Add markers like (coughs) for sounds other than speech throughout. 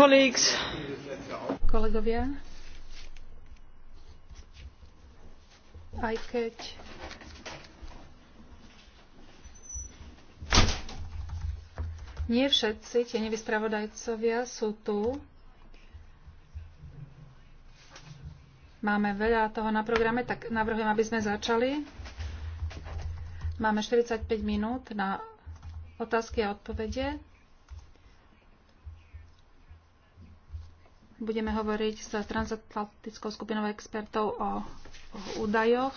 colleagues kolegovia aj keď nie všetci tie nevyspravodajcovia sú tu máme veľa toho na programe tak navrhujem aby sme začali máme 45 minút na otázky a odpovede budeme hovoriť s transatlantickou skupinou expertov o, o údajoch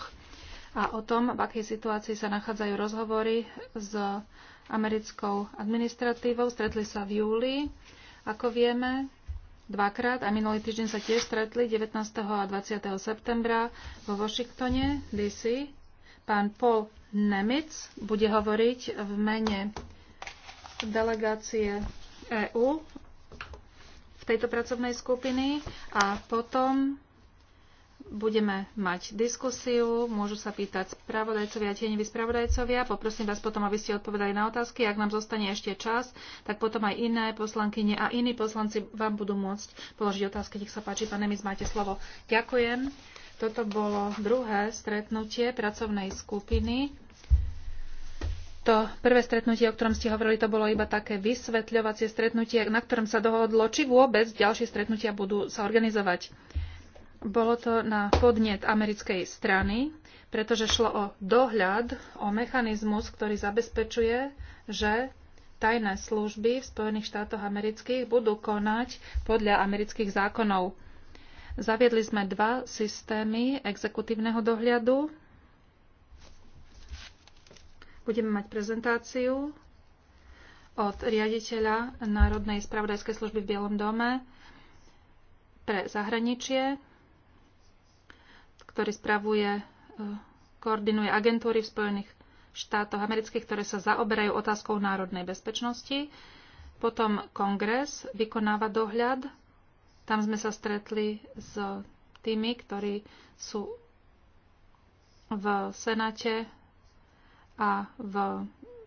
a o tom, v akej situácii sa nachádzajú rozhovory s americkou administratívou. Stretli sa v júli, ako vieme, dvakrát a minulý týždeň sa tiež stretli 19. a 20. septembra vo Washingtone, D.C. Pán Paul Nemec bude hovoriť v mene delegácie EÚ tejto pracovnej skupiny a potom budeme mať diskusiu, môžu sa pýtať spravodajcovia, tieňoví spravodajcovia. Poprosím vás potom, aby ste odpovedali na otázky. Ak nám zostane ešte čas, tak potom aj iné poslankyne a iní poslanci vám budú môcť položiť otázky. Nech sa páči, pán Nemis, máte slovo. Ďakujem. Toto bolo druhé stretnutie pracovnej skupiny to prvé stretnutie, o ktorom ste hovorili, to bolo iba také vysvetľovacie stretnutie, na ktorom sa dohodlo, či vôbec ďalšie stretnutia budú sa organizovať. Bolo to na podnet americkej strany, pretože šlo o dohľad, o mechanizmus, ktorý zabezpečuje, že tajné služby v Spojených štátoch amerických budú konať podľa amerických zákonov. Zaviedli sme dva systémy exekutívneho dohľadu, Budeme mať prezentáciu od riaditeľa Národnej spravodajskej služby v Bielom dome pre zahraničie, ktorý spravuje, e, koordinuje agentúry v Spojených štátoch amerických, ktoré sa zaoberajú otázkou národnej bezpečnosti. Potom kongres vykonáva dohľad. Tam sme sa stretli s tými, ktorí sú v Senáte a v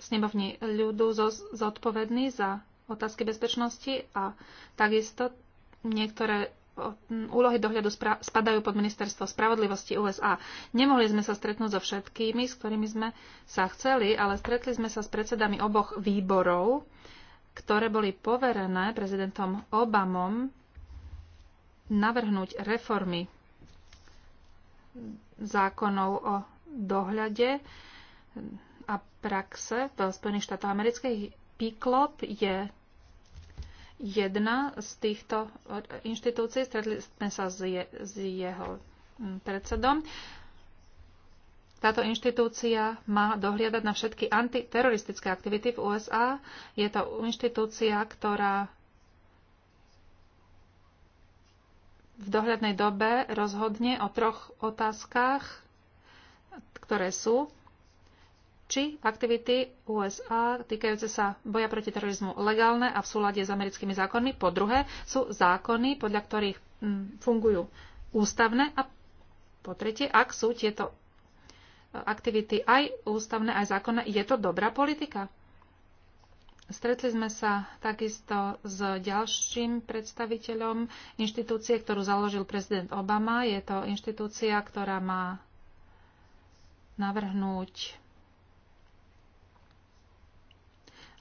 snemovni ľudu zodpovedný za otázky bezpečnosti a takisto niektoré úlohy dohľadu spadajú pod ministerstvo spravodlivosti USA. Nemohli sme sa stretnúť so všetkými, s ktorými sme sa chceli, ale stretli sme sa s predsedami oboch výborov, ktoré boli poverené prezidentom Obamom navrhnúť reformy zákonov o dohľade a praxe v Spojených štátoch amerických. PICLOP je jedna z týchto inštitúcií. Stretli sme sa s, je, s jeho mm, predsedom. Táto inštitúcia má dohliadať na všetky antiteroristické aktivity v USA. Je to inštitúcia, ktorá v dohľadnej dobe rozhodne o troch otázkach, ktoré sú či aktivity USA týkajúce sa boja proti terorizmu legálne a v súlade s americkými zákonmi. Po druhé, sú zákony, podľa ktorých mm, fungujú ústavné a po tretie, ak sú tieto e, aktivity aj ústavné, aj zákonné, je to dobrá politika? Stretli sme sa takisto s ďalším predstaviteľom inštitúcie, ktorú založil prezident Obama. Je to inštitúcia, ktorá má navrhnúť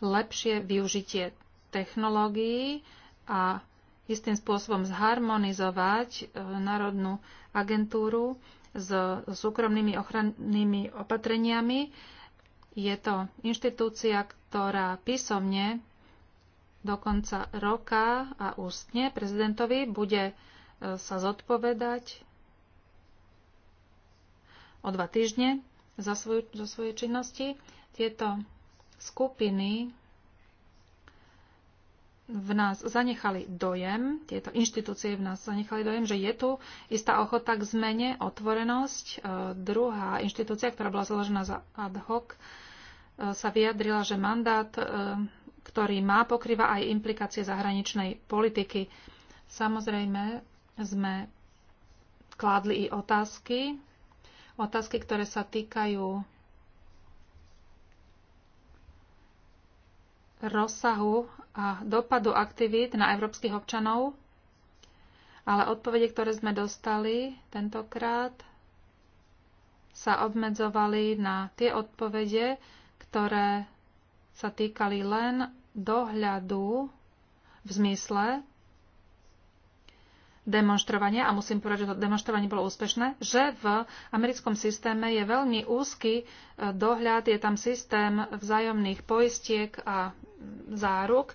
lepšie využitie technológií a istým spôsobom zharmonizovať e, Národnú agentúru s súkromnými ochrannými opatreniami. Je to inštitúcia, ktorá písomne do konca roka a ústne prezidentovi bude e, sa zodpovedať o dva týždne za, svoje činnosti. Tieto skupiny v nás zanechali dojem, tieto inštitúcie v nás zanechali dojem, že je tu istá ochota k zmene, otvorenosť. E, druhá inštitúcia, ktorá bola založená za ad hoc, e, sa vyjadrila, že mandát, e, ktorý má, pokrýva aj implikácie zahraničnej politiky. Samozrejme sme kládli i otázky, otázky, ktoré sa týkajú rozsahu a dopadu aktivít na európskych občanov, ale odpovede, ktoré sme dostali tentokrát, sa obmedzovali na tie odpovede, ktoré sa týkali len dohľadu v zmysle demonstrovania, a musím povedať, že to demonstrovanie bolo úspešné, že v americkom systéme je veľmi úzky eh, dohľad, je tam systém vzájomných poistiek a záruk,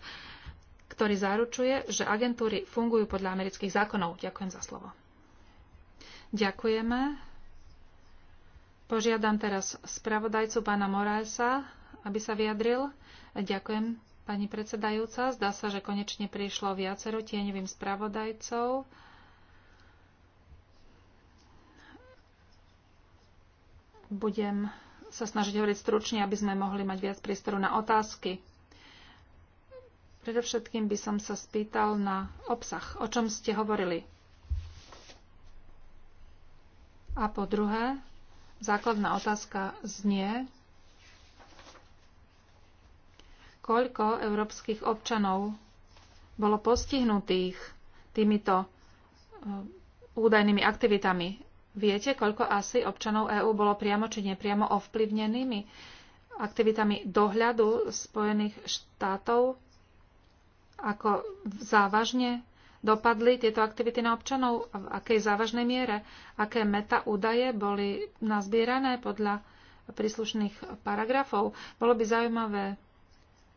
ktorý zaručuje, že agentúry fungujú podľa amerických zákonov. Ďakujem za slovo. Ďakujeme. Požiadam teraz spravodajcu pána Moralesa, aby sa vyjadril. Ďakujem, pani predsedajúca. Zdá sa, že konečne prišlo viacero tieňovým spravodajcov. Budem sa snažiť hovoriť stručne, aby sme mohli mať viac priestoru na otázky. Predovšetkým by som sa spýtal na obsah, o čom ste hovorili. A po druhé, základná otázka znie, koľko európskych občanov bolo postihnutých týmito e, údajnými aktivitami. Viete, koľko asi občanov EÚ bolo priamo či nepriamo ovplyvnenými aktivitami dohľadu Spojených štátov ako závažne dopadli tieto aktivity na občanov, v akej závažnej miere, aké meta údaje boli nazbierané podľa príslušných paragrafov. Bolo by zaujímavé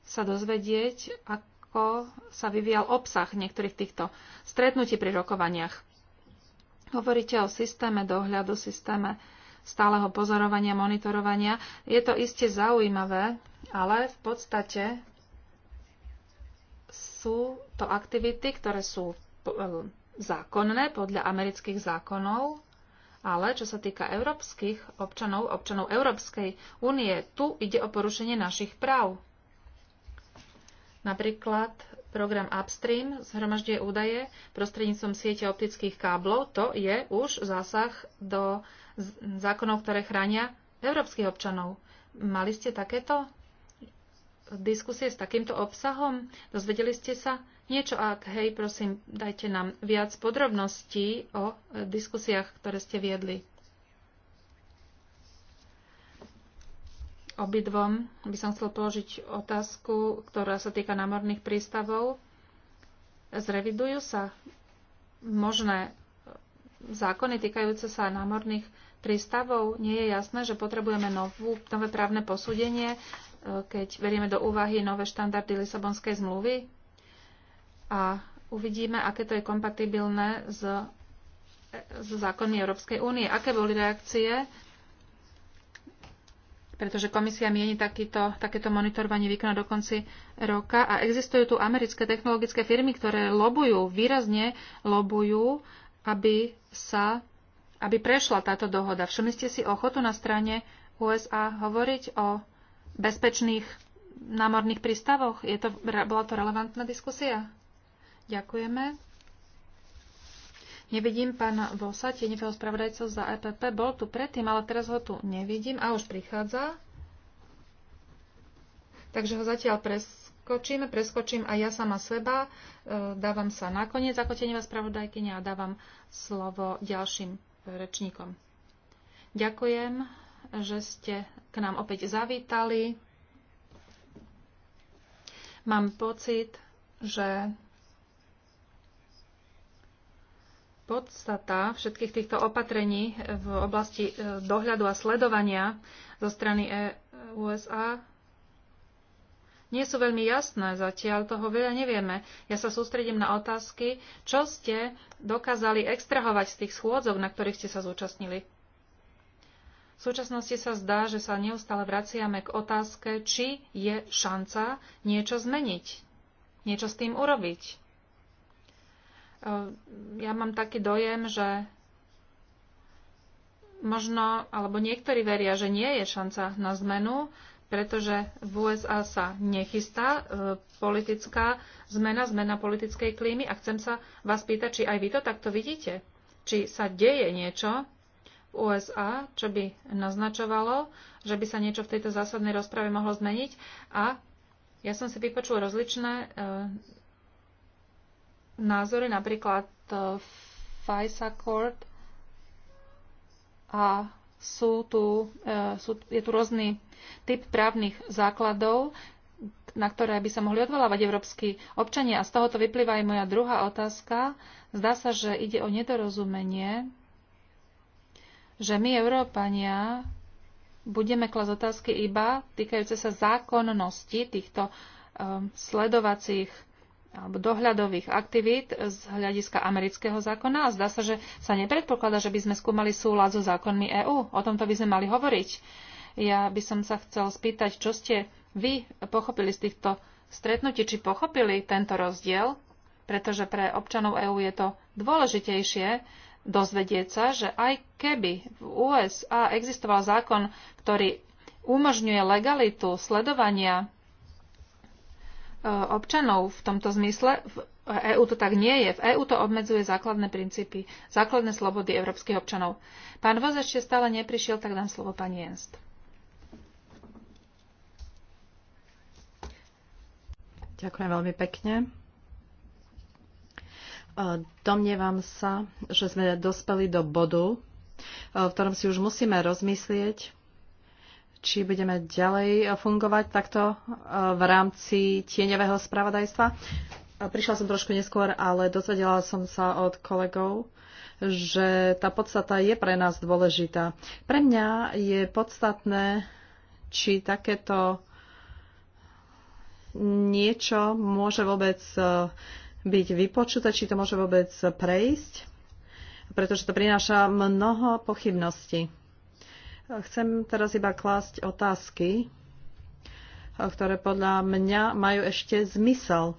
sa dozvedieť, ako sa vyvíjal obsah niektorých týchto stretnutí pri rokovaniach. Hovoríte o systéme dohľadu, systéme stáleho pozorovania, monitorovania. Je to iste zaujímavé, ale v podstate sú to aktivity, ktoré sú um, zákonné podľa amerických zákonov, ale čo sa týka európskych občanov, občanov Európskej únie, tu ide o porušenie našich práv. Napríklad program Upstream zhromažďuje údaje prostredníctvom siete optických káblov. To je už zásah do zákonov, ktoré chránia európskych občanov. Mali ste takéto diskusie s takýmto obsahom? Dozvedeli ste sa niečo? Ak hej, prosím, dajte nám viac podrobností o e, diskusiách, ktoré ste viedli. Obidvom by som chcel položiť otázku, ktorá sa týka námorných prístavov. Zrevidujú sa možné zákony týkajúce sa námorných prístavov. Nie je jasné, že potrebujeme novú, nové právne posúdenie keď berieme do úvahy nové štandardy Lisabonskej zmluvy a uvidíme, aké to je kompatibilné s, s zákonmi Európskej únie. Aké boli reakcie? Pretože komisia mieni takýto, takéto monitorovanie výkona do konci roka a existujú tu americké technologické firmy, ktoré lobujú, výrazne lobujú, aby sa aby prešla táto dohoda. Všimli ste si ochotu na strane USA hovoriť o bezpečných námorných prístavoch? Je to, bola to relevantná diskusia? Ďakujeme. Nevidím pána Vosa, tieňového spravodajca za EPP. Bol tu predtým, ale teraz ho tu nevidím a už prichádza. Takže ho zatiaľ preskočím, preskočím aj ja sama seba. E, dávam sa nakoniec ako tieňová spravodajkynia a dávam slovo ďalším rečníkom. Ďakujem, že ste k nám opäť zavítali. Mám pocit, že podstata všetkých týchto opatrení v oblasti e, dohľadu a sledovania zo strany e, USA nie sú veľmi jasné zatiaľ, toho veľa nevieme. Ja sa sústredím na otázky, čo ste dokázali extrahovať z tých schôdzok, na ktorých ste sa zúčastnili. V súčasnosti sa zdá, že sa neustále vraciame k otázke, či je šanca niečo zmeniť, niečo s tým urobiť. E, ja mám taký dojem, že možno, alebo niektorí veria, že nie je šanca na zmenu, pretože v USA sa nechystá e, politická zmena, zmena politickej klímy a chcem sa vás pýtať, či aj vy to takto vidíte. Či sa deje niečo, USA, čo by naznačovalo, že by sa niečo v tejto zásadnej rozprave mohlo zmeniť. A ja som si vypočul rozličné e, názory, napríklad e, FISA Court a sú tu, e, sú, je tu rôzny typ právnych základov, na ktoré by sa mohli odvolávať európsky občania. A z tohoto vyplýva aj moja druhá otázka. Zdá sa, že ide o nedorozumenie že my, Európania, budeme klas otázky iba týkajúce sa zákonnosti týchto um, sledovacích alebo dohľadových aktivít z hľadiska amerického zákona a zdá sa, že sa nepredpokladá, že by sme skúmali súlad so zákonmi EÚ. O tomto by sme mali hovoriť. Ja by som sa chcel spýtať, čo ste vy pochopili z týchto stretnutí, či pochopili tento rozdiel, pretože pre občanov EÚ je to dôležitejšie dozvedieť sa, že aj keby v USA existoval zákon, ktorý umožňuje legalitu sledovania e, občanov v tomto zmysle, v EÚ to tak nie je. V EÚ to obmedzuje základné princípy, základné slobody európskych občanov. Pán Voz ešte stále neprišiel, tak dám slovo pani Jenst. Ďakujem veľmi pekne. Domnievam sa, že sme dospeli do bodu, e, v ktorom si už musíme rozmyslieť, či budeme ďalej fungovať takto e, v rámci tieňového spravodajstva. E, prišla som trošku neskôr, ale dozvedela som sa od kolegov, že tá podstata je pre nás dôležitá. Pre mňa je podstatné, či takéto niečo môže vôbec byť vypočuté, či to môže vôbec prejsť, pretože to prináša mnoho pochybností. Chcem teraz iba klásť otázky, ktoré podľa mňa majú ešte zmysel.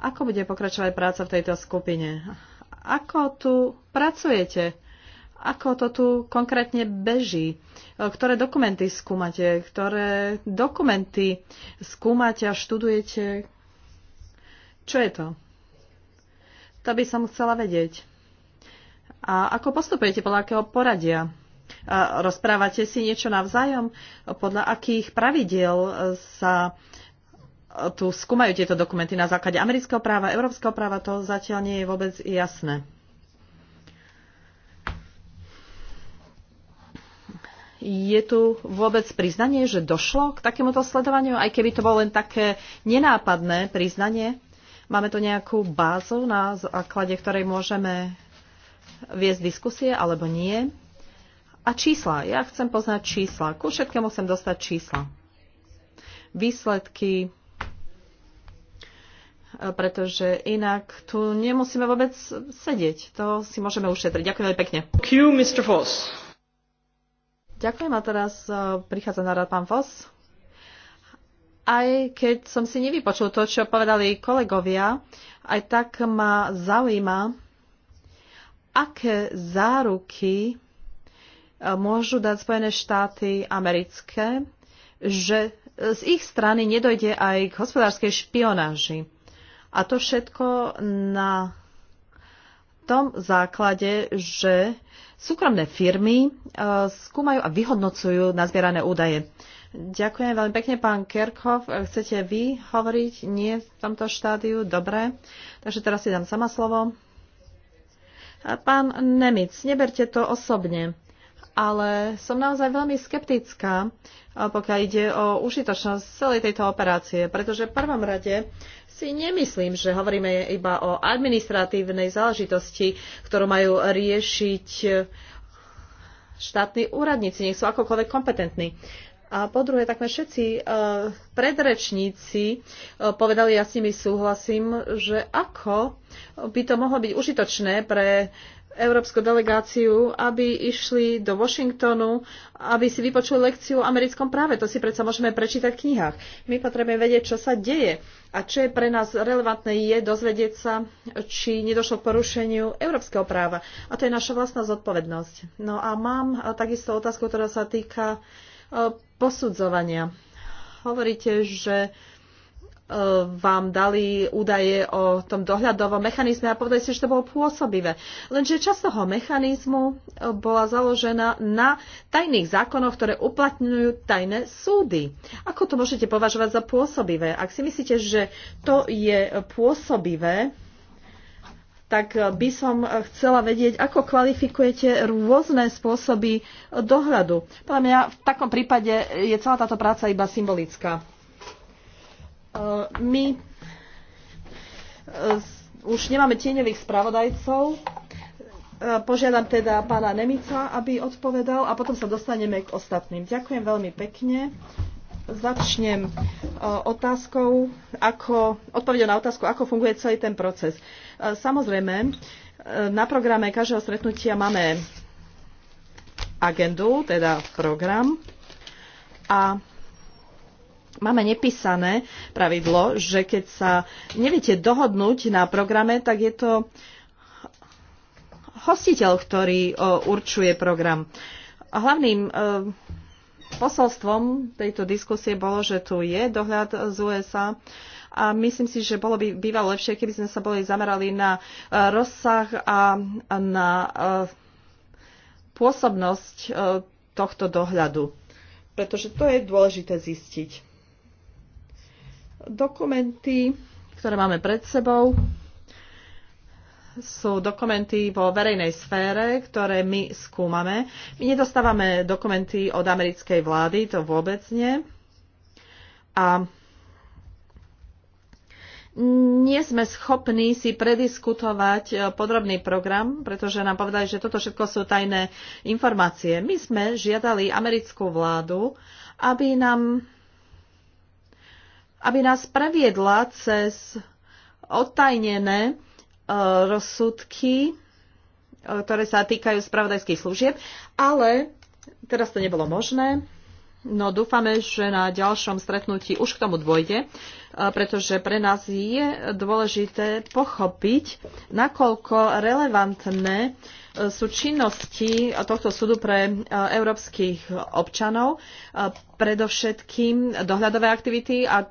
Ako bude pokračovať práca v tejto skupine? Ako tu pracujete? Ako to tu konkrétne beží? Ktoré dokumenty skúmate? Ktoré dokumenty skúmate a študujete? Čo je to? To by som chcela vedieť. A ako postupujete? Podľa akého poradia? A rozprávate si niečo navzájom? Podľa akých pravidiel sa tu skúmajú tieto dokumenty na základe amerického práva, európskeho práva? To zatiaľ nie je vôbec jasné. je tu vôbec priznanie, že došlo k takémuto sledovaniu, aj keby to bolo len také nenápadné priznanie? Máme tu nejakú bázu, na základe ktorej môžeme viesť diskusie alebo nie. A čísla. Ja chcem poznať čísla. Ku všetkému chcem dostať čísla. Výsledky, e, pretože inak tu nemusíme vôbec sedieť. To si môžeme ušetriť. Ďakujem veľmi pekne. Q, Mr. Voss. Ďakujem a teraz e, prichádza na rad pán Voss. Aj keď som si nevypočul to, čo povedali kolegovia, aj tak ma zaujíma, aké záruky e, môžu dať Spojené štáty americké, že e, z ich strany nedojde aj k hospodárskej špionáži. A to všetko na tom základe, že súkromné firmy e, skúmajú a vyhodnocujú nazbierané údaje. Ďakujem veľmi pekne, pán Kerkhoff. Chcete vy hovoriť? Nie v tomto štádiu? Dobre. Takže teraz si dám sama slovo. Pán Nemic, neberte to osobne, ale som naozaj veľmi skeptická, pokiaľ ide o užitočnosť celej tejto operácie, pretože v prvom rade si nemyslím, že hovoríme iba o administratívnej záležitosti, ktorú majú riešiť štátni úradníci, nech sú akokoľvek kompetentní. A po druhé, takme všetci eh, predrečníci eh, povedali, ja s nimi súhlasím, že ako by to mohlo byť užitočné pre európsku delegáciu, aby išli do Washingtonu, aby si vypočuli lekciu o americkom práve. To si predsa môžeme prečítať v knihách. My potrebujeme vedieť, čo sa deje. A čo je pre nás relevantné, je dozvedieť sa, či nedošlo k porušeniu európskeho práva. A to je naša vlastná zodpovednosť. No a mám eh, takisto otázku, ktorá sa týka uh, posudzovania. Hovoríte, že e, vám dali údaje o tom dohľadovom mechanizme a povedali ste, že to bolo pôsobivé. Lenže časť toho mechanizmu e, bola založená na tajných zákonoch, ktoré uplatňujú tajné súdy. Ako to môžete považovať za pôsobivé? Ak si myslíte, že to je pôsobivé, tak by som chcela vedieť, ako kvalifikujete rôzne spôsoby dohľadu. Podľa mňa v takom prípade je celá táto práca iba symbolická. E, my e, už nemáme tieňových spravodajcov. E, požiadam teda pána Nemica, aby odpovedal a potom sa dostaneme k ostatným. Ďakujem veľmi pekne. Začnem otázkou, ako, odpovedou na otázku, ako funguje celý ten proces. Samozrejme, e, na programe každého stretnutia máme agendu, teda program. A máme nepísané pravidlo, že keď sa neviete dohodnúť na programe, tak je to hostiteľ, ktorý e, určuje program. hlavným e, posolstvom tejto diskusie bolo, že tu je dohľad z USA a myslím si, že bolo by bývalo lepšie, keby sme sa boli zamerali na e, rozsah a na e, pôsobnosť e, tohto dohľadu. Pretože to je dôležité zistiť. Dokumenty, ktoré máme pred sebou, sú dokumenty vo verejnej sfére, ktoré my skúmame. My nedostávame dokumenty od americkej vlády, to vôbec nie. A nie sme schopní si prediskutovať e, podrobný program, pretože nám povedali, že toto všetko sú tajné informácie. My sme žiadali americkú vládu, aby nám aby nás previedla cez odtajnené e, rozsudky, e, ktoré sa týkajú spravodajských služieb, ale teraz to nebolo možné. No dúfame, že na ďalšom stretnutí už k tomu dôjde, e, pretože pre nás je dôležité pochopiť, nakoľko relevantné e, sú činnosti tohto súdu pre e, európskych občanov, predovšetkým dohľadové aktivity a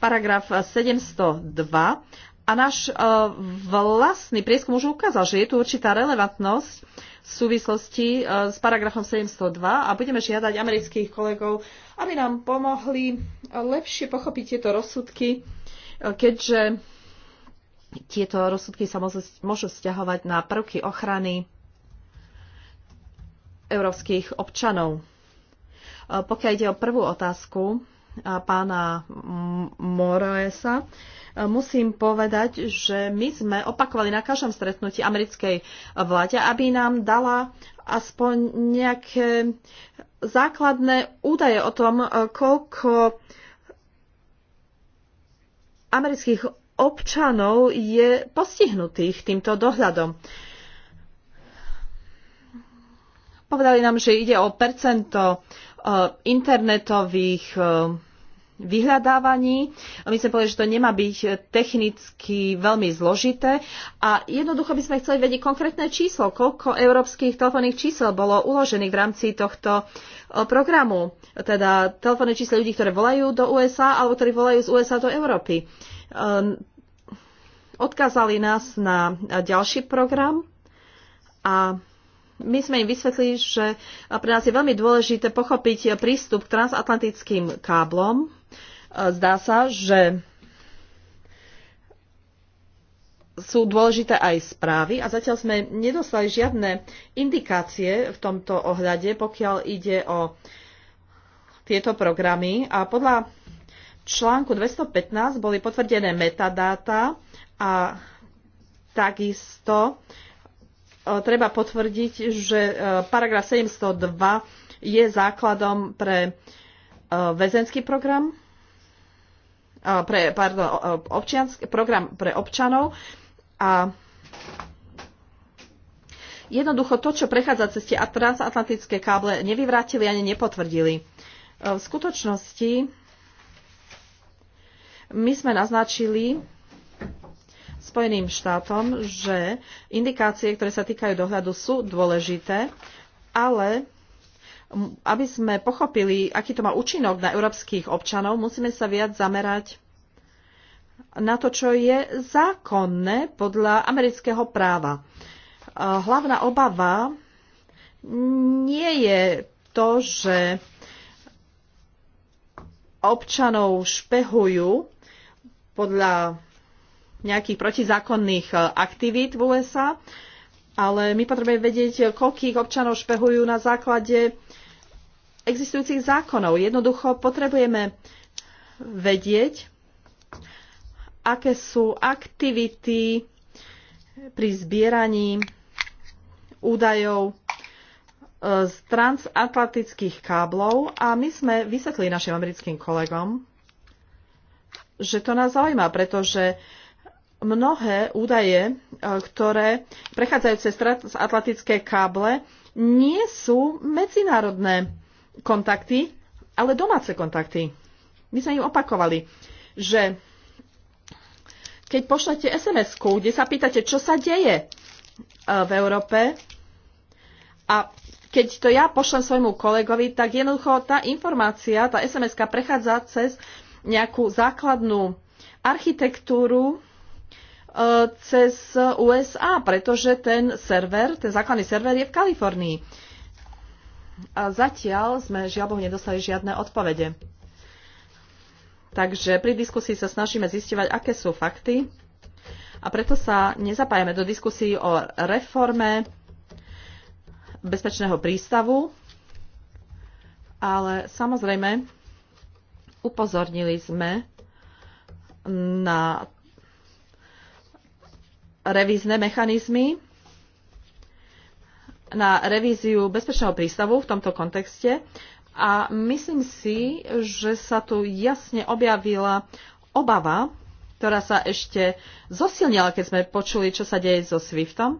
paragraf 702 a náš e, vlastný prieskum už ukázal, že je tu určitá relevantnosť v súvislosti e, s paragrafom 702 a budeme žiadať amerických kolegov, aby nám pomohli e, lepšie pochopiť tieto rozsudky, keďže tieto rozsudky sa môžu vzťahovať na prvky ochrany európskych občanov. Pokiaľ ide o prvú otázku, pána Moraesa, musím povedať, že my sme opakovali na každom stretnutí americkej vláde, aby nám dala aspoň nejaké základné údaje o tom, koľko amerických občanov je postihnutých týmto dohľadom. Povedali nám, že ide o percento Eh, internetových eh, vyhľadávaní. My sme povedali, že to nemá byť technicky veľmi zložité a jednoducho by sme chceli vedieť konkrétne číslo, koľko európskych telefónnych čísel bolo uložených v rámci tohto eh, programu, teda telefónne čísla ľudí, ktoré volajú do USA alebo ktorí volajú z USA do Európy. Odkázali nás na ďalší program a my sme im vysvetlili, že pre nás je veľmi dôležité pochopiť prístup k transatlantickým káblom. Zdá sa, že sú dôležité aj správy a zatiaľ sme nedostali žiadne indikácie v tomto ohľade, pokiaľ ide o tieto programy. A podľa článku 215 boli potvrdené metadáta a takisto E, treba potvrdiť, že e, paragraf 702 je základom pre e, väzenský program, pre, pardon, občiansk, program pre občanov a jednoducho to, čo prechádza cez tie transatlantické káble, nevyvrátili ani nepotvrdili. V skutočnosti my sme naznačili, Spojeným štátom, že indikácie, ktoré sa týkajú dohľadu, sú dôležité, ale aby sme pochopili, aký to má účinok na európskych občanov, musíme sa viac zamerať na to, čo je zákonné podľa amerického práva. E, hlavná obava nie je to, že občanov špehujú podľa nejakých protizákonných e, aktivít v USA, ale my potrebujeme vedieť, koľkých občanov špehujú na základe existujúcich zákonov. Jednoducho potrebujeme vedieť, aké sú aktivity pri zbieraní údajov e, z transatlantických káblov a my sme vysvetlili našim americkým kolegom, že to nás zaujíma, pretože mnohé údaje, e, ktoré prechádzajú cez atlantické káble, nie sú medzinárodné kontakty, ale domáce kontakty. My sme im opakovali, že keď pošlete SMS-ku, kde sa pýtate, čo sa deje e, v Európe a keď to ja pošlem svojmu kolegovi, tak jednoducho tá informácia, tá SMS-ka prechádza cez nejakú základnú architektúru E, cez USA, pretože ten server, ten základný server je v Kalifornii. A zatiaľ sme žiaľbohu nedostali žiadne odpovede. Takže pri diskusii sa snažíme zistivať, aké sú fakty a preto sa nezapájame do diskusí o reforme bezpečného prístavu, ale samozrejme upozornili sme na revízne mechanizmy na revíziu bezpečného prístavu v tomto kontexte a myslím si, že sa tu jasne objavila obava, ktorá sa ešte zosilnila, keď sme počuli, čo sa deje so SWIFTom, e,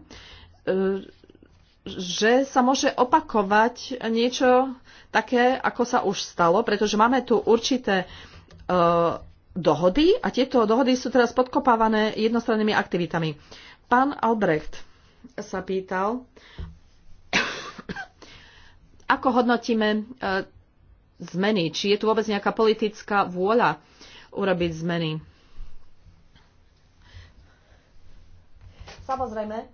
že sa môže opakovať niečo také, ako sa už stalo, pretože máme tu určité e, dohody a tieto dohody sú teraz podkopávané jednostrannými aktivitami. Pán Albrecht sa pýtal, (coughs) ako hodnotíme e, zmeny, či je tu vôbec nejaká politická vôľa urobiť zmeny. Samozrejme, e,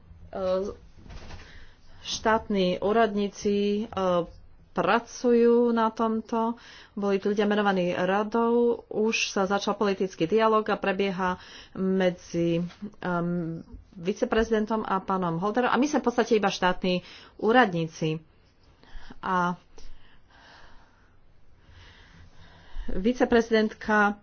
štátni úradníci e, pracujú na tomto. Boli tu ľudia menovaní radou, už sa začal politický dialog a prebieha medzi um, viceprezidentom a pánom Holderom. A my sme v podstate iba štátni úradníci. A viceprezidentka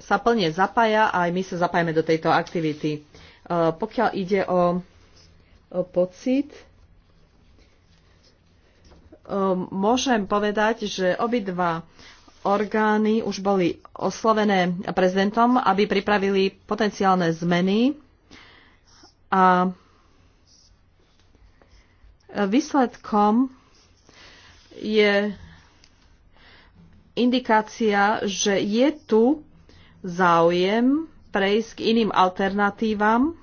sa plne zapája a aj my sa zapájame do tejto aktivity. Uh, pokiaľ ide o pocit, môžem povedať, že obidva orgány už boli oslovené prezidentom, aby pripravili potenciálne zmeny a výsledkom je indikácia, že je tu záujem prejsť k iným alternatívam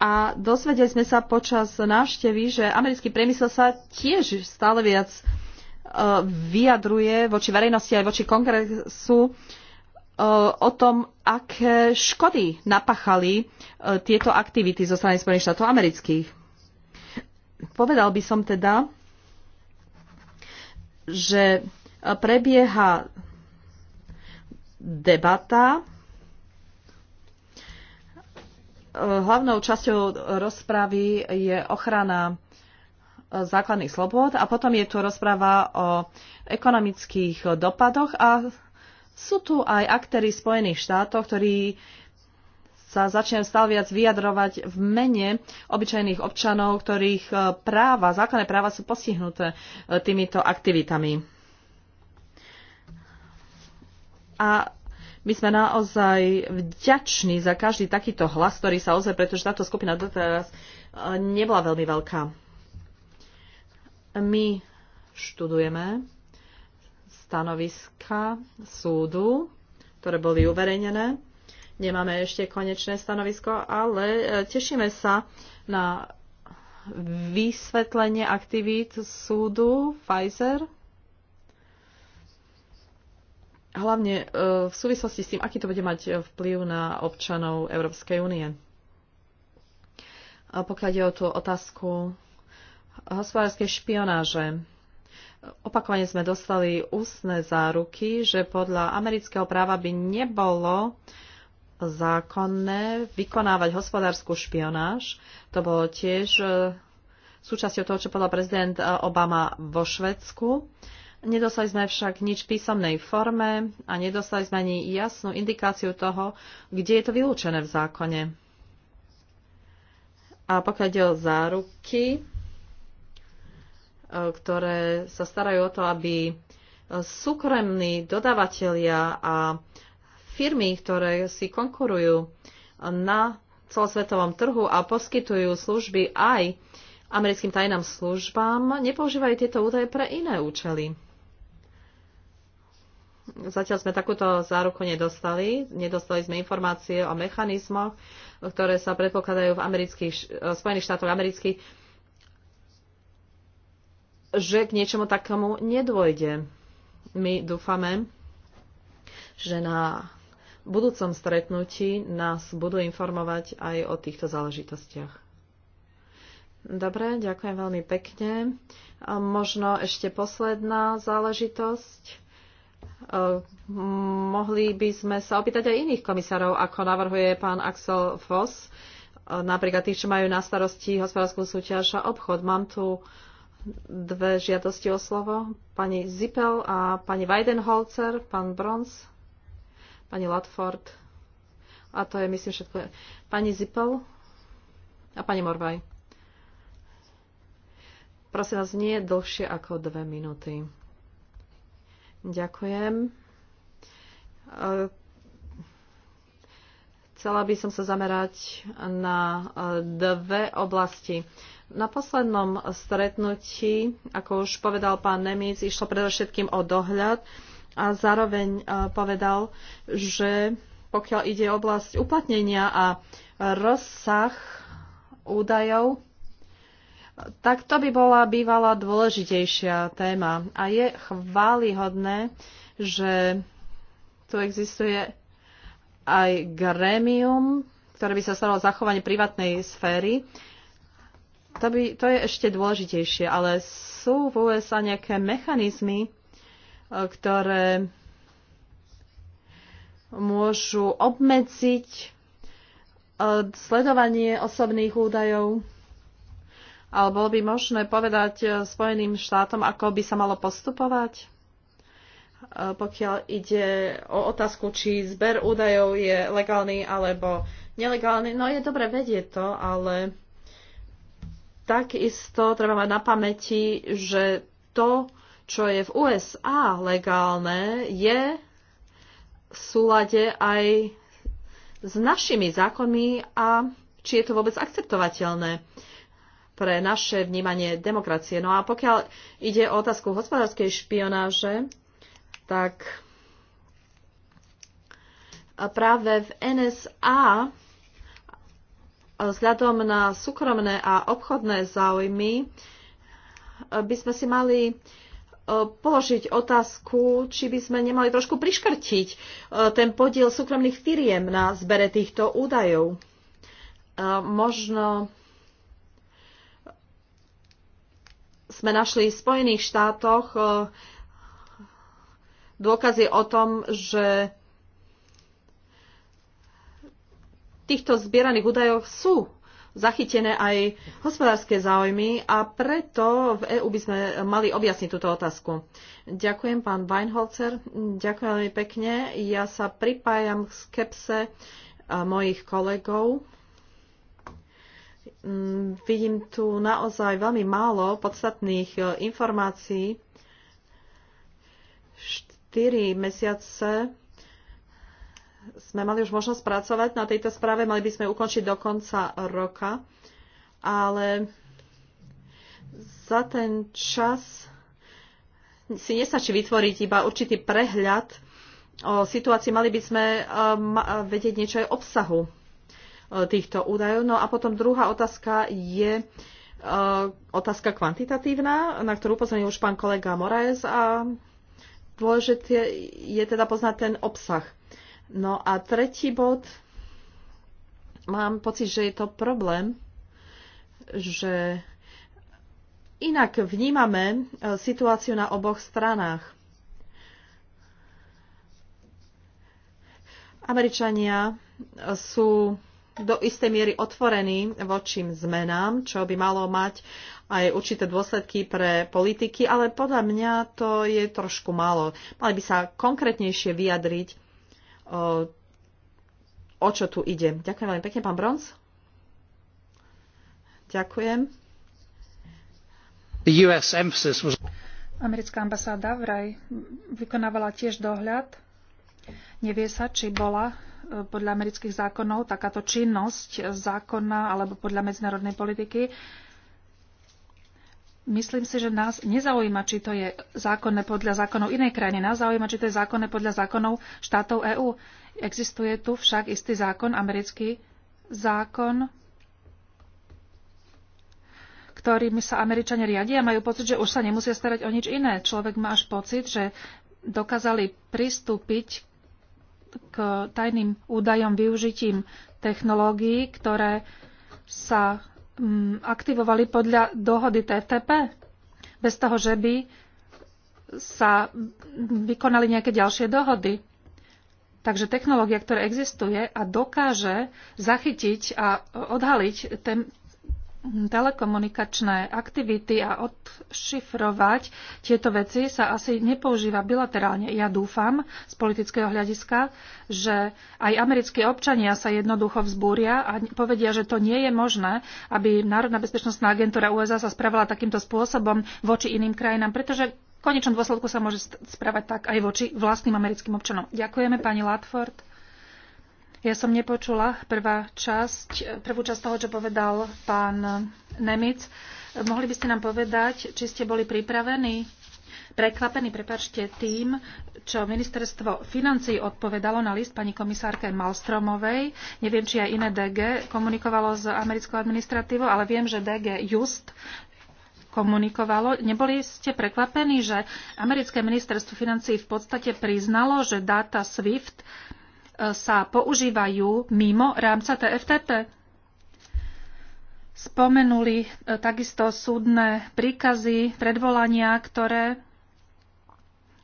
a dozvedeli sme sa počas návštevy, že americký priemysel sa tiež stále viac e, vyjadruje voči verejnosti aj voči kongresu e, o tom, aké škody napáchali e, tieto aktivity zo strany Spojených štátov amerických. Povedal by som teda, že prebieha debata hlavnou časťou rozpravy je ochrana e, základných slobod a potom je tu rozpráva o ekonomických dopadoch a sú tu aj aktéry Spojených štátov, ktorí sa začne stále viac vyjadrovať v mene obyčajných občanov, ktorých e, práva, základné práva sú postihnuté e, týmito aktivitami. A my sme naozaj vďační za každý takýto hlas, ktorý sa ozve, pretože táto skupina doteraz eh, nebola veľmi veľká. My študujeme stanoviska súdu, ktoré boli uverejnené. Nemáme ešte konečné stanovisko, ale eh, tešíme sa na vysvetlenie aktivít súdu Pfizer hlavne e, v súvislosti s tým, aký to bude mať e, vplyv na občanov Európskej únie. Pokiaľ ide o tú otázku hospodárskej špionáže, opakovane sme dostali ústne záruky, že podľa amerického práva by nebolo zákonné vykonávať hospodárskú špionáž. To bolo tiež e, súčasťou toho, čo povedal prezident Obama vo Švedsku Nedostali sme však nič v písomnej forme a nedostali sme ani jasnú indikáciu toho, kde je to vylúčené v zákone. A pokiaľ ide o záruky, e, ktoré sa starajú o to, aby súkromní dodávateľia a firmy, ktoré si konkurujú na celosvetovom trhu a poskytujú služby aj americkým tajným službám, nepoužívajú tieto údaje pre iné účely. Zatiaľ sme takúto záruku nedostali. Nedostali sme informácie o mechanizmoch, ktoré sa predpokladajú v amerických, e, Spojených štátoch amerických, že k niečomu takomu nedôjde. My dúfame, že na budúcom stretnutí nás budú informovať aj o týchto záležitostiach. Dobre, ďakujem veľmi pekne. A možno ešte posledná záležitosť. Eh, mohli by sme sa opýtať aj iných komisárov, ako navrhuje pán Axel Foss, eh, napríklad tých, čo majú na starosti hospodárskú súťaž a obchod. Mám tu dve žiadosti o slovo. Pani Zipel a pani Weidenholzer, pán Brons, pani Latford. A to je, myslím, všetko. Pani Zippel a pani Morvaj. Prosím vás, nie dlhšie ako dve minúty. Ďakujem. E, chcela by som sa zamerať na e, dve oblasti. Na poslednom stretnutí, ako už povedal pán Nemic, išlo predovšetkým o dohľad a zároveň e, povedal, že pokiaľ ide oblasť uplatnenia a rozsah údajov, tak to by bola bývala dôležitejšia téma. A je chválihodné, že tu existuje aj gremium, ktoré by sa staralo zachovanie privatnej sféry. To, by, to je ešte dôležitejšie, ale sú v USA nejaké mechanizmy, e, ktoré môžu obmedziť e, sledovanie osobných údajov ale bolo by možné povedať e, Spojeným štátom, ako by sa malo postupovať? E, pokiaľ ide o otázku, či zber údajov je legálny alebo nelegálny. No je dobre vedieť to, ale takisto treba mať na pamäti, že to, čo je v USA legálne, je v súlade aj s našimi zákonmi a či je to vôbec akceptovateľné pre naše vnímanie demokracie. No a pokiaľ ide o otázku hospodárskej špionáže, tak práve v NSA vzhľadom na súkromné a obchodné záujmy by sme si mali e, položiť otázku, či by sme nemali trošku priškrtiť e, ten podiel súkromných firiem na zbere týchto údajov. E, možno sme našli v Spojených štátoch eh, dôkazy o tom, že v týchto zbieraných údajoch sú zachytené aj hospodárske záujmy a preto v EÚ by sme mali objasniť túto otázku. Ďakujem, pán Weinholzer. Ďakujem veľmi pekne. Ja sa pripájam k skepse eh, mojich kolegov. Mm, vidím tu naozaj veľmi málo podstatných e, informácií. 4 mesiace sme mali už možnosť pracovať na tejto správe, mali by sme ukončiť do konca roka, ale za ten čas si nestačí vytvoriť iba určitý prehľad o situácii, mali by sme e, vedieť niečo aj obsahu týchto údajov. No a potom druhá otázka je e, otázka kvantitatívna, na ktorú upozornil už pán kolega Moraes a dôležité je teda poznať ten obsah. No a tretí bod, mám pocit, že je to problém, že inak vnímame e, situáciu na oboch stranách. Američania sú do istej miery otvorený voči zmenám, čo by malo mať aj určité dôsledky pre politiky, ale podľa mňa to je trošku málo. Mali by sa konkrétnejšie vyjadriť, o čo tu ide. Ďakujem veľmi pekne, pán Bronz. Ďakujem. Was... Americká ambasáda vraj vykonávala tiež dohľad. Nevie sa, či bola podľa amerických zákonov takáto činnosť zákona alebo podľa medzinárodnej politiky. Myslím si, že nás nezaujíma, či to je zákonné podľa zákonov inej krajiny. Nás zaujíma, či to je zákonné podľa zákonov štátov EÚ. Existuje tu však istý zákon, americký zákon, ktorými sa Američania riadia a majú pocit, že už sa nemusia starať o nič iné. Človek má až pocit, že dokázali pristúpiť k tajným údajom využitím technológií, ktoré sa mm, aktivovali podľa dohody TTP, bez toho, že by sa vykonali nejaké ďalšie dohody. Takže technológia, ktorá existuje a dokáže zachytiť a odhaliť ten, telekomunikačné aktivity a odšifrovať tieto veci sa asi nepoužíva bilaterálne. Ja dúfam z politického hľadiska, že aj americkí občania sa jednoducho vzbúria a povedia, že to nie je možné, aby Národná bezpečnostná agentúra USA sa spravila takýmto spôsobom voči iným krajinám, pretože v konečnom dôsledku sa môže správať tak aj voči vlastným americkým občanom. Ďakujeme, pani Latford. Ja som nepočula prvá časť, prvú časť toho, čo povedal pán Nemic. Mohli by ste nám povedať, či ste boli pripravení, prekvapení, prepačte, tým, čo ministerstvo financí odpovedalo na list pani komisárke Malstromovej. Neviem, či aj iné DG komunikovalo s americkou administratívou, ale viem, že DG Just komunikovalo. Neboli ste prekvapení, že americké ministerstvo financí v podstate priznalo, že dáta SWIFT sa používajú mimo rámca TFTP. Spomenuli e, takisto súdne príkazy, predvolania, ktoré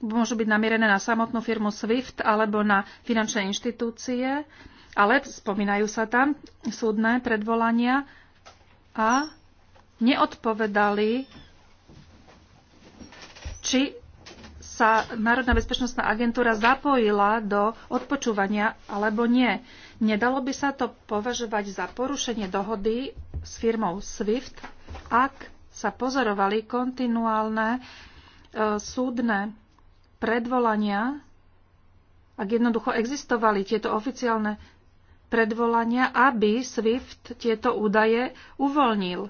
môžu byť namierené na samotnú firmu SWIFT alebo na finančné inštitúcie, ale spomínajú sa tam súdne predvolania a neodpovedali, či sa Národná bezpečnostná agentúra zapojila do odpočúvania alebo nie. Nedalo by sa to považovať za porušenie dohody s firmou SWIFT, ak sa pozorovali kontinuálne e, súdne predvolania, ak jednoducho existovali tieto oficiálne predvolania, aby SWIFT tieto údaje uvoľnil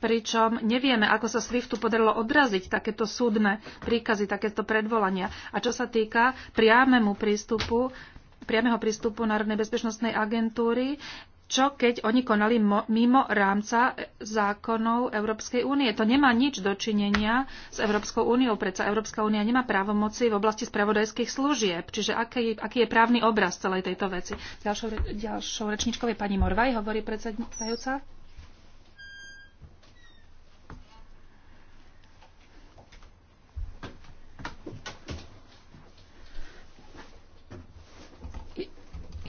pričom nevieme, ako sa Swiftu podarilo odraziť takéto súdne príkazy, takéto predvolania. A čo sa týka priamému prístupu, priameho prístupu Národnej bezpečnostnej agentúry, čo keď oni konali mimo rámca zákonov Európskej únie. To nemá nič dočinenia s Európskou úniou, predsa Európska únia nemá právomoci v oblasti spravodajských služieb, čiže aký, aký je právny obraz celej tejto veci. Ďalšou, ďalšou rečničkou je pani Morvaj, hovorí predsedajúca.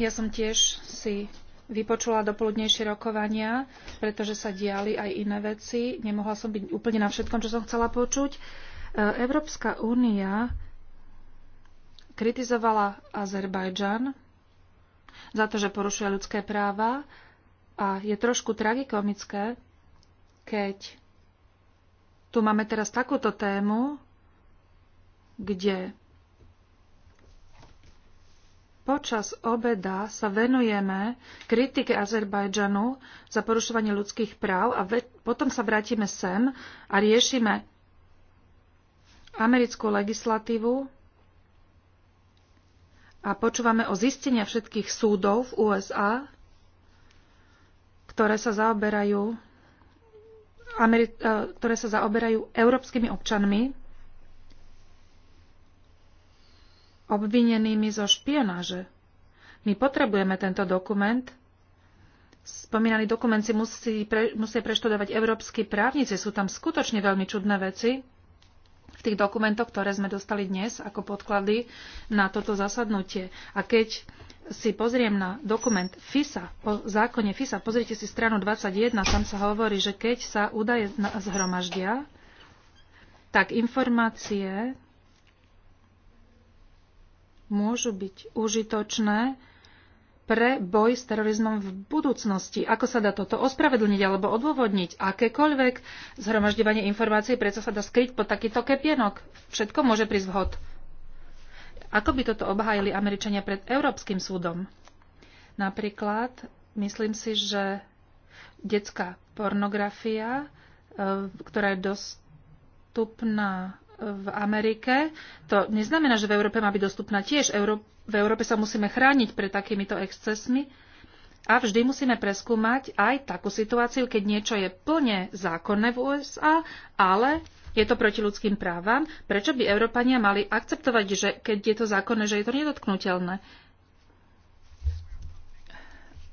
Ja som tiež si vypočula dopoludnejšie rokovania, pretože sa diali aj iné veci. Nemohla som byť úplne na všetkom, čo som chcela počuť. E, Európska únia kritizovala Azerbajdžan za to, že porušuje ľudské práva a je trošku tragikomické, keď tu máme teraz takúto tému, kde Počas obeda sa venujeme kritike Azerbajdžanu za porušovanie ľudských práv a potom sa vrátime sem a riešime americkú legislatívu a počúvame o zistenia všetkých súdov v USA, ktoré sa zaoberajú, eh, ktoré sa zaoberajú európskymi občanmi obvinenými zo špionáže. My potrebujeme tento dokument. Spomínaný dokument si musí pre, musia preštudovať európsky právnici. Sú tam skutočne veľmi čudné veci v tých dokumentoch, ktoré sme dostali dnes ako podklady na toto zasadnutie. A keď si pozriem na dokument FISA, po zákone FISA, pozrite si stranu 21, tam sa hovorí, že keď sa údaje zhromaždia, tak informácie môžu byť užitočné pre boj s terorizmom v budúcnosti. Ako sa dá toto ospravedlniť alebo odôvodniť? Akékoľvek zhromažďovanie informácií, prečo sa dá skryť pod takýto kepienok? Všetko môže prísť vhod. Ako by toto obhájili Američania pred Európskym súdom? Napríklad, myslím si, že detská pornografia, e, ktorá je dostupná v Amerike, to neznamená, že v Európe má byť dostupná tiež. V Európe sa musíme chrániť pred takýmito excesmi a vždy musíme preskúmať aj takú situáciu, keď niečo je plne zákonné v USA, ale je to proti ľudským právam. Prečo by Európania mali akceptovať, že keď je to zákonné, že je to nedotknutelné?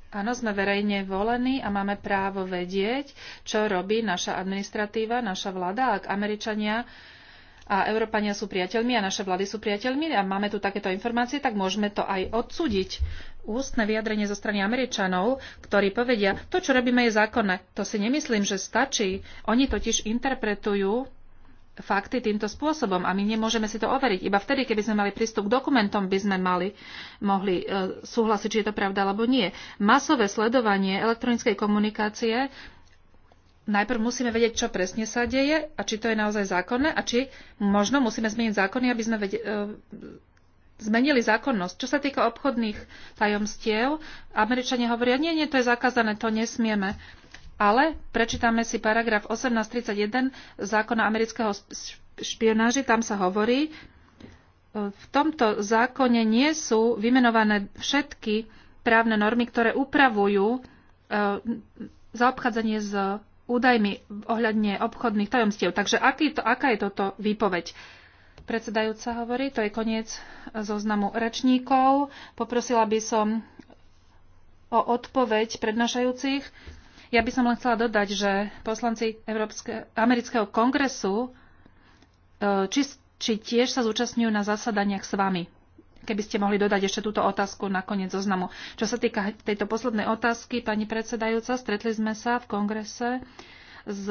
Áno, sme verejne volení a máme právo vedieť, čo robí naša administratíva, naša vláda. Ak Američania a Európania sú priateľmi a naše vlády sú priateľmi a máme tu takéto informácie, tak môžeme to aj odsúdiť. Ústne vyjadrenie zo strany Američanov, ktorí povedia, to, čo robíme, je zákonné. To si nemyslím, že stačí. Oni totiž interpretujú fakty týmto spôsobom a my nemôžeme si to overiť. Iba vtedy, keby sme mali prístup k dokumentom, by sme mali, mohli e, súhlasiť, či je to pravda alebo nie. Masové sledovanie elektronickej komunikácie najprv musíme vedieť, čo presne sa deje a či to je naozaj zákonné a či možno musíme zmeniť zákony, aby sme vedeli, e, zmenili zákonnosť. Čo sa týka obchodných tajomstiev, Američania hovoria, nie, nie, to je zakázané, to nesmieme. Ale prečítame si paragraf 1831 zákona amerického špionáži, tam sa hovorí, e, v tomto zákone nie sú vymenované všetky právne normy, ktoré upravujú e, zaobchádzanie s údajmi ohľadne obchodných tajomstiev. Takže aký to, aká je toto výpoveď? Predsedajúca hovorí, to je koniec zoznamu rečníkov. Poprosila by som o odpoveď prednášajúcich. Ja by som len chcela dodať, že poslanci Európske, amerického kongresu e, či, či tiež sa zúčastňujú na zasadaniach s vami keby ste mohli dodať ešte túto otázku na koniec zoznamu. Čo sa týka tejto poslednej otázky, pani predsedajúca, stretli sme sa v kongrese s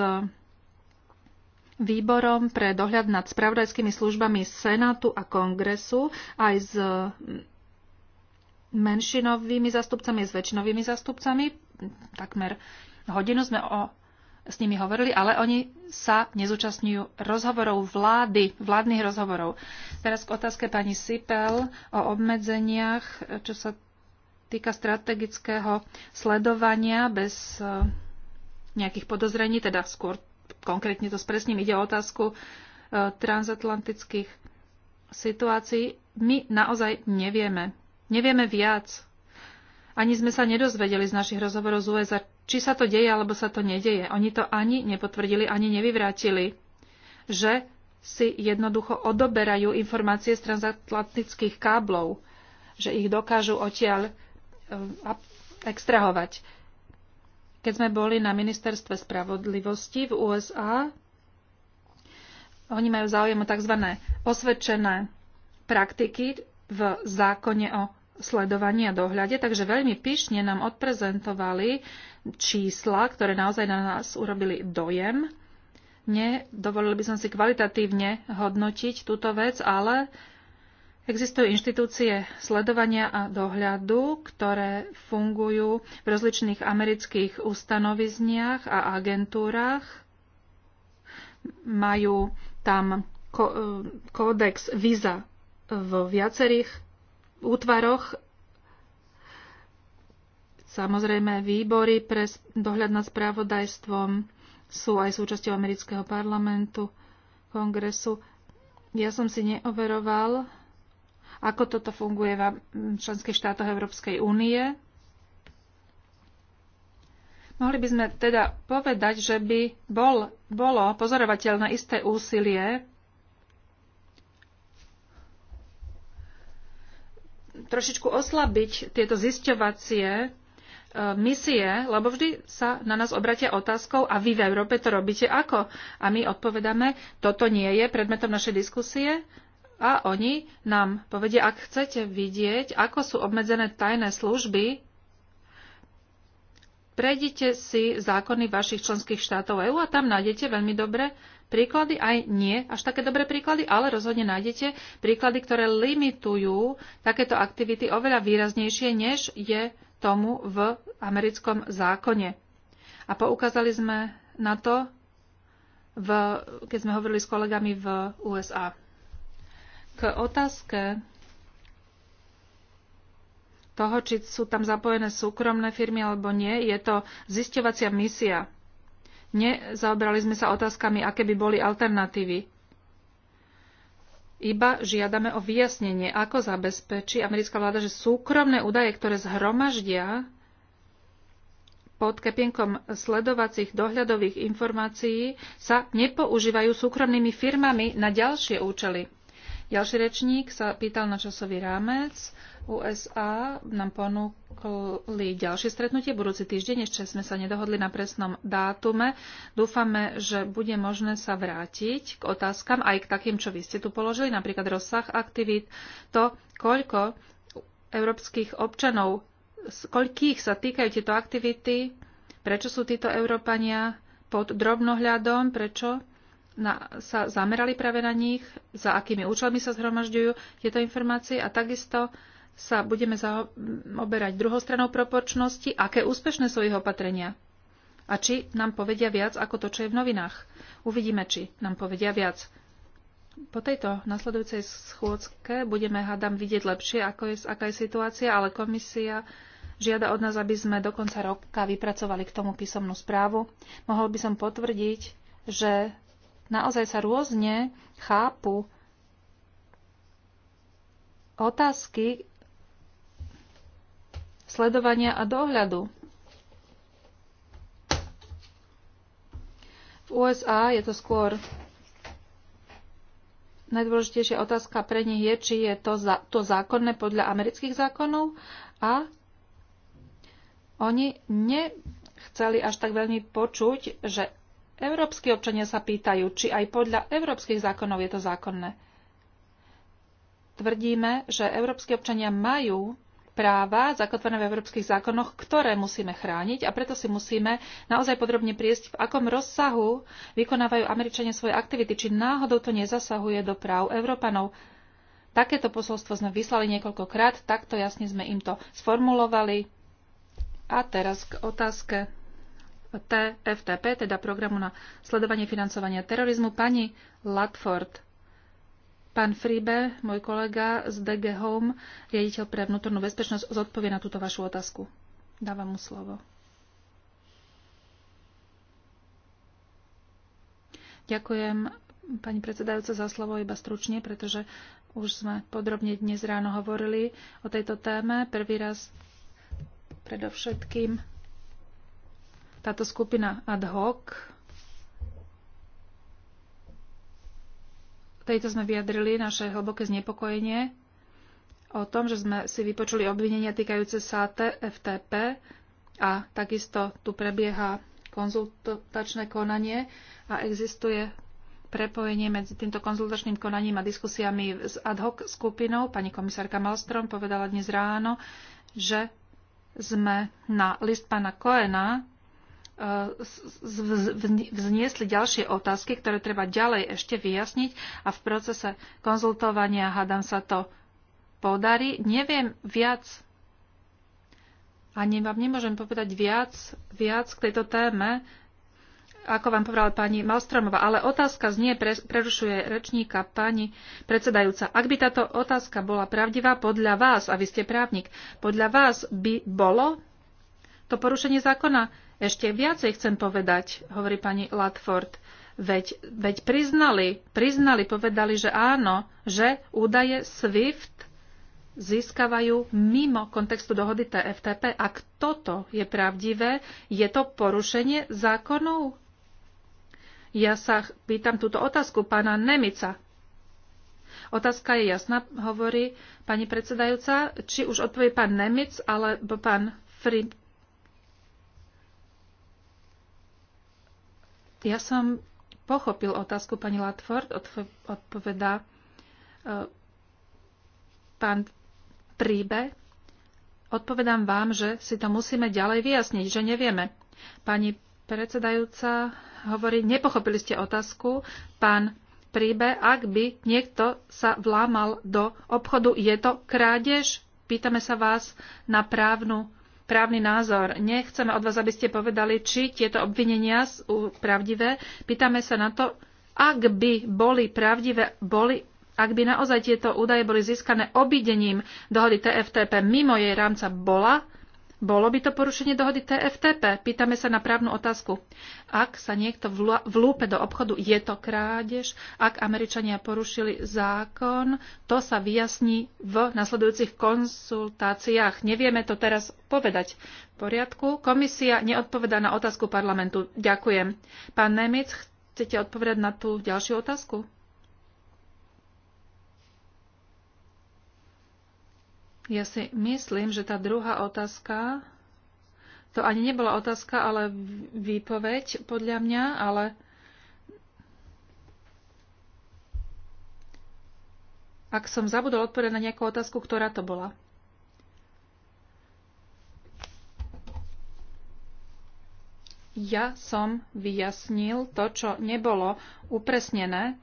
výborom pre dohľad nad spravodajskými službami Senátu a Kongresu, aj s menšinovými zastupcami, s väčšinovými zastupcami. Takmer hodinu sme o s nimi hovorili, ale oni sa nezúčastňujú rozhovorov vlády, vládnych rozhovorov. Teraz k otázke pani Sipel o obmedzeniach, čo sa týka strategického sledovania bez eh, nejakých podozrení, teda skôr konkrétne to spresním ide o otázku eh, transatlantických situácií. My naozaj nevieme. Nevieme viac. Ani sme sa nedozvedeli z našich rozhovorov z USA, či sa to deje, alebo sa to nedeje. Oni to ani nepotvrdili, ani nevyvrátili, že si jednoducho odoberajú informácie z transatlantických káblov, že ich dokážu odtiaľ eh, extrahovať. Keď sme boli na ministerstve spravodlivosti v USA, oni majú záujem o tzv. osvedčené praktiky v zákone o sledovaní a dohľade, takže veľmi pyšne nám odprezentovali čísla, ktoré naozaj na nás urobili dojem. Nedovolili by som si kvalitatívne hodnotiť túto vec, ale Existujú inštitúcie sledovania a dohľadu, ktoré fungujú v rozličných amerických ustanovizniach a agentúrach. Majú tam eh, kódex VISA v viacerých útvaroch. Samozrejme, výbory pre dohľad nad správodajstvom sú aj súčasťou amerického parlamentu, kongresu. Ja som si neoveroval, ako toto funguje v členských štátoch Európskej únie. Mohli by sme teda povedať, že by bol, bolo pozorovateľné isté úsilie trošičku oslabiť tieto zisťovacie e, misie, lebo vždy sa na nás obratia otázkou a vy v Európe to robíte ako? A my odpovedáme, toto nie je predmetom našej diskusie a oni nám povedia, ak chcete vidieť, ako sú obmedzené tajné služby, prejdite si zákony vašich členských štátov EÚ a tam nájdete veľmi dobre príklady, aj nie až také dobré príklady, ale rozhodne nájdete príklady, ktoré limitujú takéto aktivity oveľa výraznejšie, než je tomu v americkom zákone. A poukázali sme na to, v, keď sme hovorili s kolegami v USA. K otázke toho, či sú tam zapojené súkromné firmy alebo nie, je to zisťovacia misia zaoberali sme sa otázkami, aké by boli alternatívy. Iba žiadame o vyjasnenie, ako zabezpečí americká vláda, že súkromné údaje, ktoré zhromaždia pod kepienkom sledovacích dohľadových informácií, sa nepoužívajú súkromnými firmami na ďalšie účely. Ďalší rečník sa pýtal na časový rámec. USA nám ponúkli ďalšie stretnutie budúci týždeň, ešte sme sa nedohodli na presnom dátume. Dúfame, že bude možné sa vrátiť k otázkam aj k takým, čo vy ste tu položili, napríklad rozsah aktivít, to, koľko európskych občanov, koľkých sa týkajú tieto aktivity, prečo sú títo Európania pod drobnohľadom, prečo na, sa zamerali práve na nich, za akými účelmi sa zhromažďujú tieto informácie a takisto sa budeme zaoberať druhou stranou proporčnosti, aké úspešné sú ich opatrenia a či nám povedia viac ako to, čo je v novinách. Uvidíme, či nám povedia viac. Po tejto nasledujúcej schôdzke budeme, hádam, vidieť lepšie, ako je, aká je situácia, ale komisia žiada od nás, aby sme do konca roka vypracovali k tomu písomnú správu. Mohol by som potvrdiť, že naozaj sa rôzne chápu otázky sledovania a dohľadu. V USA je to skôr najdôležitejšia otázka pre nich je, či je to, za, to zákonné podľa amerických zákonov a oni nechceli až tak veľmi počuť, že Európsky občania sa pýtajú, či aj podľa európskych zákonov je to zákonné. Tvrdíme, že európsky občania majú práva zakotvené v európskych zákonoch, ktoré musíme chrániť a preto si musíme naozaj podrobne priesť, v akom rozsahu vykonávajú Američania svoje aktivity, či náhodou to nezasahuje do práv Európanov. Takéto posolstvo sme vyslali niekoľkokrát, takto jasne sme im to sformulovali. A teraz k otázke TFTP, teda programu na sledovanie financovania terorizmu. Pani Latford, pán Fribe, môj kolega z DG Home, riaditeľ pre vnútornú bezpečnosť, zodpovie na túto vašu otázku. Dávam mu slovo. Ďakujem, pani predsedajúca, za slovo iba stručne, pretože už sme podrobne dnes ráno hovorili o tejto téme. Prvý raz predovšetkým táto skupina ad hoc. Tejto sme vyjadrili naše hlboké znepokojenie o tom, že sme si vypočuli obvinenia týkajúce sa FTP a takisto tu prebieha konzultačné konanie a existuje prepojenie medzi týmto konzultačným konaním a diskusiami s ad hoc skupinou. Pani komisárka Malstrom povedala dnes ráno, že sme na list pána Koena vzniesli ďalšie otázky, ktoré treba ďalej ešte vyjasniť a v procese konzultovania hádam sa to podarí. Neviem viac ani vám nemôžem povedať viac, viac k tejto téme, ako vám povedala pani Malstromová, ale otázka znie, pre, prerušuje rečníka pani predsedajúca. Ak by táto otázka bola pravdivá podľa vás, a vy ste právnik, podľa vás by bolo to porušenie zákona? Ešte viacej chcem povedať, hovorí pani Latford. Veď, veď priznali, priznali, povedali, že áno, že údaje SWIFT získavajú mimo kontextu dohody TFTP. Ak toto je pravdivé, je to porušenie zákonov? Ja sa pýtam túto otázku pána Nemica. Otázka je jasná, hovorí pani predsedajúca, či už odpovie pán Nemic alebo pán Fri Ja som pochopil otázku pani Latford, odpovedá e, pán Príbe. Odpovedám vám, že si to musíme ďalej vyjasniť, že nevieme. Pani predsedajúca hovorí, nepochopili ste otázku, pán Príbe, ak by niekto sa vlámal do obchodu, je to krádež? Pýtame sa vás na právnu právny názor. Nechceme od vás, aby ste povedali, či tieto obvinenia sú pravdivé. Pýtame sa na to, ak by boli pravdivé, boli, ak by naozaj tieto údaje boli získané obidením dohody TFTP mimo jej rámca bola, bolo by to porušenie dohody TFTP? Pýtame sa na právnu otázku. Ak sa niekto vlúpe do obchodu, je to krádež. Ak Američania porušili zákon, to sa vyjasní v nasledujúcich konsultáciách. Nevieme to teraz povedať. V poriadku. Komisia neodpovedá na otázku parlamentu. Ďakujem. Pán Nemec, chcete odpovedať na tú ďalšiu otázku? Ja si myslím, že tá druhá otázka, to ani nebola otázka, ale výpoveď podľa mňa, ale ak som zabudol odpovedať na nejakú otázku, ktorá to bola. Ja som vyjasnil to, čo nebolo upresnené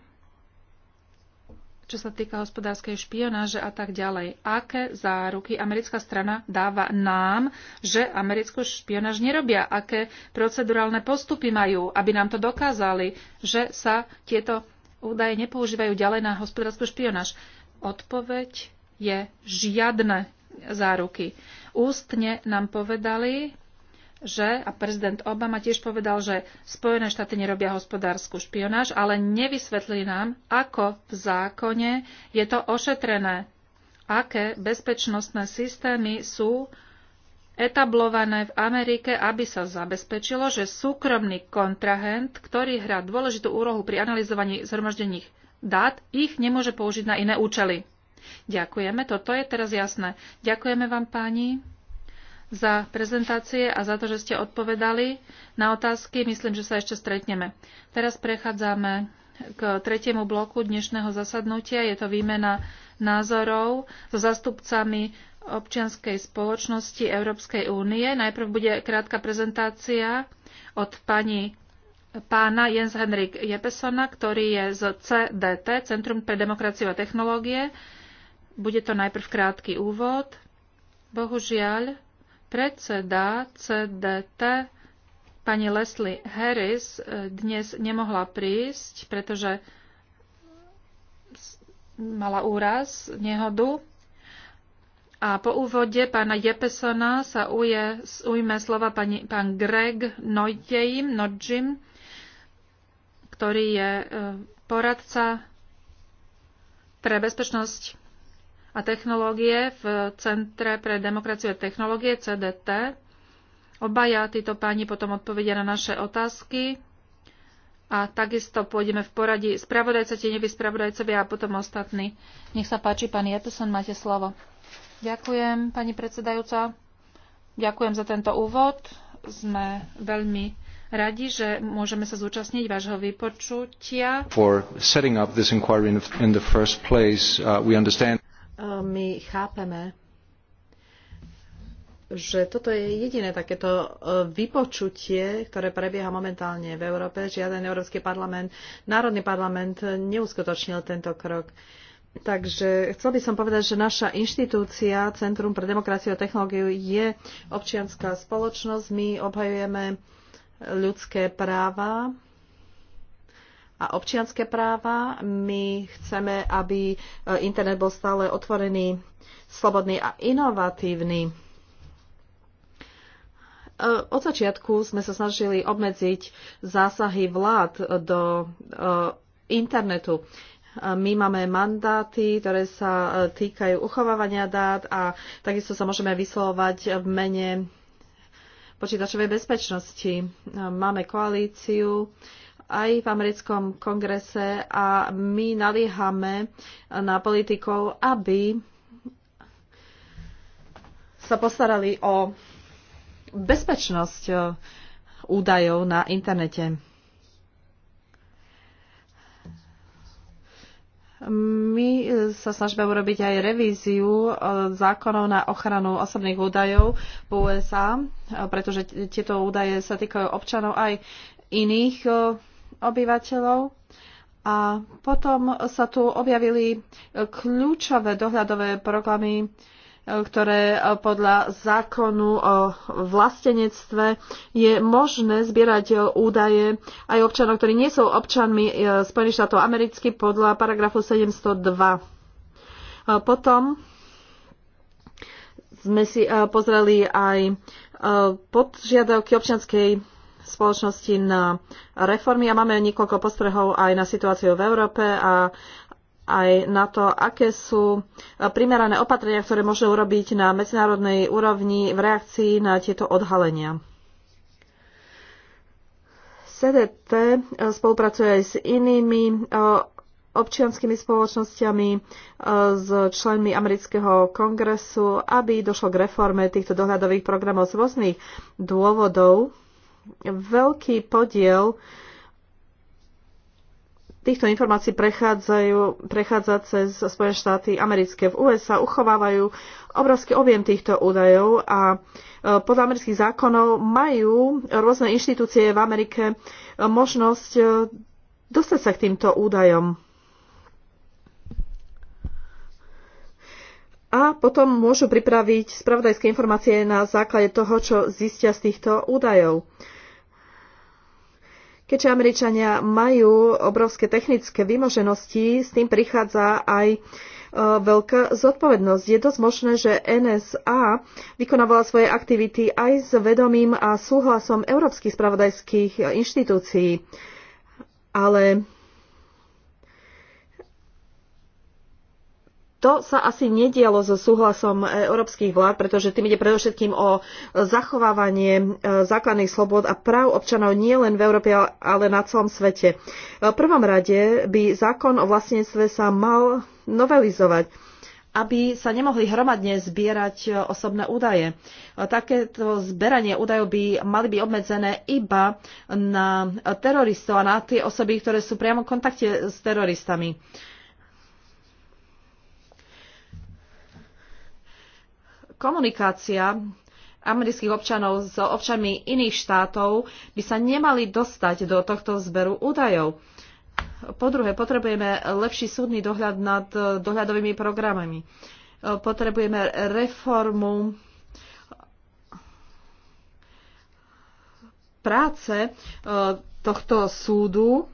čo sa týka hospodárskej špionáže a tak ďalej. Aké záruky americká strana dáva nám, že americkú špionáž nerobia? Aké procedurálne postupy majú, aby nám to dokázali, že sa tieto údaje nepoužívajú ďalej na hospodárskú špionáž? Odpoveď je žiadne záruky. Ústne nám povedali, že, a prezident Obama tiež povedal, že Spojené štáty nerobia hospodárskú špionáž, ale nevysvetlí nám, ako v zákone je to ošetrené, aké bezpečnostné systémy sú etablované v Amerike, aby sa zabezpečilo, že súkromný kontrahent, ktorý hrá dôležitú úlohu pri analyzovaní zhromaždených dát, ich nemôže použiť na iné účely. Ďakujeme, toto je teraz jasné. Ďakujeme vám, páni za prezentácie a za to, že ste odpovedali na otázky. Myslím, že sa ešte stretneme. Teraz prechádzame k tretiemu bloku dnešného zasadnutia. Je to výmena názorov so zastupcami občianskej spoločnosti Európskej únie. Najprv bude krátka prezentácia od pani pána Jens Henrik Jepesona, ktorý je z CDT, Centrum pre demokraciu a technológie. Bude to najprv krátky úvod. Bohužiaľ, Predseda CDT pani Leslie Harris e, dnes nemohla prísť, pretože mala úraz, nehodu. A po úvode pána Jepesona sa uje, ujme slova pani, pán Greg Nojtejim, Nojim, ktorý je e, poradca pre bezpečnosť a technológie v Centre pre demokraciu a technológie CDT. Obaja títo páni potom odpovedia na naše otázky a takisto pôjdeme v poradí spravodajca, tie spravodajcovia a potom ostatní. Nech sa páči, pani Jeteson, máte slovo. Ďakujem, pani predsedajúca. Ďakujem za tento úvod. Sme veľmi radi, že môžeme sa zúčastniť vášho vypočutia. For setting up this inquiry in the first place, uh, we understand my chápeme, že toto je jediné takéto e, vypočutie, ktoré prebieha momentálne v Európe. Žiaden Európsky parlament, Národný parlament neuskutočnil tento krok. Takže chcel by som povedať, že naša inštitúcia, Centrum pre demokraciu a technológiu, je občianská spoločnosť. My obhajujeme ľudské práva a občianské práva. My chceme, aby e, internet bol stále otvorený, slobodný a inovatívny. E, od začiatku sme sa snažili obmedziť zásahy vlád do e, internetu. My máme mandáty, ktoré sa týkajú uchovávania dát a takisto sa môžeme vyslovovať v mene počítačovej bezpečnosti. Máme koalíciu, aj v americkom kongrese a my naliehame na politikov, aby sa postarali o bezpečnosť údajov na internete. My sa snažíme urobiť aj revíziu e, zákonov na ochranu osobných údajov v USA, e, pretože tieto údaje sa týkajú občanov aj iných e, obyvateľov. A potom sa tu objavili kľúčové dohľadové programy, e, ktoré e, podľa zákonu o vlastenectve je možné zbierať e, údaje aj občanov, ktorí nie sú občanmi Spojených štátov amerických podľa paragrafu 702. Potom sme si pozreli aj podžiadavky občianskej spoločnosti na reformy a máme niekoľko postrehov aj na situáciu v Európe a aj na to, aké sú primerané opatrenia, ktoré môže urobiť na medzinárodnej úrovni v reakcii na tieto odhalenia. CDT e spolupracuje aj s inými e, občianskými spoločnosťami, e, s členmi amerického kongresu, aby došlo k reforme týchto dohľadových programov z rôznych dôvodov Veľký podiel týchto informácií prechádzajú, prechádza cez Spojené štáty americké. V USA uchovávajú obrovský objem týchto údajov a e, podľa amerických zákonov majú rôzne inštitúcie v Amerike e, možnosť e, dostať sa k týmto údajom. A potom môžu pripraviť spravodajské informácie na základe toho, čo zistia z týchto údajov. Keďže Američania majú obrovské technické vymoženosti, s tým prichádza aj e, veľká zodpovednosť. Je dosť možné, že NSA vykonávala svoje aktivity aj s vedomím a súhlasom európskych spravodajských inštitúcií. Ale To sa asi nedialo so súhlasom e, európskych vlád, pretože tým ide predovšetkým o e, zachovávanie e, základných slobod a práv občanov nie len v Európe, ale na celom svete. V prvom rade by zákon o vlastníctve sa mal novelizovať aby sa nemohli hromadne zbierať osobné údaje. Takéto zberanie údajov by mali byť obmedzené iba na teroristov a na tie osoby, ktoré sú priamo v kontakte s teroristami. komunikácia amerických občanov s občanmi iných štátov by sa nemali dostať do tohto zberu údajov. Po druhé, potrebujeme lepší súdny dohľad nad eh, dohľadovými programami. Eh, potrebujeme reformu práce eh, tohto súdu,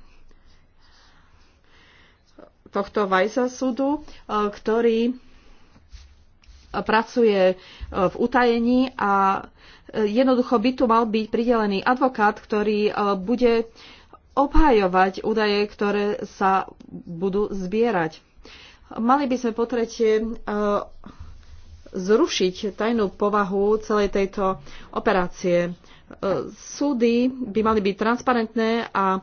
tohto Vajsa súdu, ktorý pracuje e, v utajení a e, jednoducho by tu mal byť pridelený advokát, ktorý e, bude obhajovať údaje, ktoré sa budú zbierať. Mali by sme po zrušiť tajnú povahu celej tejto operácie. Súdy by mali byť transparentné a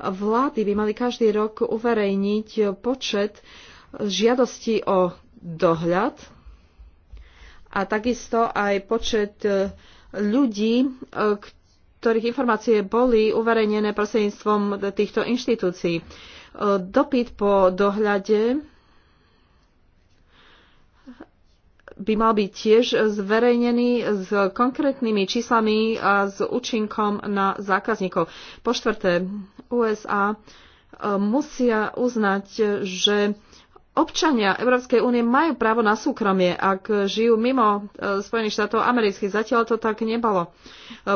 vlády by mali každý rok uverejniť počet žiadosti o dohľad a takisto aj počet e, ľudí, e, ktorých informácie boli uverejnené prostredníctvom týchto inštitúcií. E, dopyt po dohľade by mal byť tiež zverejnený s konkrétnymi číslami a s účinkom na zákazníkov. Po štvrté, USA musia uznať, že občania Európskej únie majú právo na súkromie, ak žijú mimo e, Spojených štátov amerických. Zatiaľ to tak nebolo, e,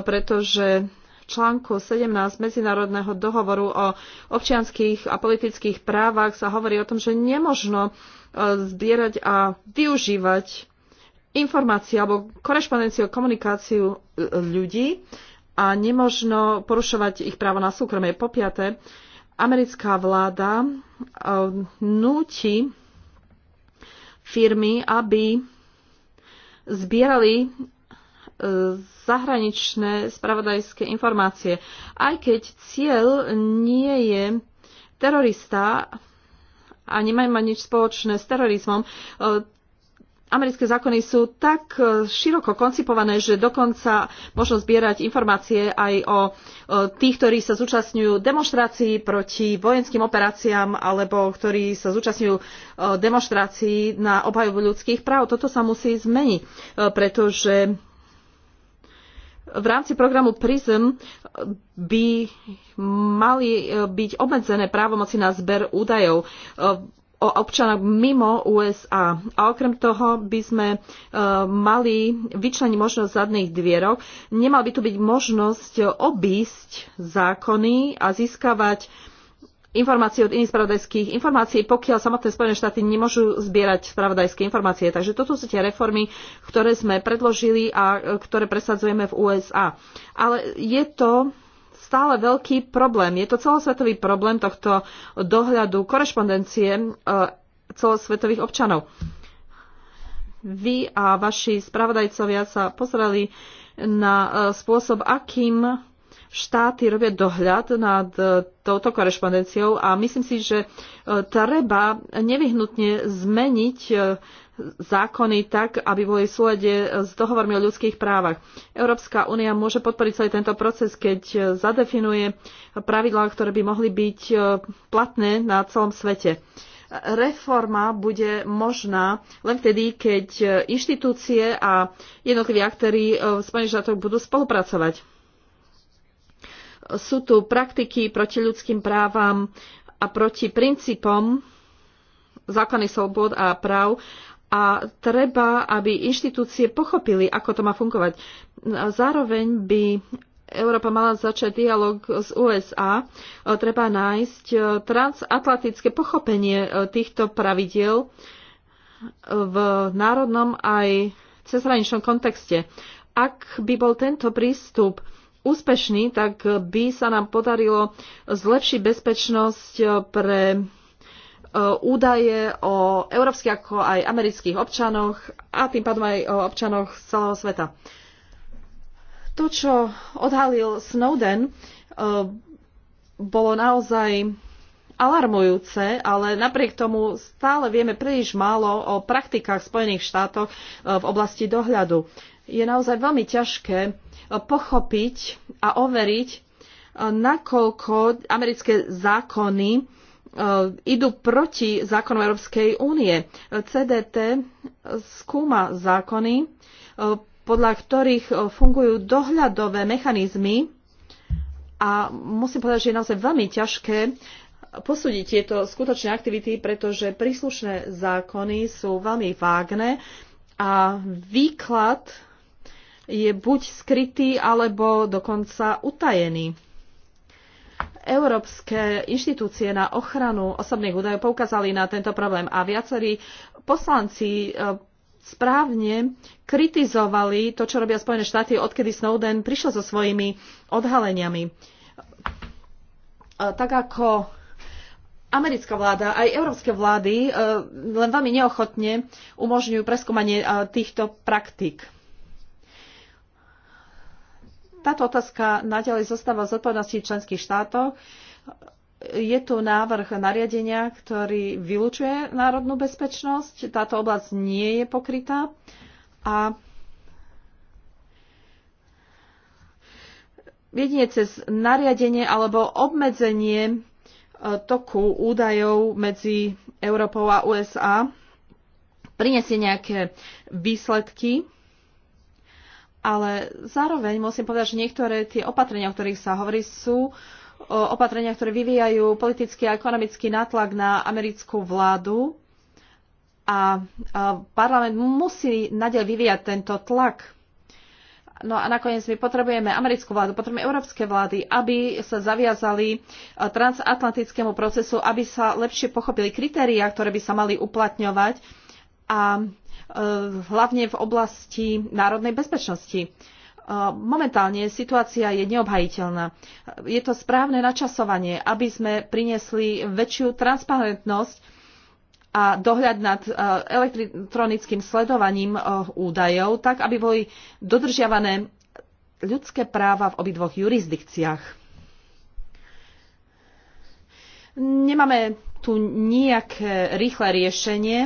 pretože v článku 17 Medzinárodného dohovoru o občianských a politických právach sa hovorí o tom, že nemožno e, zbierať a využívať informácie alebo korešpondenciu, komunikáciu ľudí a nemožno porušovať ich právo na súkromie. Po piaté, americká vláda eh, núti firmy, aby zbierali eh, zahraničné spravodajské informácie. Aj keď cieľ nie je terorista a nemajú mať nič spoločné s terorizmom, eh, americké zákony sú tak e, široko koncipované, že dokonca možno zbierať informácie aj o e, tých, ktorí sa zúčastňujú demonstrácií proti vojenským operáciám alebo ktorí sa zúčastňujú e, demonstrácií na obhajobu ľudských práv. Toto sa musí zmeniť, pretože v rámci programu PRISM by mali byť obmedzené právomoci na zber údajov o občanoch mimo USA. A okrem toho by sme e, mali vyčleniť možnosť zadných dvierok. Nemal by tu byť možnosť obísť zákony a získavať informácie od iných spravodajských informácií, pokiaľ samotné Spojené štáty nemôžu zbierať spravodajské informácie. Takže toto sú tie reformy, ktoré sme predložili a e, ktoré presadzujeme v USA. Ale je to stále veľký problém. Je to celosvetový problém tohto dohľadu korešpondencie e, celosvetových občanov. Vy a vaši spravodajcovia sa pozreli na e, spôsob, akým štáty robia dohľad nad e, touto korešpondenciou a myslím si, že treba nevyhnutne zmeniť zákony tak, aby boli v súlade s dohovormi o ľudských právach. Európska únia môže podporiť celý tento proces, keď zadefinuje pravidlá, ktoré by mohli byť e, platné na celom svete. Reforma bude možná len vtedy, keď inštitúcie a jednotliví aktéry e, v Spojených štátoch budú spolupracovať. Sú tu praktiky proti ľudským právam a proti princípom základných slobod a práv, a treba, aby inštitúcie pochopili, ako to má fungovať. Zároveň by Európa mala začať dialog s USA. E, treba nájsť e, transatlantické pochopenie e, týchto pravidiel v národnom aj cezhraničnom kontexte. Ak by bol tento prístup úspešný, tak by sa nám podarilo zlepšiť bezpečnosť pre Eh, údaje o európskych ako aj amerických občanoch a tým pádom aj o občanoch z celého sveta. To, čo odhalil Snowden, eh, bolo naozaj alarmujúce, ale napriek tomu stále vieme príliš málo o praktikách Spojených štátov eh, v oblasti dohľadu. Je naozaj veľmi ťažké pochopiť a overiť, nakoľko americké zákony E, idú proti zákonom Európskej únie. CDT skúma zákony, e, podľa ktorých e, fungujú dohľadové mechanizmy a musím povedať, že je naozaj veľmi ťažké posúdiť tieto skutočné aktivity, pretože príslušné zákony sú veľmi vágne a výklad je buď skrytý alebo dokonca utajený Európske inštitúcie na ochranu osobných údajov poukázali na tento problém a viacerí poslanci e, správne kritizovali to, čo robia Spojené štáty, odkedy Snowden prišiel so svojimi odhaleniami. E, tak ako americká vláda, aj európske vlády e, len veľmi neochotne umožňujú preskúmanie týchto praktík táto otázka naďalej zostáva v zodpovednosti členských štátov. Je tu návrh nariadenia, ktorý vylučuje národnú bezpečnosť. Táto oblasť nie je pokrytá. A jedine cez nariadenie alebo obmedzenie e, toku údajov medzi Európou a USA prinesie nejaké výsledky ale zároveň musím povedať, že niektoré tie opatrenia, o ktorých sa hovorí, sú opatrenia, ktoré vyvíjajú politický a ekonomický nátlak na americkú vládu a parlament musí nadiaľ vyvíjať tento tlak. No a nakoniec my potrebujeme americkú vládu, potrebujeme európske vlády, aby sa zaviazali e, transatlantickému procesu, aby sa lepšie pochopili kritériá, ktoré by sa mali uplatňovať a hlavne v oblasti národnej bezpečnosti. E, momentálne situácia je neobhajiteľná. Je to správne načasovanie, aby sme priniesli väčšiu transparentnosť a dohľad nad e, elektronickým sledovaním e, údajov, tak aby boli dodržiavané ľudské práva v obidvoch jurisdikciách. Nemáme tu nejaké rýchle riešenie.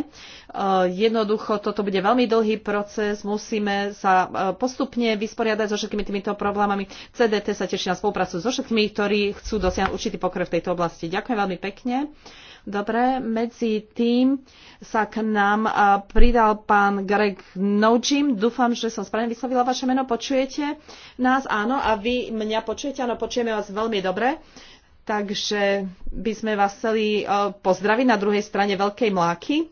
Eh, jednoducho toto bude veľmi dlhý proces, musíme sa eh, postupne vysporiadať so všetkými týmito problémami. CDT sa teší na spoluprácu so všetkými, ktorí chcú dosiahnuť určitý pokrok v tejto oblasti. Ďakujem veľmi pekne. Dobre, medzi tým sa k nám eh, pridal pán Greg Nojim. Dúfam, že som správne vyslovila vaše meno. Počujete nás? Áno. A vy mňa počujete? Áno, počujeme vás veľmi dobre. Takže by sme vás chceli pozdraviť na druhej strane Veľkej mláky.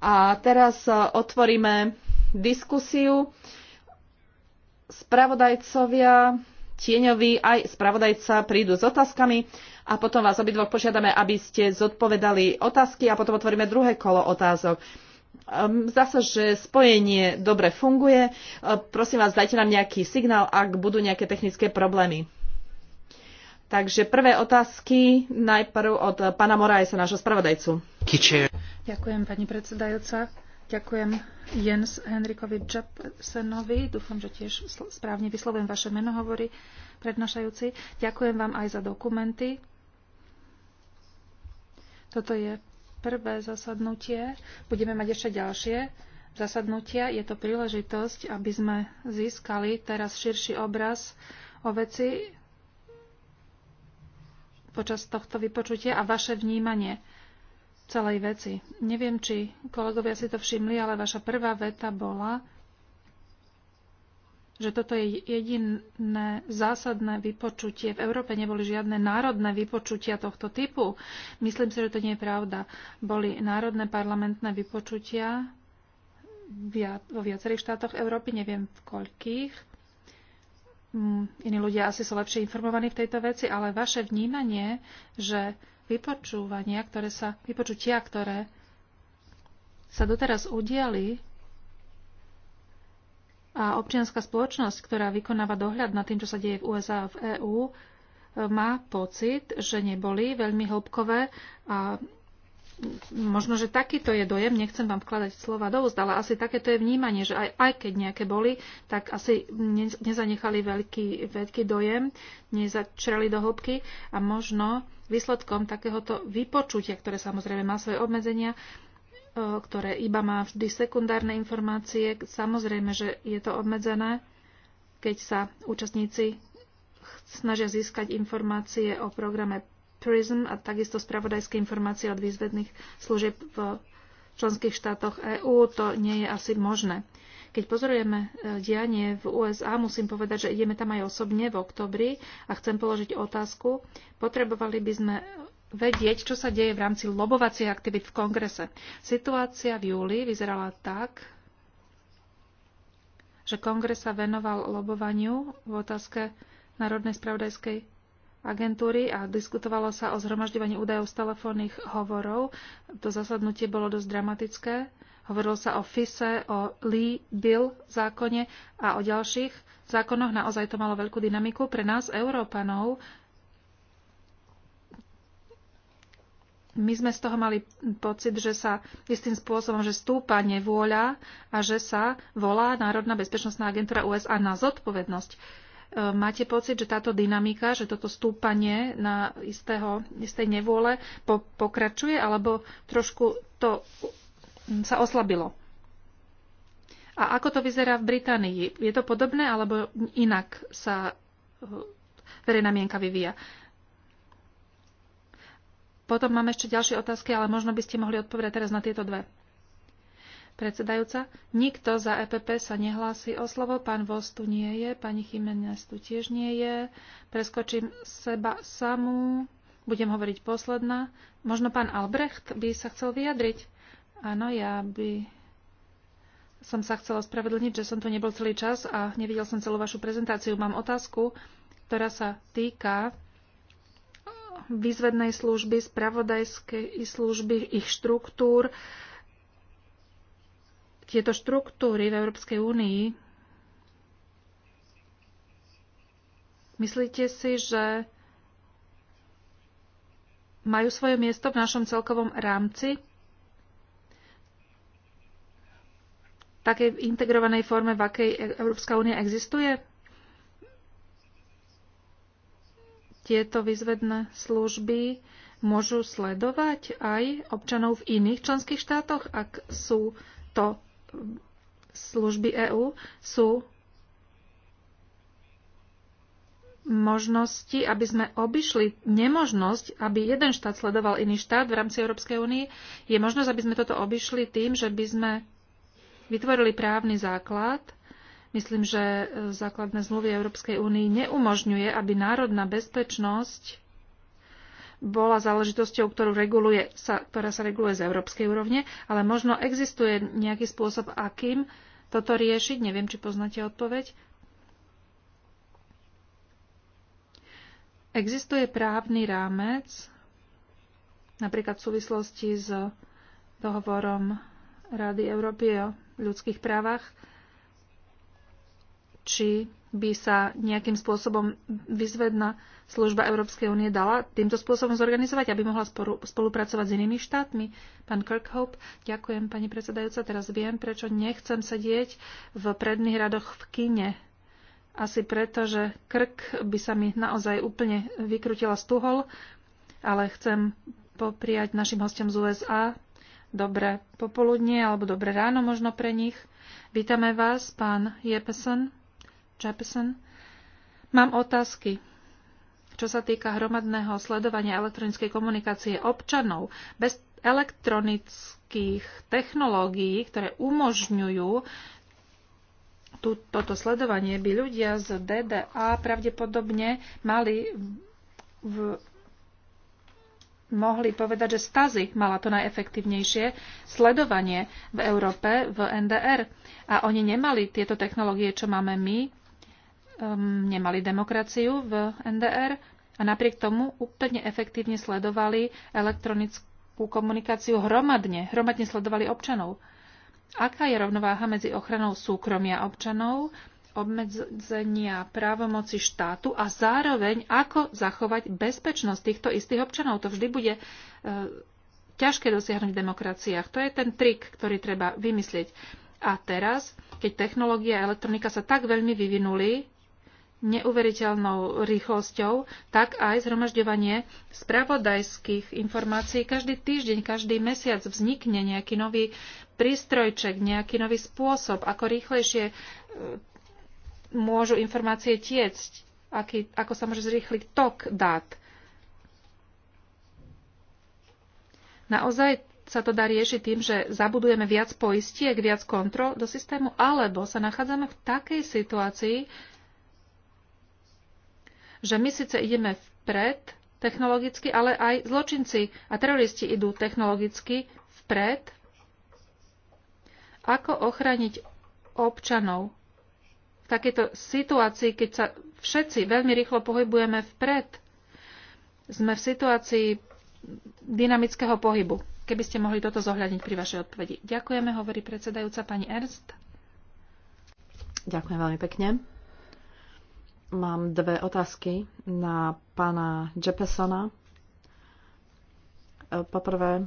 A teraz e, otvoríme diskusiu. Spravodajcovia, tieňoví aj spravodajca prídu s otázkami a potom vás obidvoch požiadame, aby ste zodpovedali otázky a potom otvoríme druhé kolo otázok. Ehm, zdá sa, že spojenie dobre funguje. E, prosím vás, dajte nám nejaký signál, ak budú nejaké technické problémy. Takže prvé otázky najprv od pána Morajsa, nášho spravodajcu. Ďakujem, pani predsedajúca. Ďakujem Jens Henrikovi Jepsenovi. Dúfam, že tiež správne vyslovujem vaše meno, hovorí prednášajúci. Ďakujem vám aj za dokumenty. Toto je prvé zasadnutie. Budeme mať ešte ďalšie zasadnutia. Je to príležitosť, aby sme získali teraz širší obraz o veci, počas tohto vypočutia a vaše vnímanie celej veci. Neviem, či kolegovia si to všimli, ale vaša prvá veta bola, že toto je jediné zásadné vypočutie. V Európe neboli žiadne národné vypočutia tohto typu. Myslím si, že to nie je pravda. Boli národné parlamentné vypočutia vo viacerých štátoch Európy, neviem v koľkých. Hm, iní ľudia asi sú lepšie informovaní v tejto veci, ale vaše vnímanie, že vypočúvania, ktoré sa, vypočutia, ktoré sa doteraz udiali a občianská spoločnosť, ktorá vykonáva dohľad nad tým, čo sa deje v USA a v EÚ, má pocit, že neboli veľmi hĺbkové a možno, že takýto je dojem, nechcem vám vkladať slova do úst, ale asi takéto je vnímanie, že aj, aj keď nejaké boli, tak asi ne, nezanechali veľký, veľký dojem, nezačreli do hĺbky a možno výsledkom takéhoto vypočutia, ktoré samozrejme má svoje obmedzenia, e, ktoré iba má vždy sekundárne informácie, samozrejme, že je to obmedzené, keď sa účastníci snažia získať informácie o programe Tourism a takisto spravodajské informácie od výzvedných služieb v členských štátoch EÚ. To nie je asi možné. Keď pozorujeme e, dianie v USA, musím povedať, že ideme tam aj osobne v oktobri a chcem položiť otázku. Potrebovali by sme vedieť, čo sa deje v rámci lobovacích aktivít v kongrese. Situácia v júli vyzerala tak, že kongres sa venoval lobovaniu v otázke Národnej spravodajskej agentúry a diskutovalo sa o zhromažďovaní údajov z telefónnych hovorov. To zasadnutie bolo dosť dramatické. Hovorilo sa o FISE, o Lee Bill zákone a o ďalších zákonoch. Naozaj to malo veľkú dynamiku. Pre nás, Európanov, my sme z toho mali pocit, že sa istým spôsobom, že stúpa nevôľa a že sa volá Národná bezpečnostná agentúra USA na zodpovednosť E, máte pocit, že táto dynamika, že toto stúpanie na istého, istej nevôle po, pokračuje, alebo trošku to sa oslabilo? A ako to vyzerá v Británii? Je to podobné, alebo inak sa e, verejná mienka vyvíja? Potom máme ešte ďalšie otázky, ale možno by ste mohli odpovedať teraz na tieto dve. Predsedajúca, nikto za EPP sa nehlási o slovo, pán Vos tu nie je, pani Chimenez tu tiež nie je. Preskočím seba samú, budem hovoriť posledná. Možno pán Albrecht by sa chcel vyjadriť. Áno, ja by som sa chcela ospravedlniť, že som tu nebol celý čas a nevidel som celú vašu prezentáciu. Mám otázku, ktorá sa týka výzvednej služby, spravodajskej služby, ich štruktúr tieto štruktúry v Európskej únii, myslíte si, že majú svoje miesto v našom celkovom rámci? takej integrovanej forme, v akej Európska únia existuje? Tieto výzvedné služby môžu sledovať aj občanov v iných členských štátoch, ak sú to služby EÚ sú možnosti, aby sme obišli nemožnosť, aby jeden štát sledoval iný štát v rámci Európskej únie, je možnosť, aby sme toto obišli tým, že by sme vytvorili právny základ. Myslím, že základné zmluvy Európskej únie neumožňuje, aby národná bezpečnosť bola záležitosťou, ktorú reguluje, sa, ktorá sa reguluje z európskej úrovne, ale možno existuje nejaký spôsob, akým toto riešiť. Neviem, či poznáte odpoveď. Existuje právny rámec, napríklad v súvislosti s dohovorom Rady Európy o ľudských právach, či by sa nejakým spôsobom vyzvedná služba Európskej únie dala týmto spôsobom zorganizovať, aby mohla sporu, spolupracovať s inými štátmi. Pán Kirkhope, ďakujem, pani predsedajúca. Teraz viem, prečo nechcem sedieť v predných radoch v kine. Asi preto, že krk by sa mi naozaj úplne vykrutila z tuhol, ale chcem popriať našim hostom z USA dobré popoludnie alebo dobré ráno možno pre nich. Vítame vás, pán Jepeson. Jeppesen. Mám otázky, čo sa týka hromadného sledovania elektronickej komunikácie občanov. Bez elektronických technológií, ktoré umožňujú tú, toto sledovanie, by ľudia z DDA pravdepodobne mali v, mohli povedať, že Stazy mala to najefektívnejšie sledovanie v Európe, v NDR. A oni nemali tieto technológie, čo máme my, um, nemali demokraciu v NDR a napriek tomu úplne efektívne sledovali elektronickú komunikáciu hromadne, hromadne sledovali občanov. Aká je rovnováha medzi ochranou súkromia občanov, obmedzenia právomoci štátu a zároveň ako zachovať bezpečnosť týchto istých občanov? To vždy bude e, ťažké dosiahnuť v demokraciách. To je ten trik, ktorý treba vymyslieť. A teraz, keď technológia a elektronika sa tak veľmi vyvinuli, neuveriteľnou rýchlosťou, tak aj zhromažďovanie spravodajských informácií. Každý týždeň, každý mesiac vznikne nejaký nový prístrojček, nejaký nový spôsob, ako rýchlejšie e, môžu informácie tiecť, aký, ako sa môže zrýchliť tok dát. Naozaj sa to dá riešiť tým, že zabudujeme viac poistiek, viac kontrol do systému, alebo sa nachádzame v takej situácii, že my síce ideme vpred technologicky, ale aj zločinci a teroristi idú technologicky vpred. Ako ochraniť občanov v takejto situácii, keď sa všetci veľmi rýchlo pohybujeme vpred? Sme v situácii dynamického pohybu. Keby ste mohli toto zohľadniť pri vašej odpovedi. Ďakujeme, hovorí predsedajúca pani Ernst. Ďakujem veľmi pekne. Mám dve otázky na pána Jeppesona. E, poprvé,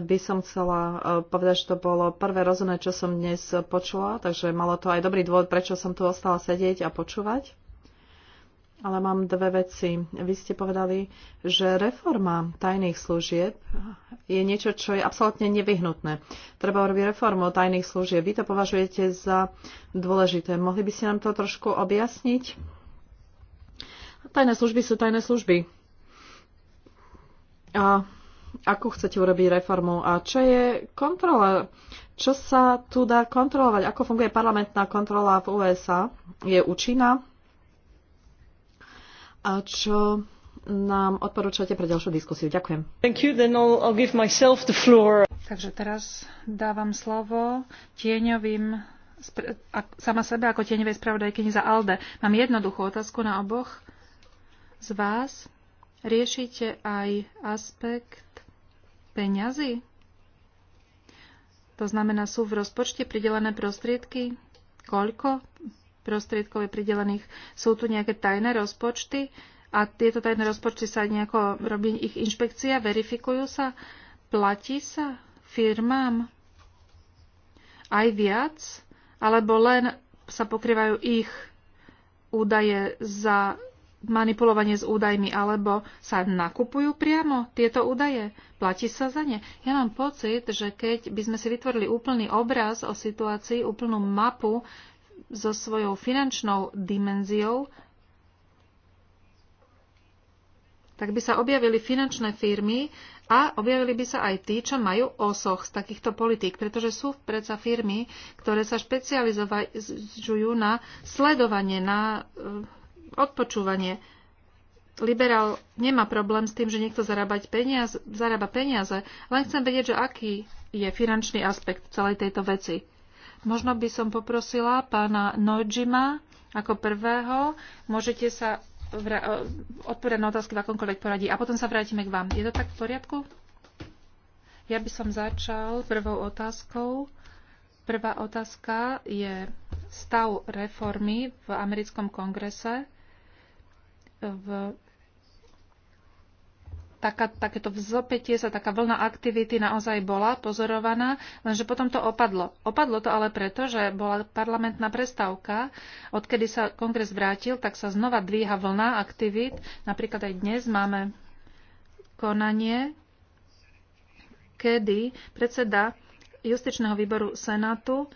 by som chcela e, povedať, že to bolo prvé rozumné, čo som dnes počula, takže malo to aj dobrý dôvod, prečo som tu ostala sedieť a počúvať. Ale mám dve veci. Vy ste povedali, že reforma tajných služieb je niečo, čo je absolútne nevyhnutné. Treba urobiť reformu tajných služieb. Vy to považujete za dôležité. Mohli by ste nám to trošku objasniť? Tajné služby sú tajné služby. A ako chcete urobiť reformu a čo je kontrola? Čo sa tu dá kontrolovať? Ako funguje parlamentná kontrola v USA? Je účinná? A čo nám odporúčate pre ďalšiu diskusiu? Ďakujem. Thank you, then I'll, I'll give myself the floor. Takže teraz dávam slovo tieňovým sama sebe ako tieňovej spravodajkyni za ALDE. Mám jednoduchú otázku na oboch z vás riešite aj aspekt peňazí? To znamená, sú v rozpočte pridelené prostriedky? Koľko prostriedkov je pridelených? Sú tu nejaké tajné rozpočty? A tieto tajné rozpočty sa nejako robí ich inšpekcia? Verifikujú sa? Platí sa firmám aj viac? Alebo len sa pokrývajú ich údaje za manipulovanie s údajmi, alebo sa nakupujú priamo tieto údaje? Platí sa za ne? Ja mám pocit, že keď by sme si vytvorili úplný obraz o situácii, úplnú mapu so svojou finančnou dimenziou, tak by sa objavili finančné firmy a objavili by sa aj tí, čo majú osoch z takýchto politík, pretože sú predsa firmy, ktoré sa špecializujú na sledovanie, na odpočúvanie. Liberál nemá problém s tým, že niekto zarábať peniaz, zarába peniaze, len chcem vedieť, že aký je finančný aspekt celej tejto veci. Možno by som poprosila pána Nojima ako prvého. Môžete sa eh, odpovedať na otázky v akomkoľvek poradí a potom sa vrátime k vám. Je to tak v poriadku? Ja by som začal prvou otázkou. Prvá otázka je stav reformy v americkom kongrese v taká, takéto vzopetie sa, taká vlna aktivity naozaj bola pozorovaná, lenže potom to opadlo. Opadlo to ale preto, že bola parlamentná prestávka. Odkedy sa kongres vrátil, tak sa znova dvíha vlna aktivít. Napríklad aj dnes máme konanie, kedy predseda justičného výboru Senátu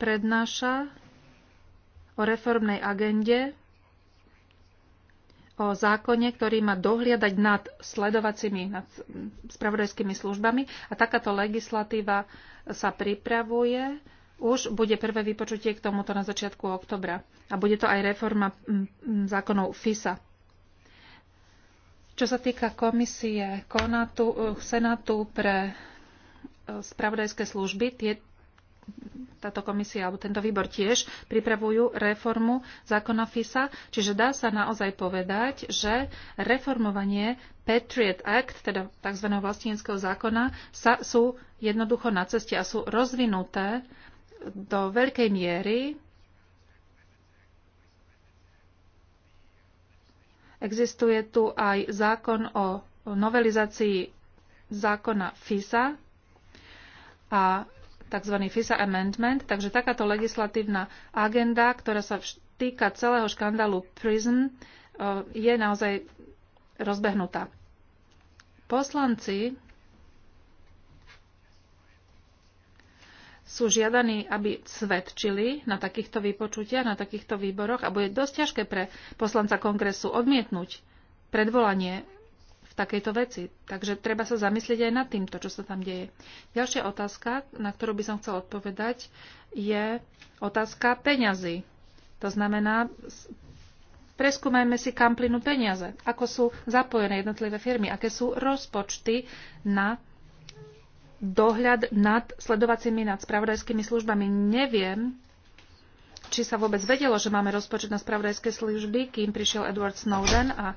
prednáša o reformnej agende o zákone, ktorý má dohliadať nad sledovacími, nad spravodajskými službami a takáto legislatíva sa pripravuje. Už bude prvé vypočutie k tomuto na začiatku oktobra a bude to aj reforma zákonov FISA. Čo sa týka komisie Konatu, Senátu pre e, spravodajské služby, tie, táto komisia alebo tento výbor tiež pripravujú reformu zákona FISA, čiže dá sa naozaj povedať, že reformovanie Patriot Act, teda tzv. vlastníckého zákona, sa, sú jednoducho na ceste a sú rozvinuté do veľkej miery. Existuje tu aj zákon o novelizácii zákona FISA a tzv. FISA Amendment, takže takáto legislatívna agenda, ktorá sa týka celého škandálu PRISM, e, je naozaj rozbehnutá. Poslanci sú žiadaní, aby svedčili na takýchto vypočutiach, na takýchto výboroch a bude dosť ťažké pre poslanca kongresu odmietnúť predvolanie takejto veci. Takže treba sa zamyslieť aj nad týmto, čo sa tam deje. Ďalšia otázka, na ktorú by som chcel odpovedať, je otázka peňazí. To znamená, preskúmajme si, kam plynú peniaze, ako sú zapojené jednotlivé firmy, aké sú rozpočty na dohľad nad sledovacími, nad spravodajskými službami. Neviem, či sa vôbec vedelo, že máme rozpočet na spravodajské služby, kým prišiel Edward Snowden a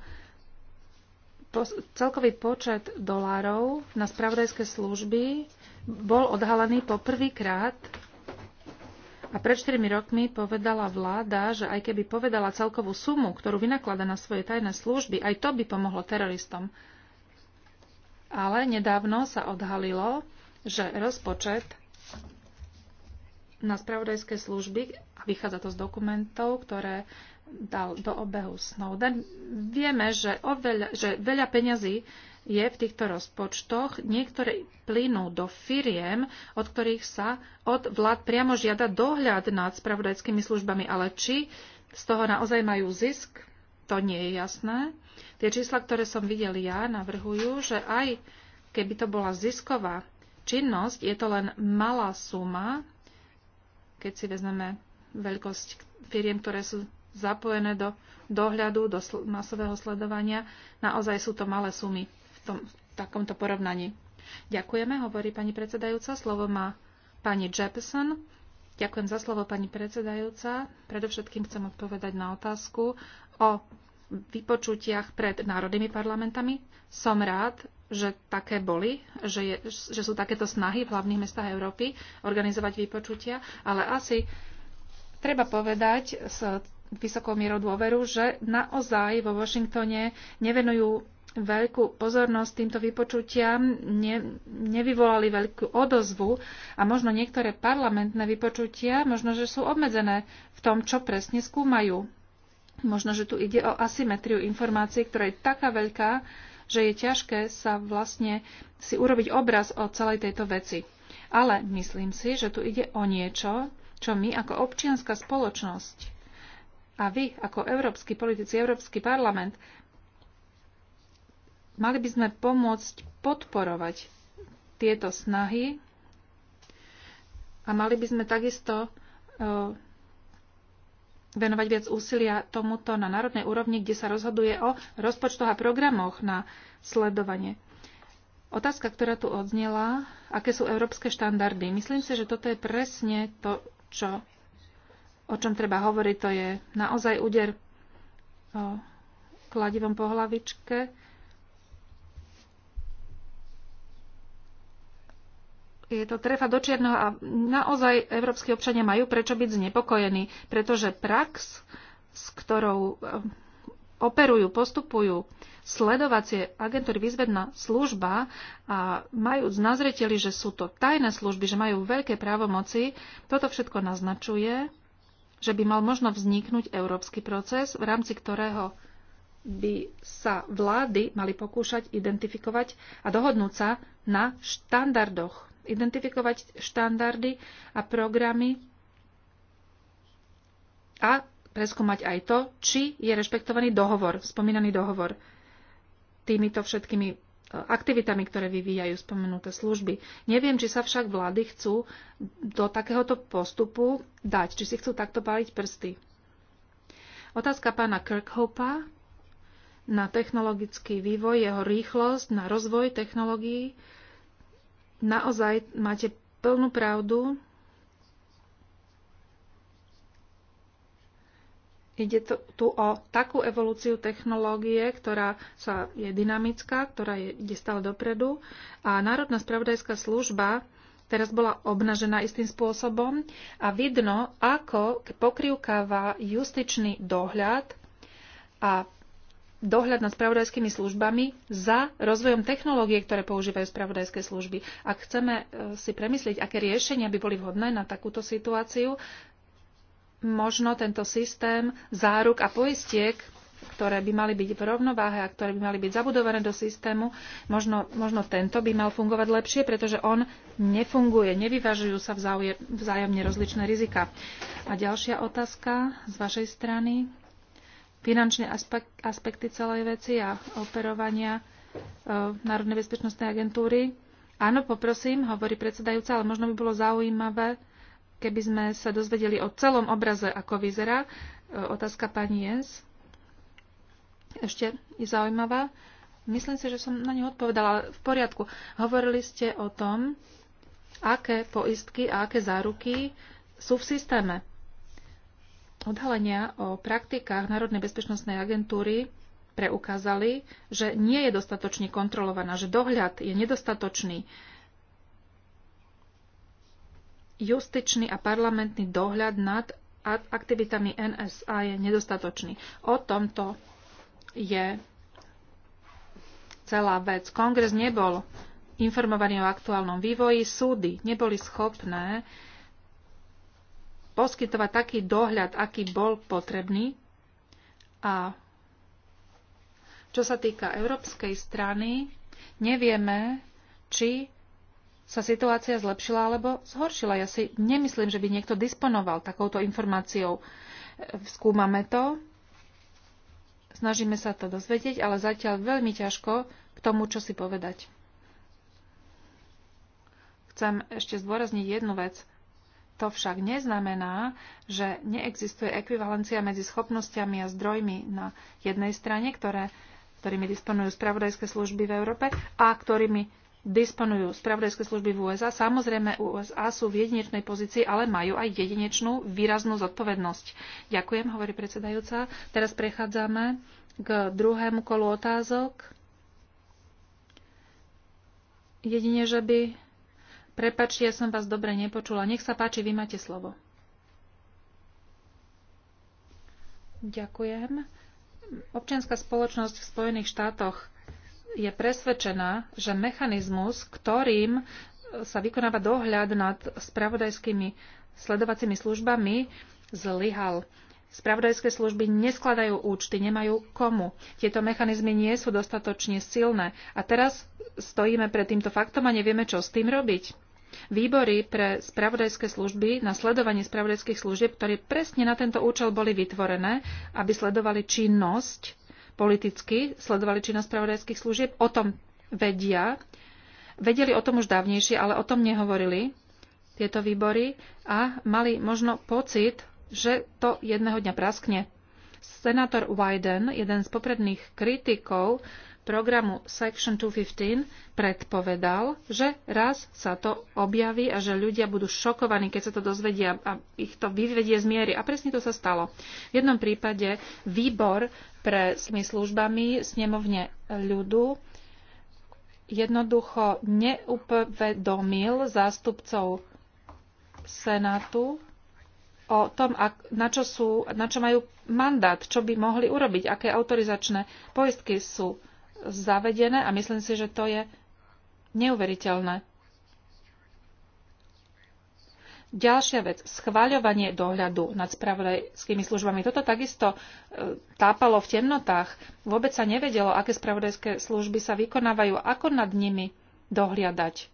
celkový počet dolárov na spravodajské služby bol odhalený po prvýkrát a pred 4 rokmi povedala vláda, že aj keby povedala celkovú sumu, ktorú vynaklada na svoje tajné služby, aj to by pomohlo teroristom. Ale nedávno sa odhalilo, že rozpočet na spravodajské služby, a vychádza to z dokumentov, ktoré dal do obehu Snowden. Vieme, že, oveľa, že veľa peňazí je v týchto rozpočtoch. Niektoré plynú do firiem, od ktorých sa od vlád priamo žiada dohľad nad spravodajskými službami, ale či z toho naozaj majú zisk, to nie je jasné. Tie čísla, ktoré som videl ja, navrhujú, že aj keby to bola zisková činnosť, je to len malá suma, keď si vezmeme veľkosť firiem, ktoré sú zapojené do dohľadu, do masového sledovania. Naozaj sú to malé sumy v, tom, v takomto porovnaní. Ďakujeme, hovorí pani predsedajúca. Slovo má pani Jepson. Ďakujem za slovo, pani predsedajúca. Predovšetkým chcem odpovedať na otázku o vypočutiach pred národnými parlamentami. Som rád, že také boli, že, je, že sú takéto snahy v hlavných mestách Európy organizovať vypočutia, ale asi treba povedať s vysokou mierou dôveru, že naozaj vo Washingtone nevenujú veľkú pozornosť týmto vypočutiam, ne, nevyvolali veľkú odozvu a možno niektoré parlamentné vypočutia, možno, že sú obmedzené v tom, čo presne skúmajú. Možno, že tu ide o asymetriu informácií, ktorá je taká veľká, že je ťažké sa vlastne si urobiť obraz o celej tejto veci. Ale myslím si, že tu ide o niečo, čo my ako občianská spoločnosť a vy ako európsky politici, Európsky parlament, mali by sme pomôcť podporovať tieto snahy a mali by sme takisto e, venovať viac úsilia tomuto na národnej úrovni, kde sa rozhoduje o rozpočtoch a programoch na sledovanie. Otázka, ktorá tu odznela, aké sú európske štandardy. Myslím si, že toto je presne to, čo o čom treba hovoriť, to je naozaj úder kladivom po hlavičke. Je to trefa do čierneho a naozaj európsky občania majú prečo byť znepokojení, pretože prax, s ktorou e, operujú, postupujú sledovacie agentúry výzvedná služba a majú znazreteli, že sú to tajné služby, že majú veľké právomoci, toto všetko naznačuje, že by mal možno vzniknúť európsky proces, v rámci ktorého by sa vlády mali pokúšať identifikovať a dohodnúť sa na štandardoch. Identifikovať štandardy a programy a preskúmať aj to, či je rešpektovaný dohovor, spomínaný dohovor. Týmito všetkými aktivitami, ktoré vyvíjajú spomenuté služby. Neviem, či sa však vlády chcú do takéhoto postupu dať, či si chcú takto páliť prsty. Otázka pána Kirkhopa na technologický vývoj, jeho rýchlosť, na rozvoj technológií. Naozaj máte plnú pravdu, Ide to, tu o takú evolúciu technológie, ktorá sa je dynamická, ktorá je, ide stále dopredu. A Národná spravodajská služba teraz bola obnažená istým spôsobom a vidno, ako pokrivkáva justičný dohľad a dohľad nad spravodajskými službami za rozvojom technológie, ktoré používajú spravodajské služby. Ak chceme e, si premyslieť, aké riešenia by boli vhodné na takúto situáciu, možno tento systém záruk a poistiek, ktoré by mali byť v rovnováhe a ktoré by mali byť zabudované do systému, možno, možno tento by mal fungovať lepšie, pretože on nefunguje, nevyvažujú sa vzájomne rozličné rizika. A ďalšia otázka z vašej strany. Finančné aspekty celej veci a operovania e, Národnej bezpečnostnej agentúry. Áno, poprosím, hovorí predsedajúca, ale možno by bolo zaujímavé keby sme sa dozvedeli o celom obraze, ako vyzerá. E, otázka pani Jens. Ešte je zaujímavá. Myslím si, že som na ňu odpovedala v poriadku. Hovorili ste o tom, aké poistky a aké záruky sú v systéme. Odhalenia o praktikách Národnej bezpečnostnej agentúry preukázali, že nie je dostatočne kontrolovaná, že dohľad je nedostatočný justičný a parlamentný dohľad nad aktivitami NSA je nedostatočný. O tomto je celá vec. Kongres nebol informovaný o aktuálnom vývoji, súdy neboli schopné poskytovať taký dohľad, aký bol potrebný. A čo sa týka európskej strany, nevieme, či sa situácia zlepšila alebo zhoršila. Ja si nemyslím, že by niekto disponoval takouto informáciou. Skúmame to, snažíme sa to dozvedieť, ale zatiaľ veľmi ťažko k tomu, čo si povedať. Chcem ešte zdôrazniť jednu vec. To však neznamená, že neexistuje ekvivalencia medzi schopnosťami a zdrojmi na jednej strane, ktoré, ktorými disponujú spravodajské služby v Európe a ktorými disponujú spravodajské služby v USA. Samozrejme, USA sú v jedinečnej pozícii, ale majú aj jedinečnú výraznú zodpovednosť. Ďakujem, hovorí predsedajúca. Teraz prechádzame k druhému kolu otázok. Jedine, že by... Prepačte, ja som vás dobre nepočula. Nech sa páči, vy máte slovo. Ďakujem. Občianská spoločnosť v Spojených štátoch je presvedčená, že mechanizmus, ktorým e, sa vykonáva dohľad nad spravodajskými sledovacími službami, zlyhal. Spravodajské služby neskladajú účty, nemajú komu. Tieto mechanizmy nie sú dostatočne silné. A teraz stojíme pred týmto faktom a nevieme, čo s tým robiť. Výbory pre spravodajské služby na sledovanie spravodajských služieb, ktoré presne na tento účel boli vytvorené, aby sledovali činnosť politicky sledovali činnosť spravodajských služieb, o tom vedia. Vedeli o tom už dávnejšie, ale o tom nehovorili tieto výbory a mali možno pocit, že to jedného dňa praskne. Senátor Wyden, jeden z popredných kritikov programu Section 215 predpovedal, že raz sa to objaví a že ľudia budú šokovaní, keď sa to dozvedia a ich to vyvedie z miery. A presne to sa stalo. V jednom prípade výbor pre službami snemovne ľudu jednoducho neupovedomil zástupcov Senátu o tom, na, čo sú, na čo majú mandát, čo by mohli urobiť, aké autorizačné poistky sú zavedené a myslím si, že to je neuveriteľné. Ďalšia vec, schváľovanie dohľadu nad spravodajskými službami. Toto takisto e, tápalo v temnotách. Vôbec sa nevedelo, aké spravodajské služby sa vykonávajú, ako nad nimi dohliadať.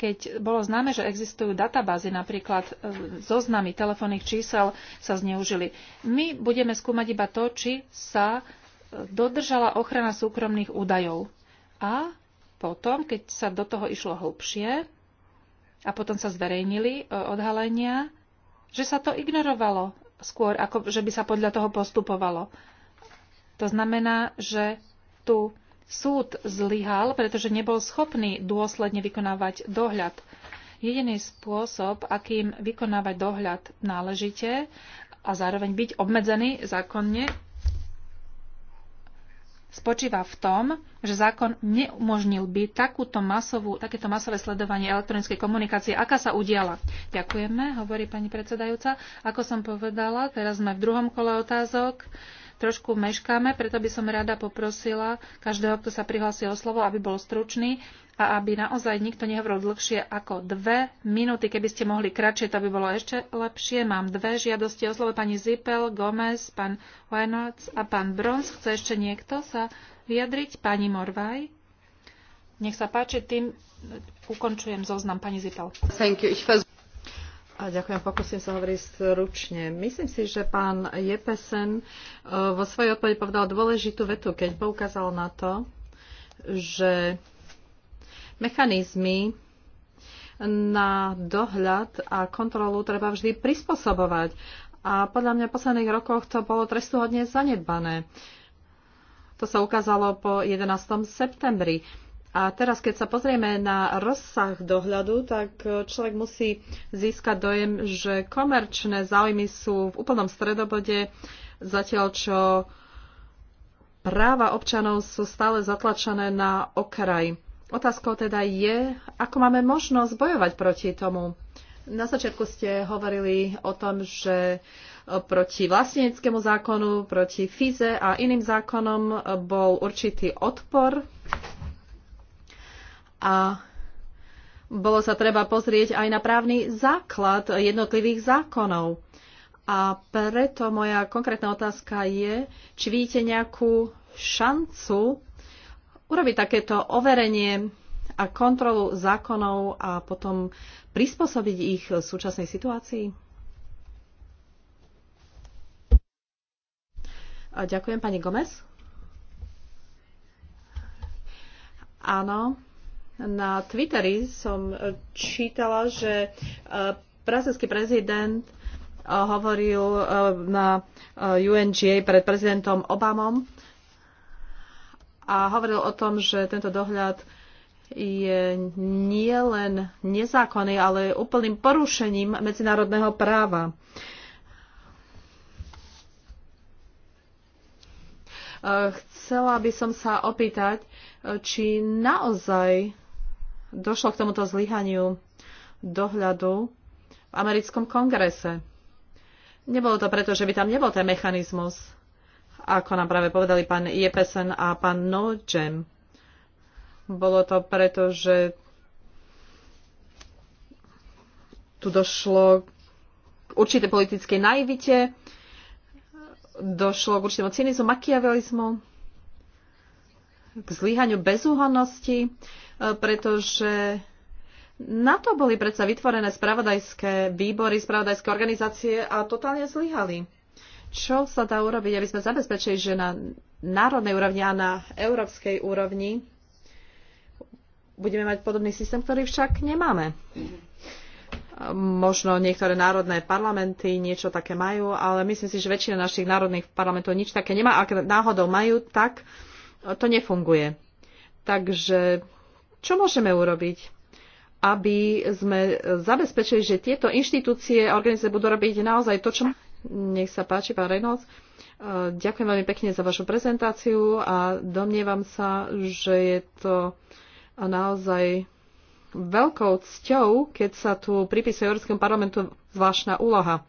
keď bolo známe, že existujú databázy, napríklad e, zoznamy telefónnych čísel sa zneužili. My budeme skúmať iba to, či sa e, dodržala ochrana súkromných údajov. A potom, keď sa do toho išlo hlbšie a potom sa zverejnili e, odhalenia, že sa to ignorovalo skôr, ako že by sa podľa toho postupovalo. To znamená, že tu Súd zlyhal, pretože nebol schopný dôsledne vykonávať dohľad. Jediný spôsob, akým vykonávať dohľad náležite a zároveň byť obmedzený zákonne, spočíva v tom, že zákon neumožnil by takúto masovú, takéto masové sledovanie elektronickej komunikácie, aká sa udiala. Ďakujeme, hovorí pani predsedajúca. Ako som povedala, teraz sme v druhom kole otázok trošku meškáme, preto by som rada poprosila každého, kto sa prihlási o slovo, aby bol stručný a aby naozaj nikto nehovoril dlhšie ako dve minúty. Keby ste mohli kratšie, to by bolo ešte lepšie. Mám dve žiadosti o slovo. Pani Zipel, Gomez, pán Hojnoc a pán Bronz. Chce ešte niekto sa vyjadriť? Pani Morvaj? Nech sa páči, tým ukončujem zoznam. Pani Zipel. Thank you. A ďakujem, pokúsim sa hovoriť stručne. Myslím si, že pán Jepesen e, vo svojej odpovedi povedal dôležitú vetu, keď poukázal na to, že mechanizmy na dohľad a kontrolu treba vždy prispôsobovať. A podľa mňa v posledných rokoch to bolo trestuhodne zanedbané. To sa ukázalo po 11. septembri. A teraz, keď sa pozrieme na rozsah dohľadu, tak e, človek musí získať dojem, že komerčné záujmy sú v úplnom stredobode, zatiaľ čo práva občanov sú stále zatlačené na okraj. Otázkou teda je, ako máme možnosť bojovať proti tomu. Na začiatku ste hovorili o tom, že e, proti vlastníckému zákonu, proti FIZE a iným zákonom e, bol určitý odpor a bolo sa treba pozrieť aj na právny základ jednotlivých zákonov. A preto moja konkrétna otázka je, či vidíte nejakú šancu urobiť takéto overenie a kontrolu zákonov a potom prispôsobiť ich súčasnej situácii? ďakujem, pani Gomez. Áno na Twitteri som e, čítala, že e, brazilský prezident e, hovoril na UNGA pred prezidentom Obamom a hovoril o tom, že tento dohľad je nielen nezákonný, ale úplným porušením medzinárodného práva. Chcela by som sa opýtať, či naozaj došlo k tomuto zlyhaniu dohľadu v americkom kongrese. Nebolo to preto, že by tam nebol ten mechanizmus, ako nám práve povedali pán Jepesen a pán Nojem. Bolo to preto, že tu došlo k určité politickej naivite, došlo k určitému cynizmu, makiavelizmu k zlyhaniu bezúhonnosti, e, pretože na to boli predsa vytvorené spravodajské výbory, spravodajské organizácie a totálne zlyhali. Čo sa dá urobiť, aby sme zabezpečili, že na národnej úrovni a na európskej úrovni budeme mať podobný systém, ktorý však nemáme. Možno niektoré národné parlamenty niečo také majú, ale myslím si, že väčšina našich národných parlamentov nič také nemá. Ak náhodou majú, tak uh, to nefunguje. Takže čo môžeme urobiť? aby sme zabezpečili, že tieto inštitúcie a organizácie budú robiť naozaj to, čo... Nech sa páči, pán Reynolds. Eh, ďakujem veľmi pekne za vašu prezentáciu a domnievam sa, že je to naozaj veľkou cťou, keď sa tu pripisuje Európskemu parlamentu zvláštna úloha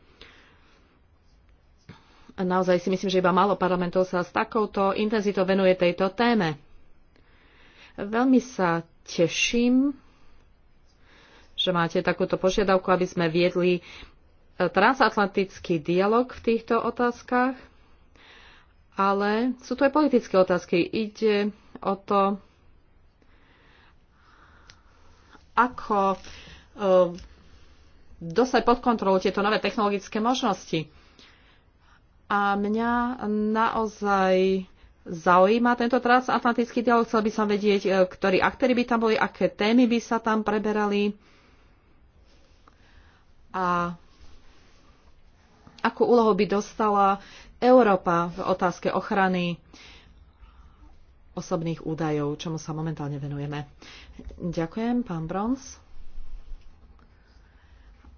naozaj si myslím, že iba málo parlamentov sa s takouto intenzitou venuje tejto téme. Veľmi sa teším, že máte takúto požiadavku, aby sme viedli e, transatlantický dialog v týchto otázkach, ale sú to aj politické otázky. Ide o to, ako e, dostať pod kontrolu tieto nové technologické možnosti a mňa naozaj zaujíma tento transatlantický dialog. Chcel by som vedieť, e, ktorí aktéry by tam boli, aké témy by sa tam preberali a akú úlohu by dostala Európa v otázke ochrany osobných údajov, čomu sa momentálne venujeme. Ďakujem, pán Brons.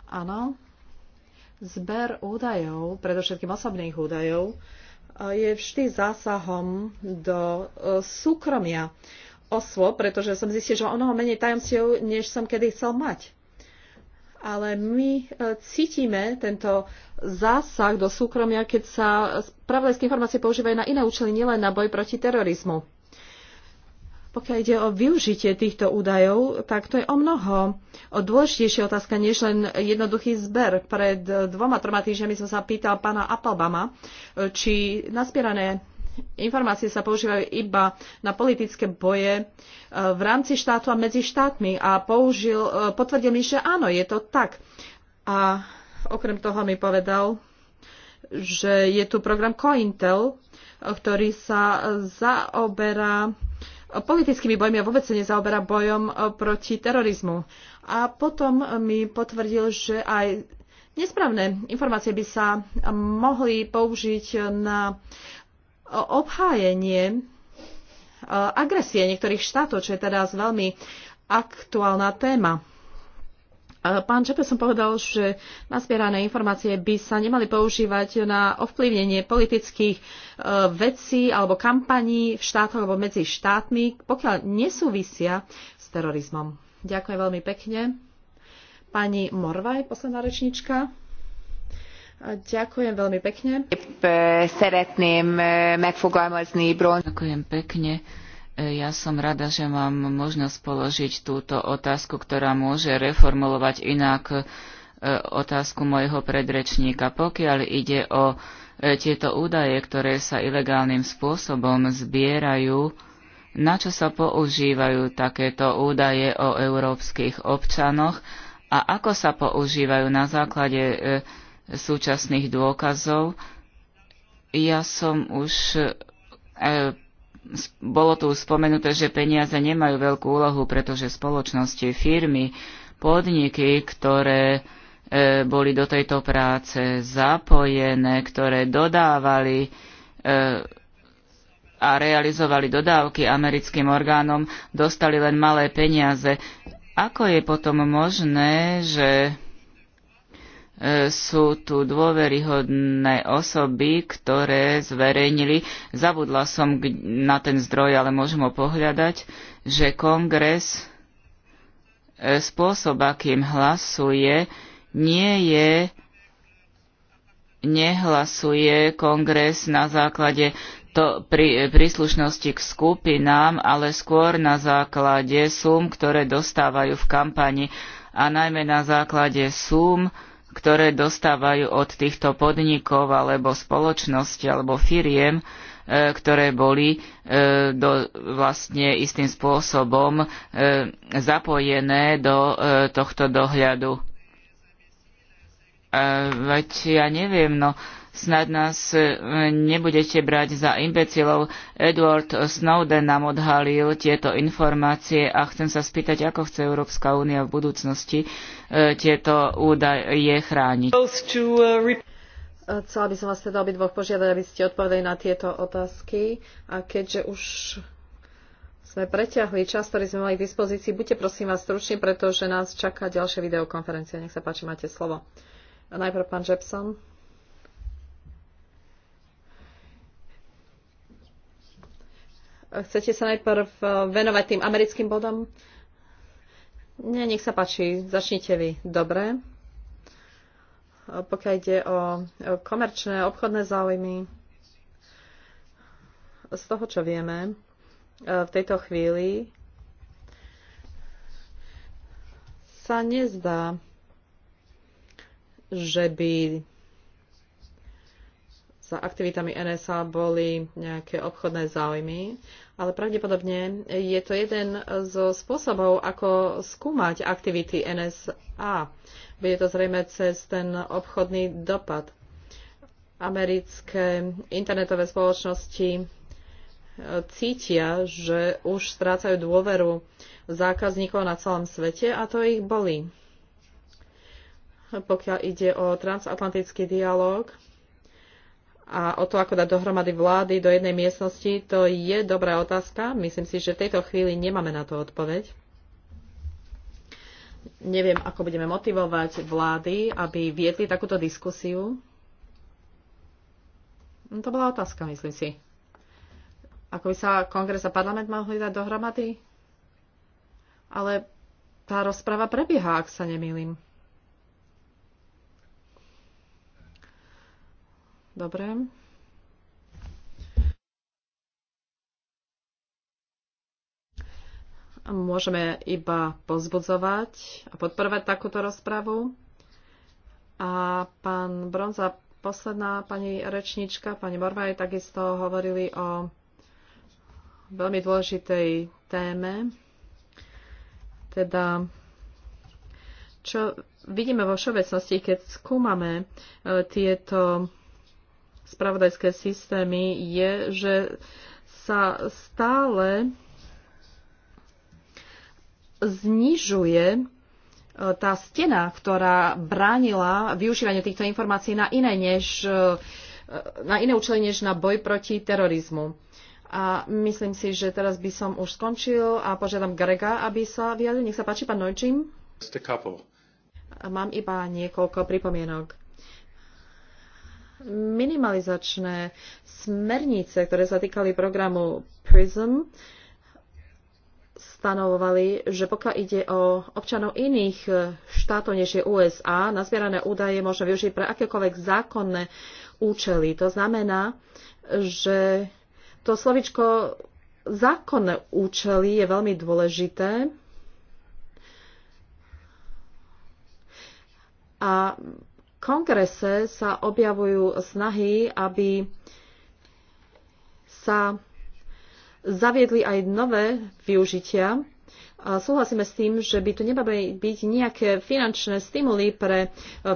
Áno. Zber údajov, predovšetkým osobných údajov, je vždy zásahom do e, súkromia osôb, pretože som zistil, že ono menej tajomstiev, než som kedy chcel mať. Ale my e, cítime tento zásah do súkromia, keď sa spravodajské informácie používajú na iné účely, nielen na boj proti terorizmu. Pokiaľ ide o využitie týchto údajov, tak to je o mnoho o dôležitejšia otázka, než len jednoduchý zber. Pred dvoma, troma týždňami som sa pýtal pána Applebama, či naspierané informácie sa používajú iba na politické boje eh, v rámci štátu a medzi štátmi a použil, eh, potvrdil mi, že áno, je to tak. A okrem toho mi povedal, že je tu program COINTEL, eh, ktorý sa zaoberá politickými bojmi a vôbec sa nezaoberá bojom e, proti terorizmu. A potom mi potvrdil, že aj nesprávne informácie by sa mohli použiť na obhájenie e, agresie niektorých štátov, čo je teraz veľmi aktuálna téma. Eh, pán som povedal, že nazbierané informácie by sa nemali používať na ovplyvnenie politických eh, vecí alebo kampaní v štátoch alebo medzi štátmi, pokiaľ nesúvisia s terorizmom. Ďakujem veľmi pekne. Pani Morvaj, posledná rečnička. Ďakujem veľmi pekne. Eh, ďakujem pekne. Ja som rada, že mám možnosť položiť túto otázku, ktorá môže reformulovať inak e, otázku mojho predrečníka. Pokiaľ ide o e, tieto údaje, ktoré sa ilegálnym spôsobom zbierajú, na čo sa používajú takéto údaje o európskych občanoch a ako sa používajú na základe e, súčasných dôkazov. Ja som už bolo tu spomenuté, že peniaze nemajú veľkú úlohu, pretože spoločnosti, firmy, podniky, ktoré e, boli do tejto práce zapojené, ktoré dodávali e, a realizovali dodávky americkým orgánom, dostali len malé peniaze. Ako je potom možné, že sú tu dôveryhodné osoby, ktoré zverejnili, zabudla som na ten zdroj, ale môžem ho pohľadať, že kongres e, spôsob, akým hlasuje, nie je nehlasuje kongres na základe to pri, príslušnosti k skupinám, ale skôr na základe sum, ktoré dostávajú v kampani a najmä na základe sum ktoré dostávajú od týchto podnikov alebo spoločnosti alebo firiem, e, ktoré boli e, do, vlastne istým spôsobom e, zapojené do tohto dohľadu. Veď ja neviem, no Snad nás e, nebudete brať za imbecilov. Edward Snowden nám odhalil tieto informácie a chcem sa spýtať, ako chce Európska únia v budúcnosti e, tieto údaje chrániť. E, chcela by som vás teda obidvoch požiadať, aby ste odpovedali na tieto otázky. A keďže už sme preťahli čas, ktorý sme mali k dispozícii, buďte prosím vás struční, pretože nás čaká ďalšia videokonferencia. Nech sa páči, máte slovo. Najprv pán Jepson. Chcete sa najprv eh, venovať tým americkým bodom? Nie, nech sa páči, začnite vy. Dobre. Eh, pokiaľ ide o eh, komerčné, obchodné záujmy, z toho, čo vieme, v tejto chvíli sa nezdá, že by za aktivitami NSA boli nejaké obchodné záujmy ale pravdepodobne je to jeden zo spôsobov, ako skúmať aktivity NSA. Bude to zrejme cez ten obchodný dopad. Americké internetové spoločnosti e, cítia, že už strácajú dôveru zákazníkov na celom svete a to ich bolí. Pokiaľ ide o transatlantický dialog, a o to, ako dať dohromady vlády do jednej miestnosti, to je dobrá otázka. Myslím si, že v tejto chvíli nemáme na to odpoveď. Neviem, ako budeme motivovať vlády, aby viedli takúto diskusiu. No, to bola otázka, myslím si. Ako by sa kongres a parlament mohli dať dohromady? Ale tá rozprava prebieha, ak sa nemýlim. Dobre. Môžeme iba pozbudzovať a podporovať takúto rozpravu. A pán Bronza, posledná pani rečnička, pani Morvaj, takisto hovorili o veľmi dôležitej téme, teda čo vidíme vo všeobecnosti, keď skúmame e, tieto spravodajské systémy, je, že sa stále znižuje e, tá stena, ktorá bránila využívanie týchto informácií na iné, než, e, na iné účely než na boj proti terorizmu. A myslím si, že teraz by som už skončil a požiadam Grega, aby sa vyjadril. Nech sa páči, pán Nojčím. Mám iba niekoľko pripomienok minimalizačné smernice, ktoré sa týkali programu PRISM, stanovovali, že pokiaľ ide o občanov iných štátov než je USA, nazbierané údaje môžeme využiť pre akékoľvek zákonné účely. To znamená, že to slovičko zákonné účely je veľmi dôležité a kongrese sa objavujú snahy, aby sa zaviedli aj nové využitia. A súhlasíme s tým, že by tu nemali byť nejaké finančné stimuly pre e,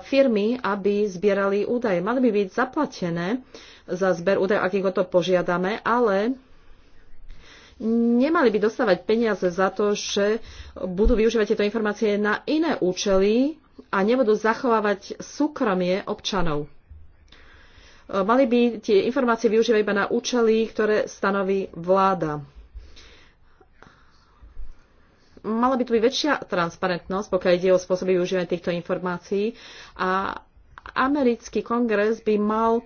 firmy, aby zbierali údaje. Mali by byť zaplatené za zber údajov, ak ich o to požiadame, ale nemali by dostávať peniaze za to, že budú využívať tieto informácie na iné účely, a nebudú zachovávať súkromie občanov. E, mali by tie informácie využívať iba na účely, ktoré stanoví vláda. Mala by tu byť väčšia transparentnosť, pokiaľ ide o spôsoby využívania týchto informácií a americký kongres by mal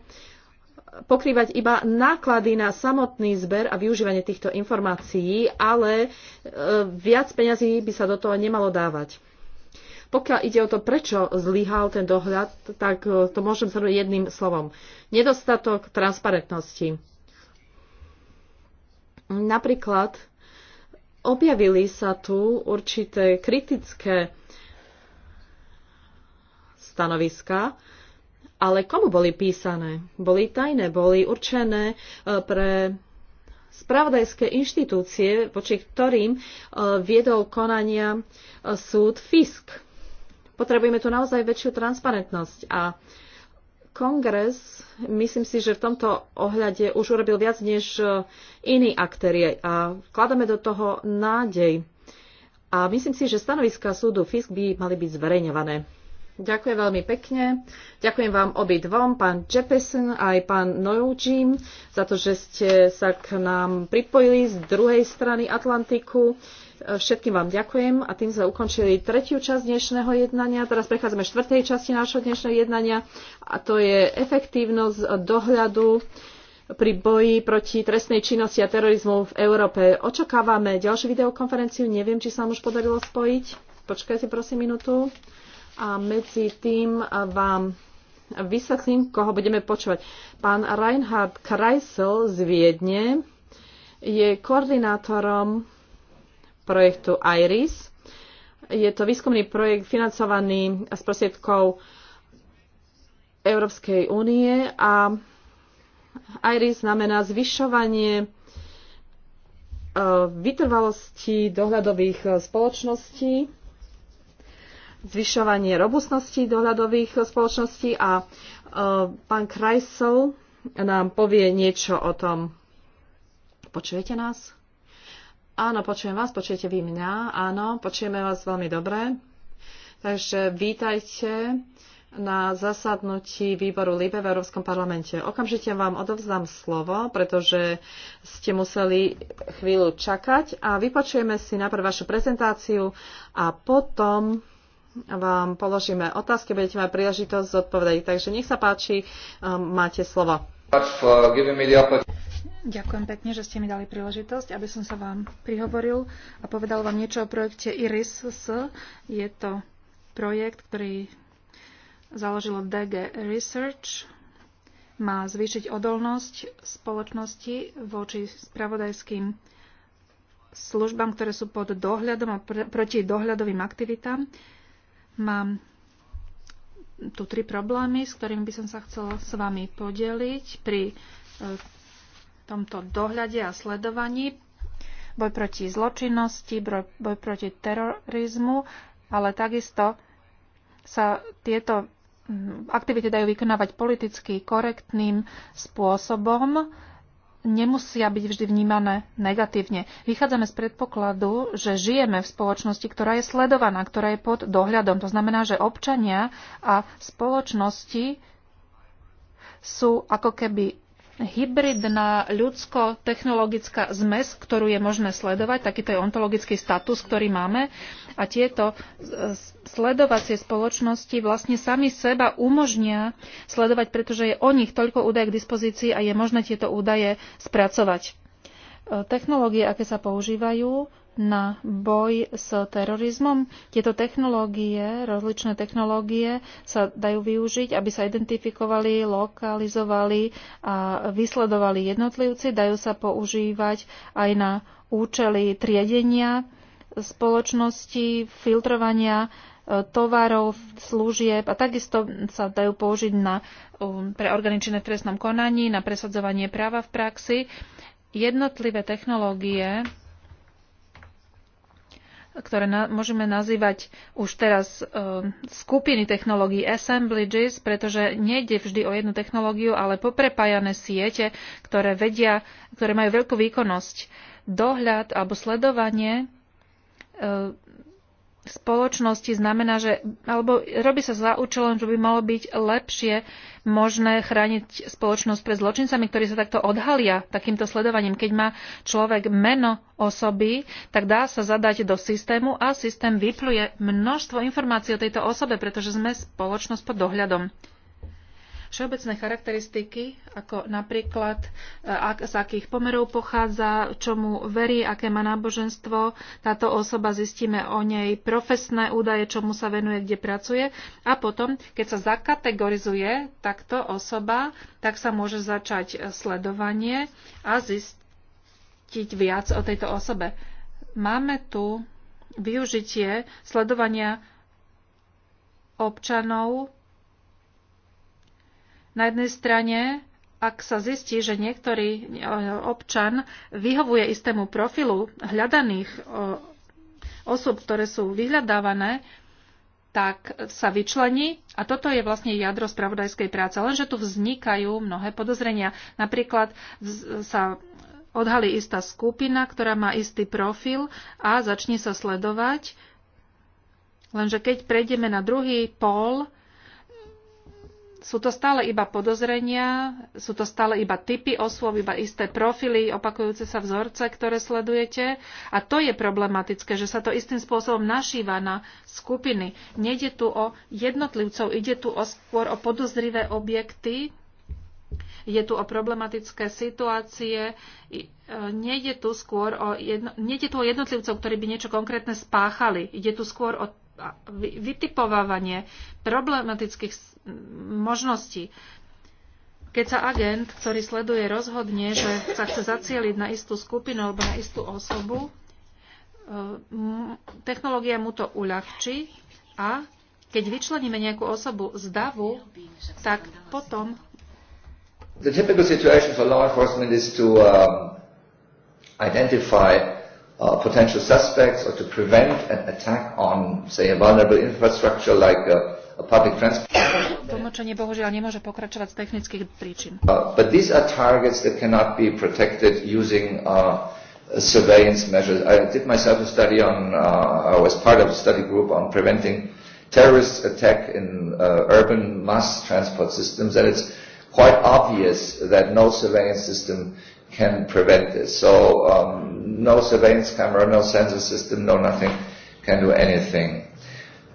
pokrývať iba náklady na samotný zber a využívanie týchto informácií, ale e, viac peňazí by sa do toho nemalo dávať. Pokiaľ ide o to, prečo zlyhal ten dohľad, tak e, to môžem zhrnúť jedným slovom. Nedostatok transparentnosti. Napríklad objavili sa tu určité kritické stanoviska, ale komu boli písané? Boli tajné, boli určené e, pre spravodajské inštitúcie, voči ktorým e, viedol konania súd Fisk. Potrebujeme tu naozaj väčšiu transparentnosť a kongres, myslím si, že v tomto ohľade už urobil viac než e, iní aktérie a vkladáme do toho nádej. A myslím si, že stanoviska súdu FISK by mali byť zverejňované. Ďakujem veľmi pekne. Ďakujem vám obidvom, pán Jeppesen aj pán Nojúčim, za to, že ste sa k nám pripojili z druhej strany Atlantiku. Všetkým vám ďakujem a tým sme ukončili tretiu časť dnešného jednania. Teraz prechádzame štvrtej časti nášho dnešného jednania a to je efektívnosť dohľadu pri boji proti trestnej činnosti a terorizmu v Európe. Očakávame ďalšiu videokonferenciu, neviem, či sa vám už podarilo spojiť. Počkajte prosím minútu a medzi tým vám vysvetlím, koho budeme počúvať. Pán Reinhard Kreisel z Viedne je koordinátorom projektu IRIS. Je to výskumný projekt financovaný z prostriedkov Európskej únie a IRIS znamená zvyšovanie e, vytrvalosti dohľadových e, spoločností, zvyšovanie robustnosti dohľadových e, spoločností a pán Krajsel nám povie niečo o tom. Počujete nás? Áno, počujem vás, počujete vy mňa, áno, počujeme vás veľmi dobre. Takže vítajte na zasadnutí výboru LIBE v Európskom parlamente. Okamžite vám odovzdám slovo, pretože ste museli chvíľu čakať a vypočujeme si najprv vašu prezentáciu a potom vám položíme otázky, budete mať príležitosť zodpovedať. Takže nech sa páči, um, máte slovo. Ďakujem pekne, že ste mi dali príležitosť, aby som sa vám prihovoril a povedal vám niečo o projekte IRIS-S. Je to projekt, ktorý založilo DG Research. Má zvýšiť odolnosť spoločnosti voči spravodajským službám, ktoré sú pod dohľadom a pr- proti dohľadovým aktivitám. Mám tu tri problémy, s ktorými by som sa chcela s vami podeliť pri e, tomto dohľade a sledovaní, boj proti zločinnosti, boj, boj proti terorizmu, ale takisto sa tieto mm, aktivity dajú vykonávať politicky korektným spôsobom, nemusia byť vždy vnímané negatívne. Vychádzame z predpokladu, že žijeme v spoločnosti, ktorá je sledovaná, ktorá je pod dohľadom. To znamená, že občania a spoločnosti sú ako keby hybridná ľudsko-technologická zmes, ktorú je možné sledovať, takýto je ontologický status, ktorý máme. A tieto e, sledovacie spoločnosti vlastne sami seba umožnia sledovať, pretože je o nich toľko údaj k dispozícii a je možné tieto údaje spracovať. E, technológie, aké sa používajú, na boj s terorizmom. Tieto technológie, rozličné technológie sa dajú využiť, aby sa identifikovali, lokalizovali a vysledovali jednotlivci. Dajú sa používať aj na účely triedenia spoločnosti, filtrovania e, tovarov, služieb a takisto sa dajú použiť na, pre organičné v trestnom konaní, na presadzovanie práva v praxi. Jednotlivé technológie ktoré na, môžeme nazývať už teraz e, skupiny technológií assemblages, pretože nejde vždy o jednu technológiu, ale poprepájané siete, ktoré, vedia, ktoré majú veľkú výkonnosť. Dohľad alebo sledovanie e, spoločnosti znamená, že alebo robí sa za účelom, že by malo byť lepšie možné chrániť spoločnosť pred zločincami, ktorí sa takto odhalia takýmto sledovaním. Keď má človek meno osoby, tak dá sa zadať do systému a systém vypluje množstvo informácií o tejto osobe, pretože sme spoločnosť pod dohľadom všeobecné charakteristiky, ako napríklad eh, ak, z akých pomerov pochádza, čomu verí, aké má náboženstvo. Táto osoba zistíme o nej profesné údaje, čomu sa venuje, kde pracuje. A potom, keď sa zakategorizuje takto osoba, tak sa môže začať eh, sledovanie a zistiť viac o tejto osobe. Máme tu využitie sledovania občanov na jednej strane, ak sa zistí, že niektorý e, občan vyhovuje istému profilu hľadaných e, osob, ktoré sú vyhľadávané, tak sa vyčlení a toto je vlastne jadro spravodajskej práce. Lenže tu vznikajú mnohé podozrenia. Napríklad sa odhalí istá skupina, ktorá má istý profil a začne sa sledovať. Lenže keď prejdeme na druhý pól, sú to stále iba podozrenia, sú to stále iba typy osôb, iba isté profily, opakujúce sa vzorce, ktoré sledujete. A to je problematické, že sa to istým spôsobom našíva na skupiny. Nejde tu o jednotlivcov, ide tu o skôr o podozrivé objekty, je tu o problematické situácie, e, nejde tu skôr o, jedno, nejde tu o jednotlivcov, ktorí by niečo konkrétne spáchali. Ide tu skôr o vytipovávanie problematických možností. Keď sa agent, ktorý sleduje, rozhodne, že sa chce zacieliť na istú skupinu alebo na istú osobu, e, technológia mu to uľahčí a keď vyčleníme nejakú osobu z davu, tak potom The typical situation for law enforcement is to um, identify uh, potential suspects or to prevent an attack on, say, a vulnerable infrastructure like a, a public transport. Uh, but these are targets that cannot be protected using uh, surveillance measures. I did myself a study on, uh, I was part of a study group on preventing terrorist attack in uh, urban mass transport systems, and it's quite obvious that no surveillance system can prevent this. So um, no surveillance camera, no sensor system, no nothing can do anything.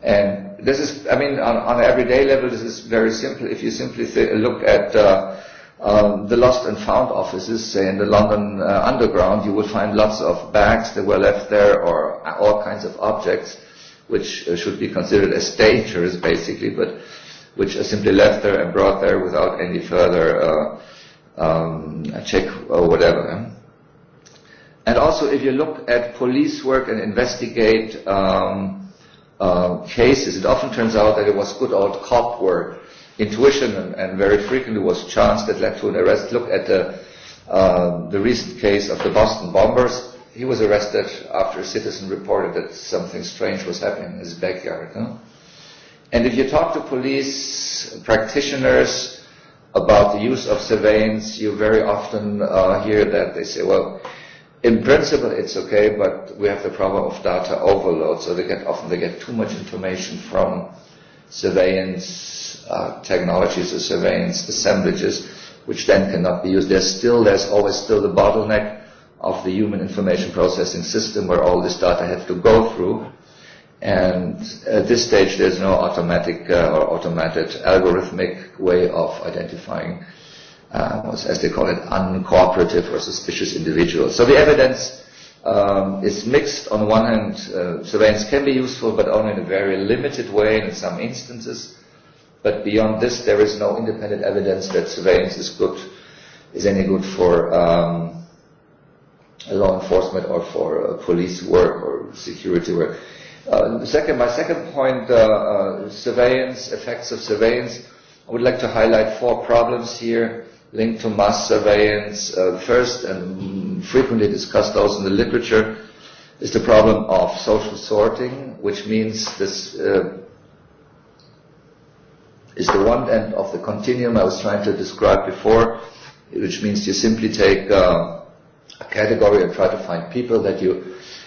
And this is, I mean, on, on an everyday level, this is very simple. If you simply th- look at uh, um, the lost and found offices, say in the London uh, underground, you will find lots of bags that were left there or uh, all kinds of objects which uh, should be considered as dangerous, basically, but which are simply left there and brought there without any further uh, um, a check or whatever. And also, if you look at police work and investigate um, uh, cases, it often turns out that it was good old cop work, intuition, and, and very frequently was chance that led to an arrest. Look at the, uh, the recent case of the Boston bombers. He was arrested after a citizen reported that something strange was happening in his backyard. Huh? And if you talk to police practitioners, about the use of surveillance, you very often uh, hear that they say, well, in principle it's okay, but we have the problem of data overload, so they get often they get too much information from surveillance uh, technologies or surveillance assemblages, which then cannot be used. There's still there's always still the bottleneck of the human information processing system where all this data has to go through And at this stage, there's no automatic uh, or automated algorithmic way of identifying, uh, as they call it, uncooperative or suspicious individuals. So the evidence um, is mixed. On the one hand, uh, surveillance can be useful, but only in a very limited way in some instances. But beyond this, there is no independent evidence that surveillance is good, is any good for um, law enforcement or for uh, police work or security work Uh, second, my second point, uh, uh, surveillance, effects of surveillance. I would like to highlight four problems here linked to mass surveillance. Uh, first, and frequently discussed also in the literature, is the problem of social sorting, which means this uh, is the one end of the continuum I was trying to describe before, which means you simply take uh, a category and try to find people that you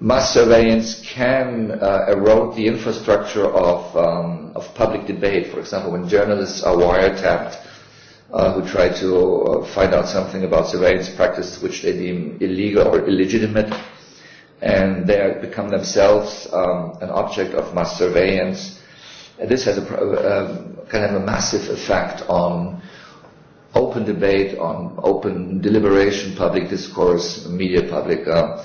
mass surveillance can uh, erode the infrastructure of, um, of public debate. For example, when journalists are wiretapped uh, who try to uh, find out something about surveillance practice which they deem illegal or illegitimate, and they are, become themselves um, an object of mass surveillance. And this has a, uh, can have a massive effect on open debate, on open deliberation, public discourse, media public. Uh,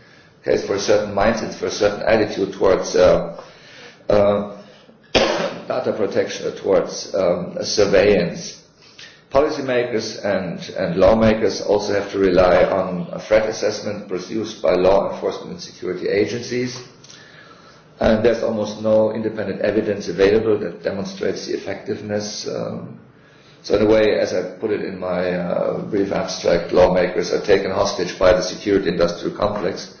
has for a certain mindset, for a certain attitude towards uh, uh, (coughs) data protection, or towards um, surveillance. Policymakers and, and lawmakers also have to rely on a threat assessment produced by law enforcement and security agencies. And there's almost no independent evidence available that demonstrates the effectiveness um, So in a way, as I put it in my uh, brief abstract, lawmakers are taken hostage by the security industrial complex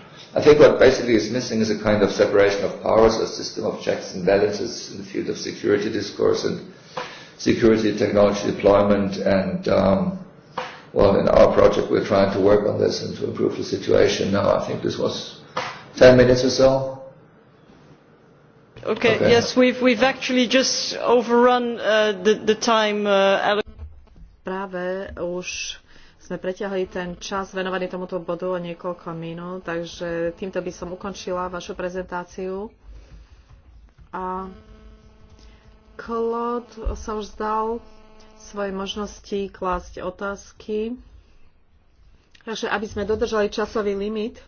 i think what basically is missing is a kind of separation of powers, a system of checks and balances in the field of security discourse and security technology deployment. And um, well, in our project, we're trying to work on this and to improve the situation. Now, I think this was 10 minutes or so. Okay, okay. yes, we've, we've actually just overrun uh, the, the time. Uh, Práve už sme preťahli ten čas venovaný tomuto bodu o niekoľko minút, takže týmto by som ukončila vašu prezentáciu. A Klod sa už zdal svoje možnosti klásť otázky. Takže aby sme dodržali časový limit,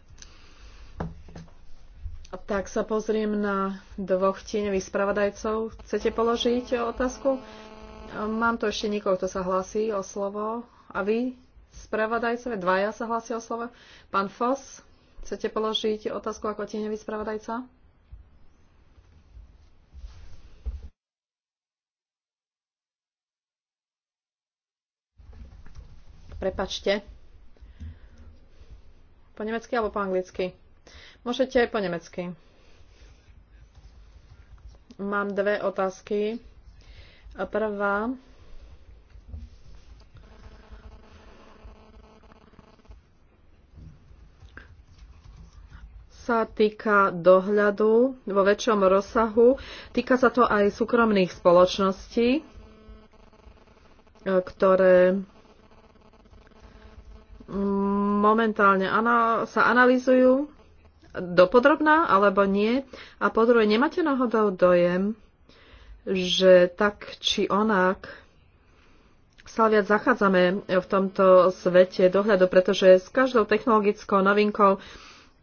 tak sa pozriem na dvoch tieňových spravodajcov. Chcete položiť otázku? Mám tu ešte niekoho, kto sa hlasí o slovo. A vy? spravodajcovia, dvaja sa hlásia o slovo. Pán Fos, chcete položiť otázku ako tieňový spravodajca? Prepačte. Po nemecky alebo po anglicky? Môžete aj po nemecky. Mám dve otázky. Prvá sa týka dohľadu vo väčšom rozsahu. Týka sa to aj súkromných spoločností, e, ktoré momentálne sa analýzujú. dopodrobná alebo nie. A po druhé, nemáte náhodou dojem, že tak či onak sa viac zachádzame v tomto svete dohľadu, pretože s každou technologickou novinkou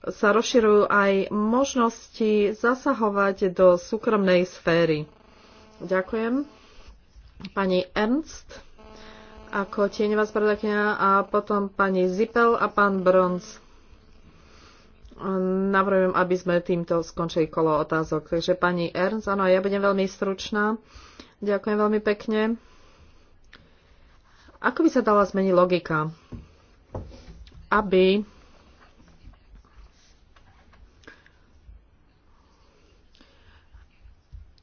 sa rozširujú aj možnosti zasahovať do súkromnej sféry. Ďakujem. Pani Ernst ako tieňová spravodajkynia a potom pani Zipel a pán Bronz. Navrhujem, aby sme týmto skončili kolo otázok. Takže pani Ernst, áno, ja budem veľmi stručná. Ďakujem veľmi pekne. Ako by sa dala zmeniť logika? Aby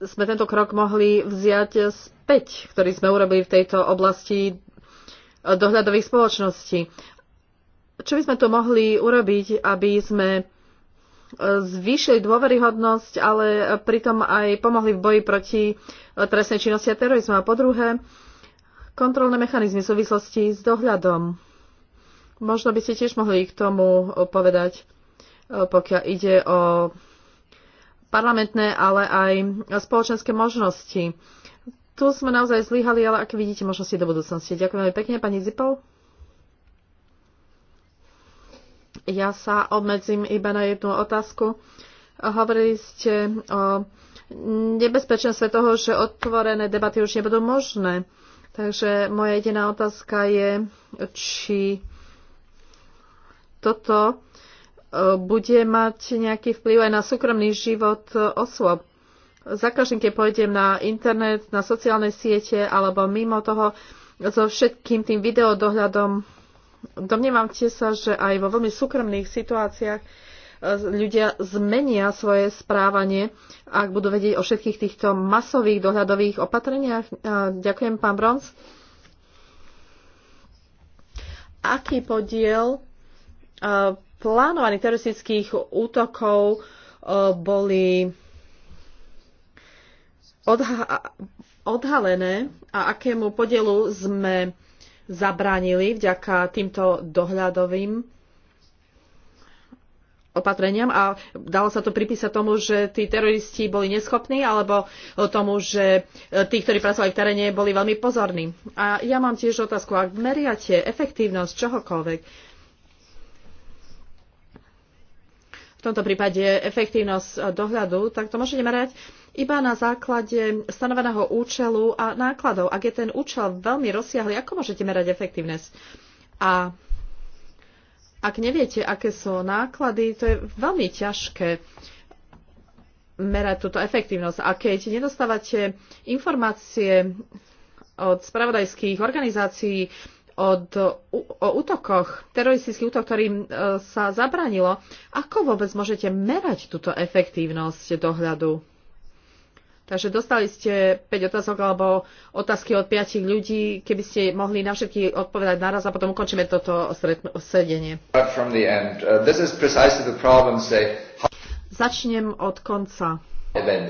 sme tento krok mohli vziať späť, ktorý sme urobili v tejto oblasti dohľadových spoločností. Čo by sme tu mohli urobiť, aby sme e, zvýšili dôveryhodnosť, ale pritom aj pomohli v boji proti e, trestnej činnosti a terorizmu. A po druhé, kontrolné mechanizmy v súvislosti s dohľadom. Možno by ste tiež mohli k tomu e, povedať, pokiaľ ide o parlamentné, ale aj spoločenské možnosti. Tu sme naozaj zlyhali, ale ak vidíte možnosti do budúcnosti. Ďakujem veľmi pekne, pani Zipol. Ja sa obmedzím iba na jednu otázku. Hovorili ste o nebezpečenstve toho, že otvorené debaty už nebudú možné. Takže moja jediná otázka je, či toto E, bude mať nejaký vplyv aj na súkromný život osôb. Za každým, keď pôjdem na internet, na sociálne siete alebo mimo toho, so všetkým tým videodohľadom, domnievamte sa, že aj vo veľmi súkromných situáciách e, ľudia zmenia svoje správanie, ak budú vedieť o všetkých týchto masových dohľadových opatreniach. E, ďakujem, pán Brons. Aký podiel plánovaných teroristických útokov e, boli odha- odhalené a akému podielu sme zabránili vďaka týmto dohľadovým opatreniam a dalo sa to pripísať tomu, že tí teroristi boli neschopní alebo tomu, že e, tí, ktorí pracovali v teréne, boli veľmi pozorní. A ja mám tiež otázku, ak meriate efektívnosť čohokoľvek, v tomto prípade efektívnosť dohľadu, tak to môžete merať iba na základe stanoveného účelu a nákladov. Ak je ten účel veľmi rozsiahly, ako môžete merať efektívnosť? A ak neviete, aké sú náklady, to je veľmi ťažké merať túto efektívnosť. A keď nedostávate informácie od spravodajských organizácií, od, o útokoch, teroristický útok, ktorým e, sa zabránilo, ako vôbec môžete merať túto efektívnosť dohľadu? Takže dostali ste 5 otázok alebo otázky od 5 ľudí, keby ste mohli na všetky odpovedať naraz a potom ukončíme toto sedenie. Uh, Začnem od konca. Uh,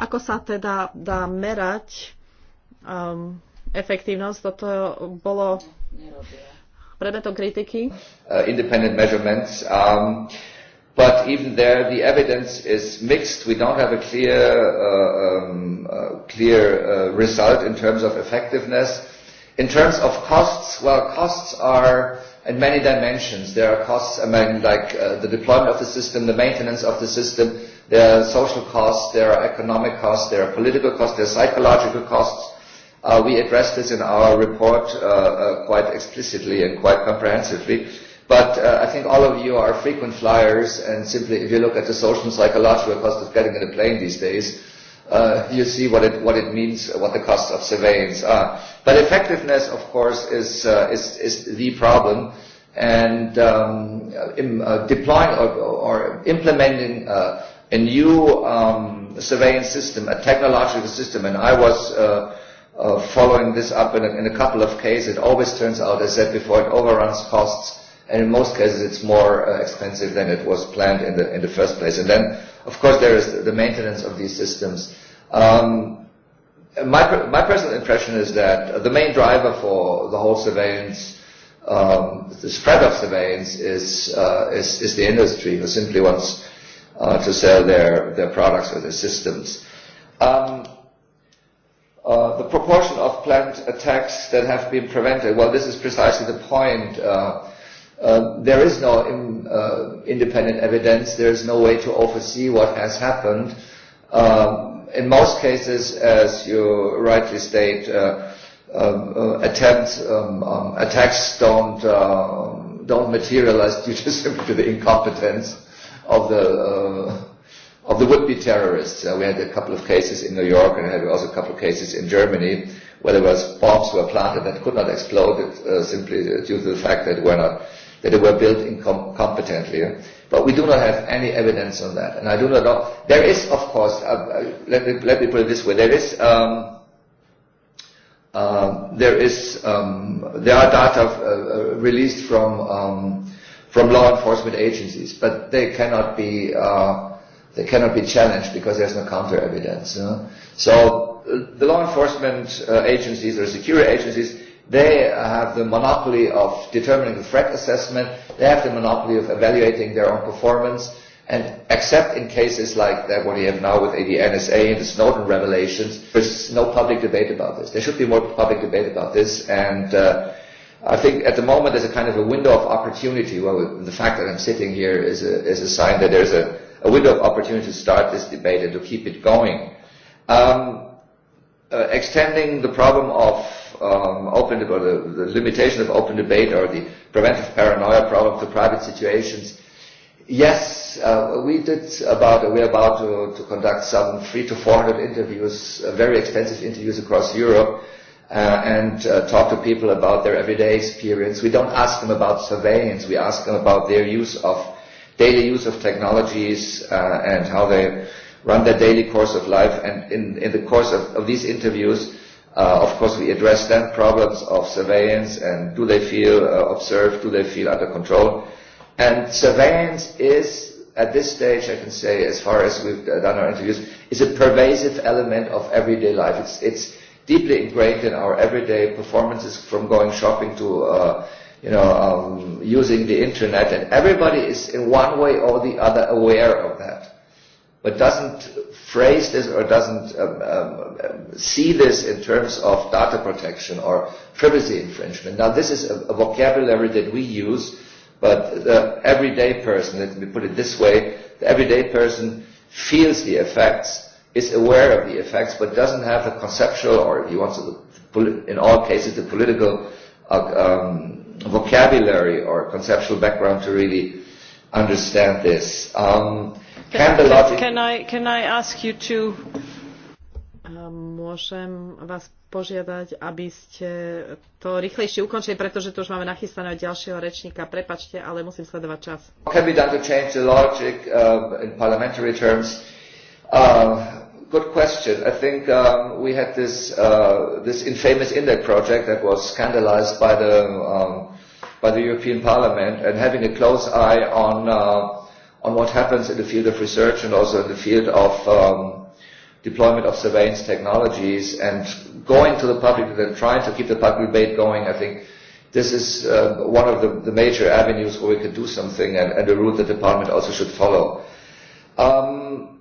ako sa teda dá merať um, efektívnosť. Toto bolo predmetom kritiky. Uh, independent measurements. Um, but even there, the evidence is mixed. We don't have a clear, uh, um, uh, clear uh, result in terms of effectiveness. In terms of costs, well, costs are in many dimensions. There are costs, among like uh, the deployment of the system, the maintenance of the system. There are social costs, there are economic costs, there are political costs, there are psychological costs Uh, we address this in our report uh, uh, quite explicitly and quite comprehensively. But uh, I think all of you are frequent flyers, and simply if you look at the social and psychological cost of getting in a plane these days, uh, you see what it, what it means, what the costs of surveillance are. But effectiveness, of course, is, uh, is, is the problem. And um, in, uh, deploying or, or implementing uh, a new um, surveillance system, a technological system, and I was uh, uh, following this up in a, in a couple of cases. It always turns out, as I said before, it overruns costs, and in most cases it's more uh, expensive than it was planned in the, in the first place. And then, of course, there is the maintenance of these systems. Um, my, my personal impression is that the main driver for the whole surveillance um, the spread of surveillance is, uh, is, is the industry who simply wants uh, to sell their, their products or their systems. Um, Uh, the proportion of plant attacks that have been prevented, well, this is precisely the point. Uh, uh, there is no in, uh, independent evidence. There is no way to oversee what has happened. Um, in most cases, as you rightly state, uh, um uh, attempts, um, um, attacks don't, uh, don't materialize (laughs) due to simply to the incompetence of the uh, of the would-be terrorists. Uh, we had a couple of cases in New York and had also a couple of cases in Germany where there was bombs were planted that could not explode uh, simply uh, due to the fact that were not that they were built incompetently. Incom but we do not have any evidence on that, and I do not know. There is, of course, uh, uh, let me let me put it this way: there is. Um, uh, there is um, there are data uh, uh, released from um, from law enforcement agencies, but they cannot be uh, They cannot be challenged because there's no counter evidence. You know? So uh, the law enforcement uh, agencies or security agencies, they have the monopoly of determining the threat assessment. They have the monopoly of evaluating their own performance. And except in cases like that, what we have now with the NSA and the Snowden revelations, there's no public debate about this. There should be more public debate about this. And uh, I think at the moment there's a kind of a window of opportunity. Well, the fact that I'm sitting here is a, is a sign that there's a a window of opportunity to start this debate and to keep it going. Um, uh, extending the problem of um, open or the, the limitation of open debate or the preventive paranoia problem to private situations. Yes, uh, we did about, uh, we're about to, to conduct some three to four hundred interviews, uh, very extensive interviews across Europe, uh, and uh, talk to people about their everyday experience. We don't ask them about surveillance, we ask them about their use of daily use of technologies uh, and how they run their daily course of life. And in, in the course of, of these interviews, uh, of course, we address then problems of surveillance and do they feel uh, observed, do they feel under control. And surveillance is, at this stage, I can say, as far as we've uh, done our interviews, is a pervasive element of everyday life. It's, it's deeply ingrained in our everyday performances from going shopping to uh, you know, um, using the internet, and everybody is in one way or the other aware of that, but doesn't phrase this or doesn't um, um, see this in terms of data protection or privacy infringement. Now, this is a, a vocabulary that we use, but the everyday person, let me put it this way, the everyday person feels the effects, is aware of the effects, but doesn't have the conceptual or, if you want to, in all cases, the political uh, um, vocabulary or conceptual background to really understand this. Um, can, can, the logic... can, I, can I ask you to... Uh, môžem vás požiadať, aby ste to rýchlejšie ukončili, pretože tu už máme nachystaného ďalšieho rečníka. Prepačte, ale musím sledovať čas. What can be done to change the logic uh, in parliamentary terms? Uh, Good question. I think um, we had this uh, this infamous INDEC project that was scandalized by the um, by the European Parliament, and having a close eye on uh, on what happens in the field of research and also in the field of um, deployment of surveillance technologies, and going to the public and then trying to keep the public debate going. I think this is uh, one of the, the major avenues where we could do something, and, and a route the department also should follow. Um,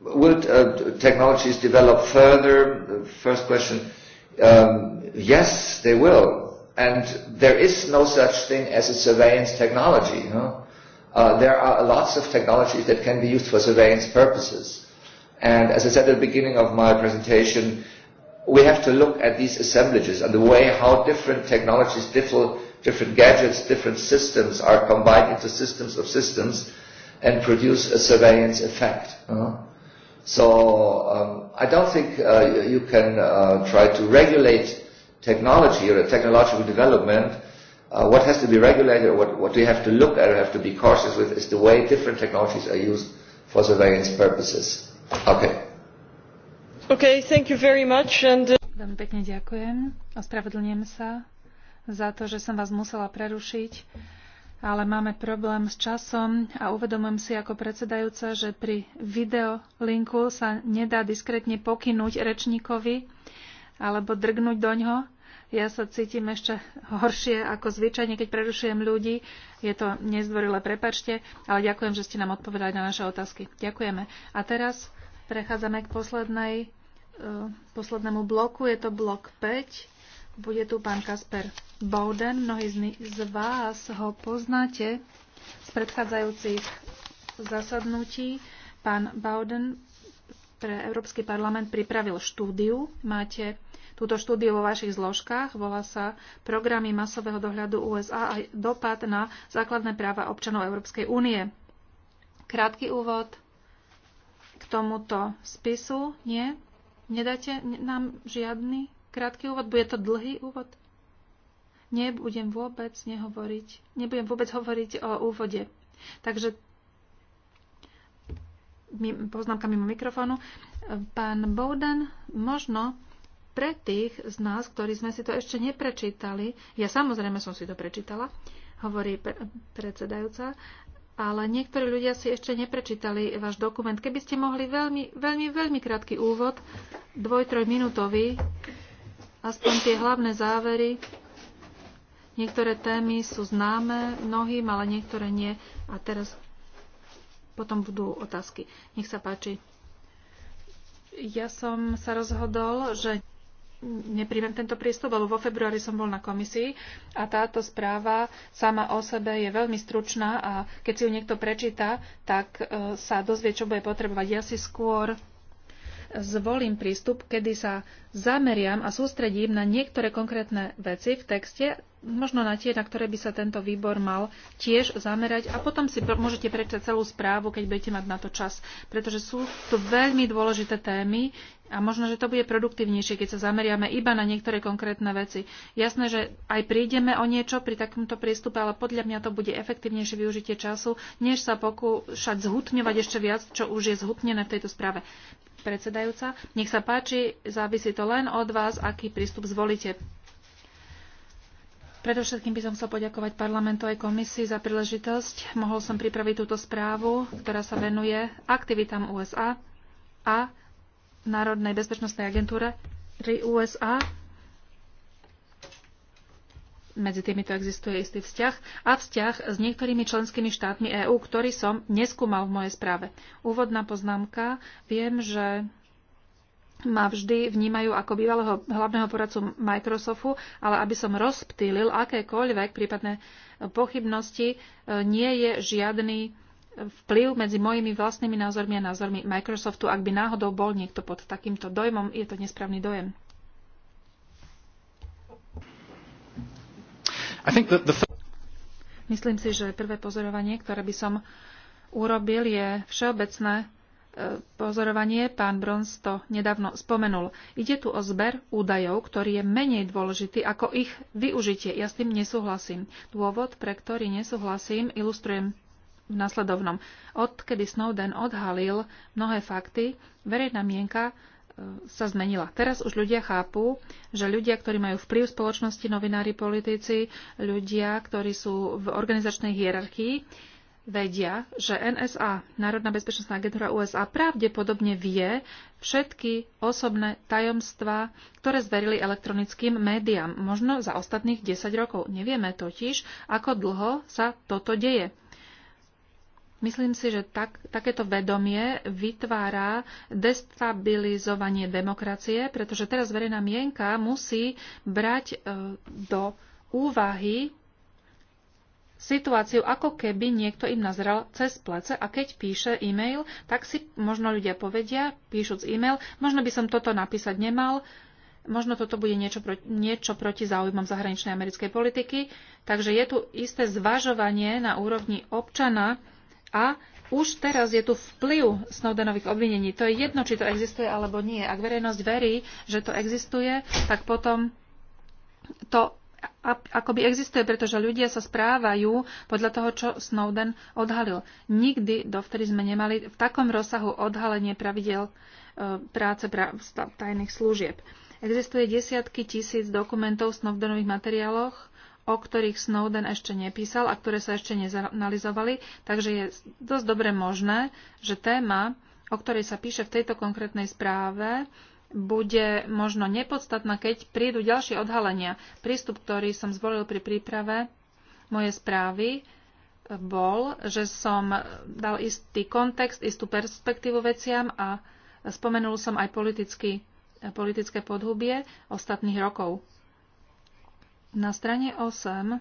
Will uh, technologies develop further? First question. Um, yes, they will. And there is no such thing as a surveillance technology. know. Uh, there are lots of technologies that can be used for surveillance purposes. And as I said at the beginning of my presentation, we have to look at these assemblages and the way how different technologies, different, different gadgets, different systems are combined into systems of systems and produce a surveillance effect. Uh, so um, I don't think uh, you can uh, try to regulate technology or technological development. Uh, what has to be regulated, what, what you have to look at or have to be cautious with is the way different technologies are used for surveillance purposes. Okay. Okay, thank you very much. And, uh... Veľmi pekne ďakujem. Ospravedlňujem sa za to, že som vás musela prerušiť ale máme problém s časom a uvedomujem si ako predsedajúca, že pri videolinku sa nedá diskrétne pokynúť rečníkovi alebo drgnúť do ňoho. Ja sa cítim ešte horšie ako zvyčajne, keď prerušujem ľudí. Je to nezdvorilé, prepačte, ale ďakujem, že ste nám odpovedali na naše otázky. Ďakujeme. A teraz prechádzame k poslednej, eh, poslednému bloku. Je to blok 5 bude tu pán Kasper Bowden. Mnohí z vás ho poznáte z predchádzajúcich zasadnutí. Pán Bowden pre Európsky parlament pripravil štúdiu. Máte túto štúdiu vo vašich zložkách. Volá sa Programy masového dohľadu USA a dopad na základné práva občanov Európskej únie. Krátky úvod k tomuto spisu. Nie? Nedáte nám žiadny? krátky úvod? Bude to dlhý úvod? Nebudem vôbec nehovoriť. Nebudem vôbec hovoriť o úvode. Takže poznámka mimo mikrofónu. Pán Bowden, možno pre tých z nás, ktorí sme si to ešte neprečítali, ja samozrejme som si to prečítala, hovorí predsedajúca, ale niektorí ľudia si ešte neprečítali váš dokument. Keby ste mohli veľmi, veľmi, veľmi krátky úvod, dvoj minútový, aspoň tie hlavné závery. Niektoré témy sú známe mnohým, ale niektoré nie. A teraz potom budú otázky. Nech sa páči. Ja som sa rozhodol, že nepríjmem tento prístup, lebo vo februári som bol na komisii a táto správa sama o sebe je veľmi stručná a keď si ju niekto prečíta, tak e, sa dozvie, čo bude potrebovať. Ja si skôr zvolím prístup, kedy sa zameriam a sústredím na niektoré konkrétne veci v texte, možno na tie, na ktoré by sa tento výbor mal tiež zamerať a potom si môžete prečítať celú správu, keď budete mať na to čas, pretože sú tu veľmi dôležité témy a možno, že to bude produktívnejšie, keď sa zameriame iba na niektoré konkrétne veci. Jasné, že aj prídeme o niečo pri takomto prístupe, ale podľa mňa to bude efektívnejšie využitie času, než sa pokúšať zhutňovať ešte viac, čo už je zhutnené v tejto správe predsedajúca. Nech sa páči, závisí to len od vás, aký prístup zvolíte. Predovšetkým by som chcel poďakovať parlamentu aj komisii za príležitosť. Mohol som pripraviť túto správu, ktorá sa venuje aktivitám USA a Národnej bezpečnostnej agentúre USA medzi týmito existuje istý vzťah a vzťah s niektorými členskými štátmi EÚ, ktorý som neskúmal v mojej správe. Úvodná poznámka. Viem, že ma vždy vnímajú ako bývalého hlavného poradcu Microsoftu, ale aby som rozptýlil akékoľvek prípadné pochybnosti, e, nie je žiadny vplyv medzi mojimi vlastnými názormi a názormi Microsoftu, ak by náhodou bol niekto pod takýmto dojmom, je to nesprávny dojem. Myslím si, že prvé pozorovanie, ktoré by som urobil, je všeobecné e, pozorovanie, pán Brons to nedávno spomenul. Ide tu o zber údajov, ktorý je menej dôležitý ako ich využitie. Ja s tým nesúhlasím. Dôvod, pre ktorý nesúhlasím, ilustrujem v nasledovnom. Odkedy Snowden odhalil mnohé fakty, verejná mienka sa zmenila. Teraz už ľudia chápu, že ľudia, ktorí majú vplyv v spoločnosti, novinári, politici, ľudia, ktorí sú v organizačnej hierarchii, vedia, že NSA, Národná bezpečnostná agentúra USA, pravdepodobne vie všetky osobné tajomstvá, ktoré zverili elektronickým médiám, možno za ostatných 10 rokov. Nevieme totiž, ako dlho sa toto deje. Myslím si, že tak, takéto vedomie vytvára destabilizovanie demokracie, pretože teraz verejná mienka musí brať e, do úvahy situáciu, ako keby niekto im nazrel cez plece a keď píše e-mail, tak si možno ľudia povedia, píšuc e-mail, možno by som toto napísať nemal, možno toto bude niečo, proti, niečo proti záujmom zahraničnej americkej politiky. Takže je tu isté zvažovanie na úrovni občana, a už teraz je tu vplyv Snowdenových obvinení. To je jedno, či to existuje alebo nie. Ak verejnosť verí, že to existuje, tak potom to akoby existuje, pretože ľudia sa správajú podľa toho, čo Snowden odhalil. Nikdy dovtedy sme nemali v takom rozsahu odhalenie pravidel e, práce tajných služieb. Existuje desiatky tisíc dokumentov v Snowdenových materiáloch, o ktorých Snowden ešte nepísal a ktoré sa ešte nezanalizovali, takže je dosť dobre možné, že téma, o ktorej sa píše v tejto konkrétnej správe, bude možno nepodstatná, keď prídu ďalšie odhalenia. Prístup, ktorý som zvolil pri príprave mojej správy, bol, že som dal istý kontext, istú perspektívu veciam a spomenul som aj politicky, politické podhubie ostatných rokov. Na strane 8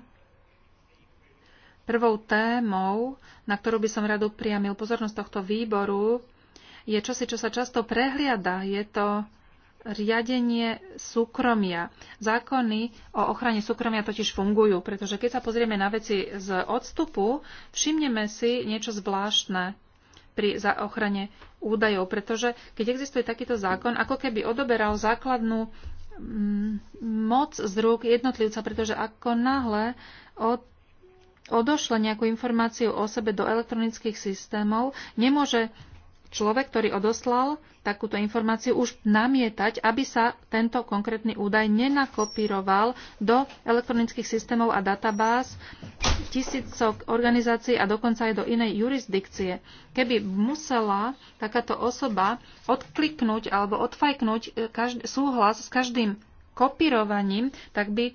prvou témou, na ktorú by som rado priamil pozornosť tohto výboru, je čosi, čo sa často prehliada. Je to riadenie súkromia. Zákony o ochrane súkromia totiž fungujú, pretože keď sa pozrieme na veci z odstupu, všimneme si niečo zvláštne pri za ochrane údajov, pretože keď existuje takýto zákon, ako keby odoberal základnú Mm, moc z rúk jednotlivca, pretože ako náhle od odošle nejakú informáciu o sebe do elektronických systémov, nemôže človek, ktorý odoslal takúto informáciu, už namietať, aby sa tento konkrétny údaj nenakopíroval do elektronických systémov a databáz tisícok organizácií a dokonca aj do inej jurisdikcie. Keby musela takáto osoba odkliknúť alebo odfajknúť e, každý, súhlas s každým kopírovaním, tak by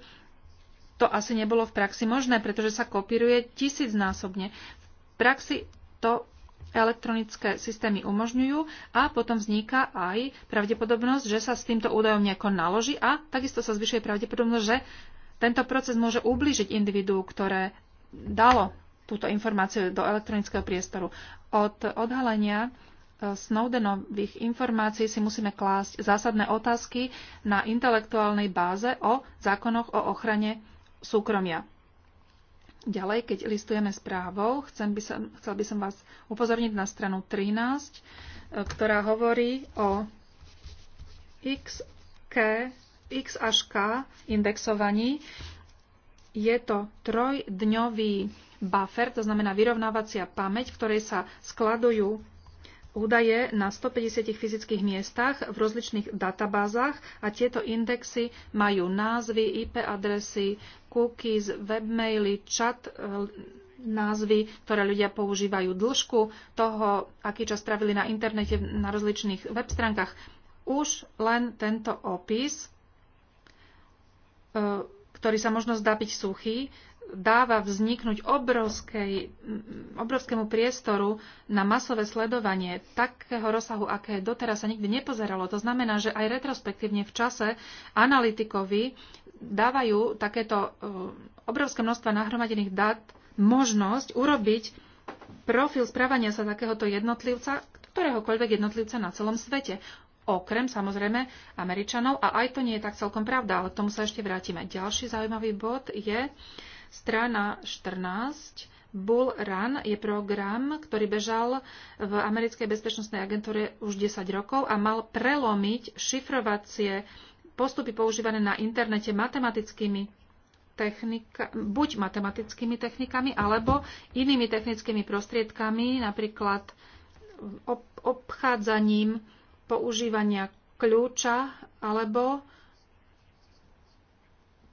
to asi nebolo v praxi možné, pretože sa kopíruje tisícnásobne. V praxi to elektronické systémy umožňujú a potom vzniká aj pravdepodobnosť, že sa s týmto údajom nejako naloží a takisto sa zvyšuje pravdepodobnosť, že tento proces môže ublížiť individu, ktoré dalo túto informáciu do elektronického priestoru. Od odhalenia e, Snowdenových informácií si musíme klásť zásadné otázky na intelektuálnej báze o zákonoch o ochrane súkromia. Ďalej, keď listujeme správou, chcem by som, chcel by som vás upozorniť na stranu 13, e, ktorá hovorí o x, k, x až k indexovaní. Je to trojdňový buffer, to znamená vyrovnávacia pamäť, v ktorej sa skladujú údaje na 150 fyzických miestach v rozličných databázach a tieto indexy majú názvy, IP adresy, cookies, webmaily, chat e, názvy, ktoré ľudia používajú, dĺžku toho, aký čas strávili na internete, na rozličných web stránkach. Už len tento opis, e, ktorý sa možno zdá byť suchý, dáva vzniknúť obrovskej, obrovskému priestoru na masové sledovanie takého rozsahu, aké doteraz sa nikdy nepozeralo. To znamená, že aj retrospektívne v čase analytikovi dávajú takéto e, obrovské množstva nahromadených dát možnosť urobiť profil správania sa takéhoto jednotlivca, ktoréhokoľvek jednotlivca na celom svete. Okrem samozrejme Američanov, a aj to nie je tak celkom pravda, ale k tomu sa ešte vrátime. Ďalší zaujímavý bod je, uh, Strana 14. Bull Run je program, ktorý bežal v americkej bezpečnostnej agentúre už 10 rokov a mal prelomiť šifrovacie postupy používané na internete matematickými technika, buď matematickými technikami alebo inými technickými prostriedkami, napríklad ob, obchádzaním používania kľúča alebo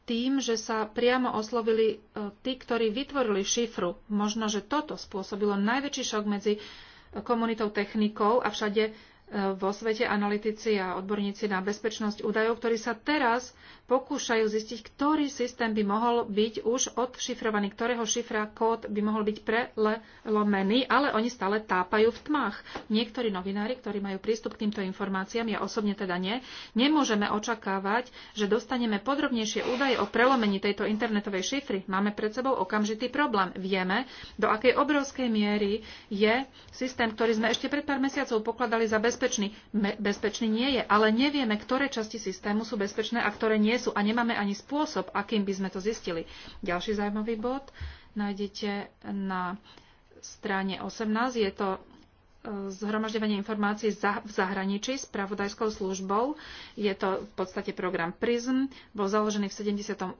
tým, že sa priamo oslovili e, tí, ktorí vytvorili šifru. Možno, že toto spôsobilo najväčší šok medzi e, komunitou technikov a všade vo svete analytici a odborníci na bezpečnosť údajov, ktorí sa teraz pokúšajú zistiť, ktorý systém by mohol byť už odšifrovaný, ktorého šifra kód by mohol byť prelomený, ale oni stále tápajú v tmách. Niektorí novinári, ktorí majú prístup k týmto informáciám, ja osobne teda nie, nemôžeme očakávať, že dostaneme podrobnejšie údaje o prelomení tejto internetovej šifry. Máme pred sebou okamžitý problém. Vieme, do akej obrovskej miery je systém, ktorý sme ešte pred pár mesiacov pokladali za bezpečnosť bezpečný. bezpečný nie je, ale nevieme, ktoré časti systému sú bezpečné a ktoré nie sú a nemáme ani spôsob, akým by sme to zistili. Ďalší zaujímavý bod nájdete na strane 18. Je to e, zhromažďovanie informácií v zahraničí s pravodajskou službou. Je to v podstate program PRISM, bol založený v 78.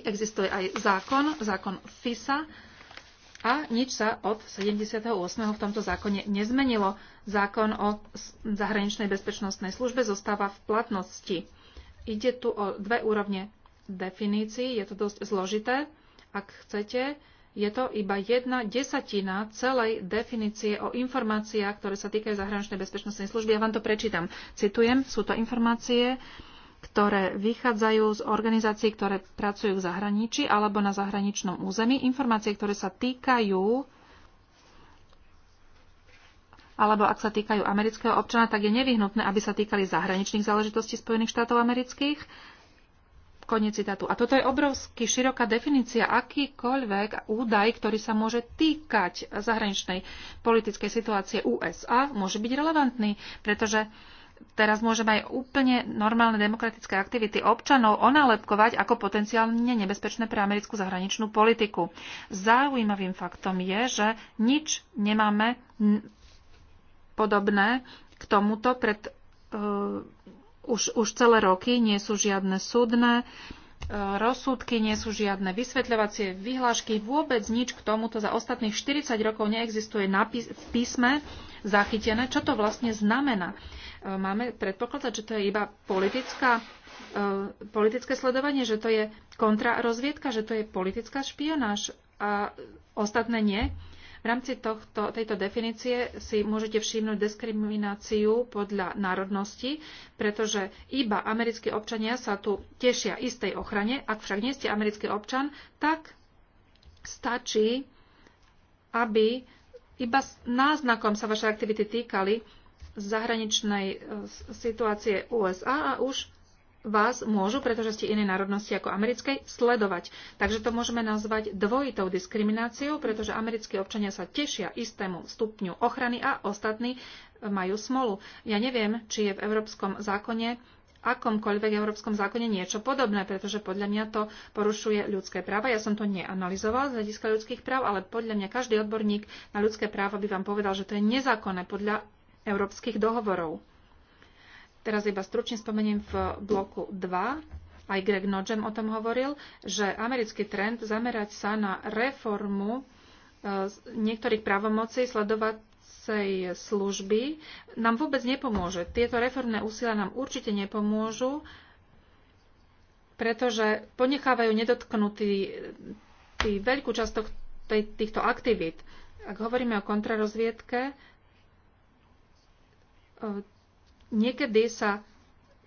Existuje aj zákon, zákon FISA, a nič sa od 78. v tomto zákone nezmenilo. Zákon o zahraničnej bezpečnostnej službe zostáva v platnosti. Ide tu o dve úrovne definícií, je to dosť zložité. Ak chcete, je to iba jedna desatina celej definície o informáciách, ktoré sa týkajú zahraničnej bezpečnostnej služby. Ja vám to prečítam. Citujem, sú to informácie, ktoré vychádzajú z organizácií, ktoré pracujú v zahraničí alebo na zahraničnom území, informácie, ktoré sa týkajú alebo ak sa týkajú amerického občana, tak je nevyhnutné, aby sa týkali zahraničných záležitostí Spojených štátov amerických. Koniec citátu. A toto je obrovsky široká definícia. Akýkoľvek údaj, ktorý sa môže týkať zahraničnej politickej situácie USA, môže byť relevantný, pretože uh, teraz môžeme aj úplne normálne demokratické aktivity občanov onálepkovať ako potenciálne nebezpečné pre americkú zahraničnú politiku. Zaujímavým faktom je, že nič nemáme podobné k tomuto pred uh, už, už celé roky. Nie sú žiadne súdne uh, rozsudky, nie sú žiadne vysvetľovacie vyhlášky, vôbec nič k tomuto za ostatných 40 rokov neexistuje napis, v písme zachytené, čo to vlastne znamená. Uh, Eh, máme predpokladať, že to je iba politická, eh, politické sledovanie, že to je kontrarozviedka, že to je politická špionáž a ostatné nie. V rámci tohto, tejto definície si môžete všimnúť diskrimináciu podľa národnosti, pretože iba americkí občania sa tu tešia istej ochrane. Ak však nie ste americký občan, tak stačí, aby iba náznakom sa vaše aktivity týkali zahraničnej e, situácie USA a už vás môžu, pretože ste inej národnosti ako americkej, sledovať. Takže to môžeme nazvať dvojitou diskrimináciou, pretože americkí občania sa tešia istému stupňu ochrany a ostatní e, majú smolu. Ja neviem, či je v európskom zákone akomkoľvek európskom zákone niečo podobné, pretože podľa mňa to porušuje ľudské práva. Ja som to neanalizoval z hľadiska ľudských práv, ale podľa mňa každý odborník na ľudské práva by vám povedal, že to je nezákonné podľa európskych dohovorov. Teraz iba stručne spomeniem v bloku 2, aj Greg Nodgem o tom hovoril, že americký trend zamerať sa na reformu e, niektorých právomocí sledovacej služby nám vôbec nepomôže. Tieto reformné úsilia nám určite nepomôžu, pretože ponechávajú nedotknutý e, tý veľkú časť týchto aktivít. Ak hovoríme o kontrarozviedke, niekedy sa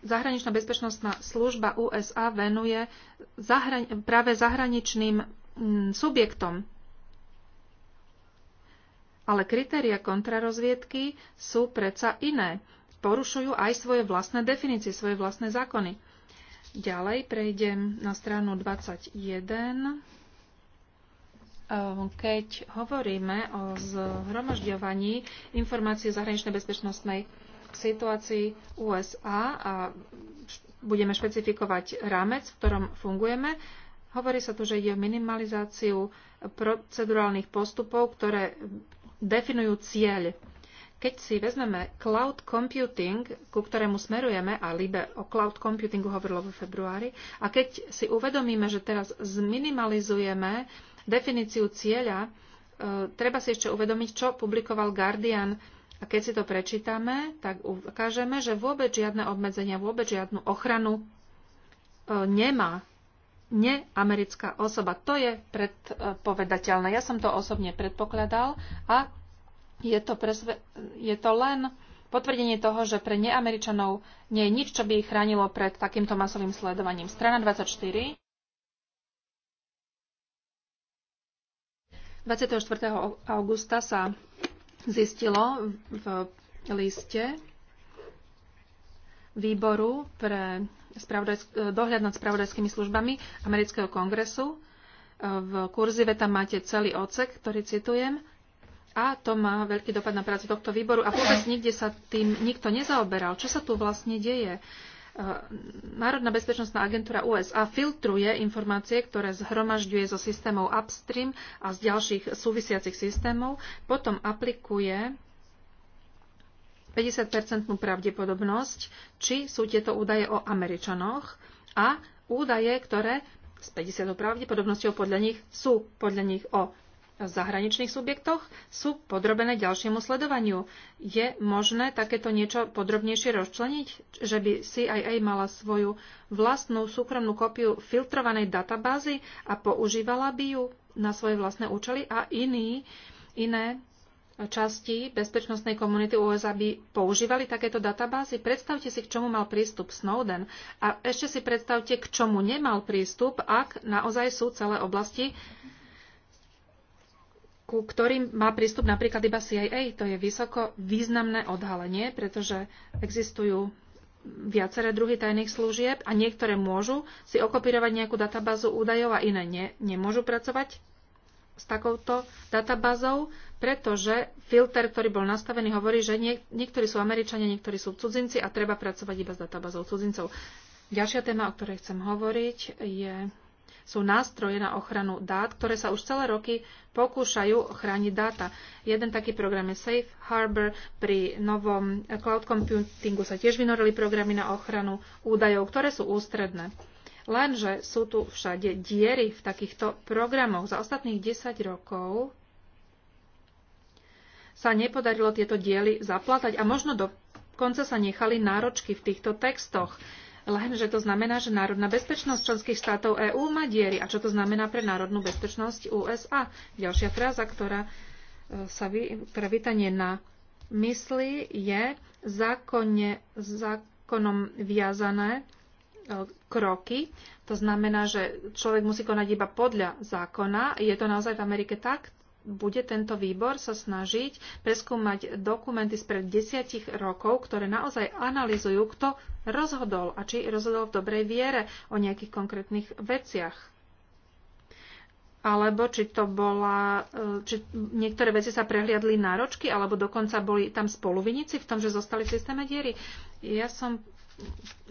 zahraničná bezpečnostná služba USA venuje zahra- práve zahraničným mm, subjektom. Ale kritéria kontrarozviedky sú predsa iné. Porušujú aj svoje vlastné definície, svoje vlastné zákony. Ďalej prejdem na stranu 21. Ehm, keď hovoríme o zhromažďovaní informácií zahraničnej bezpečnostnej situácii USA a budeme špecifikovať rámec, v ktorom fungujeme. Hovorí sa tu, že ide o minimalizáciu procedurálnych postupov, ktoré definujú cieľ. Keď si vezmeme cloud computing, ku ktorému smerujeme, a Libe o cloud computingu hovorilo vo februári, a keď si uvedomíme, že teraz zminimalizujeme definíciu cieľa, e, treba si ešte uvedomiť, čo publikoval Guardian a keď si to prečítame, tak ukážeme, že vôbec žiadne obmedzenia, vôbec žiadnu ochranu e, nemá neamerická osoba. To je predpovedateľné. Ja som to osobne predpokladal a je to, presve, je to len potvrdenie toho, že pre neameričanov nie je nič, čo by ich chránilo pred takýmto masovým sledovaním. Strana 24. 24. augusta sa zistilo v liste výboru pre dohľad nad spravodajskými službami amerického kongresu. E, v kurzive tam máte celý odsek, ktorý citujem. A to má veľký dopad na prácu tohto výboru. A vôbec nikde sa tým nikto nezaoberal. Čo sa tu vlastne deje? Eh, Národná bezpečnostná agentúra USA filtruje informácie, ktoré zhromažďuje zo systémov upstream a z ďalších súvisiacich systémov, potom aplikuje 50-percentnú pravdepodobnosť, či sú tieto údaje o Američanoch a údaje, ktoré s 50 pravdepodobnosťou podľa nich sú podľa nich o v zahraničných subjektoch sú podrobené ďalšiemu sledovaniu. Je možné takéto niečo podrobnejšie rozčleniť, že by CIA mala svoju vlastnú súkromnú kópiu filtrovanej databázy a používala by ju na svoje vlastné účely a iní, iné časti bezpečnostnej komunity USA by používali takéto databázy. Predstavte si, k čomu mal prístup Snowden a ešte si predstavte, k čomu nemal prístup, ak naozaj sú celé oblasti ku ktorým má prístup napríklad iba CIA. To je vysoko významné odhalenie, pretože existujú viaceré druhy tajných služieb a niektoré môžu si okopírovať nejakú databázu údajov a iné nie, nemôžu pracovať s takouto databázou, pretože filter, ktorý bol nastavený, hovorí, že nie, niektorí sú Američania, niektorí sú cudzinci a treba pracovať iba s databázou cudzincov. Ďalšia téma, o ktorej chcem hovoriť, je sú nástroje na ochranu dát, ktoré sa už celé roky pokúšajú chrániť dáta. Jeden taký program je Safe Harbor, pri novom cloud computingu sa tiež vynorili programy na ochranu údajov, ktoré sú ústredné. Lenže sú tu všade diery v takýchto programoch. Za ostatných 10 rokov sa nepodarilo tieto diely zaplatať a možno dokonca sa nechali náročky v týchto textoch lenže to znamená, že národná bezpečnosť členských štátov EÚ má diery. A čo to znamená pre národnú bezpečnosť USA? Ďalšia fráza, ktorá e, sa vy, ktorá vytanie na mysli, je zákonne, zákonom viazané e, kroky. To znamená, že človek musí konať iba podľa zákona. Je to naozaj v Amerike tak? bude tento výbor sa snažiť preskúmať dokumenty spred desiatich rokov, ktoré naozaj analizujú, kto rozhodol a či rozhodol v dobrej viere o nejakých konkrétnych veciach. Alebo či to bola, e, či niektoré veci sa prehliadli náročky, alebo dokonca boli tam spoluvinici v tom, že zostali v systéme diery. Ja som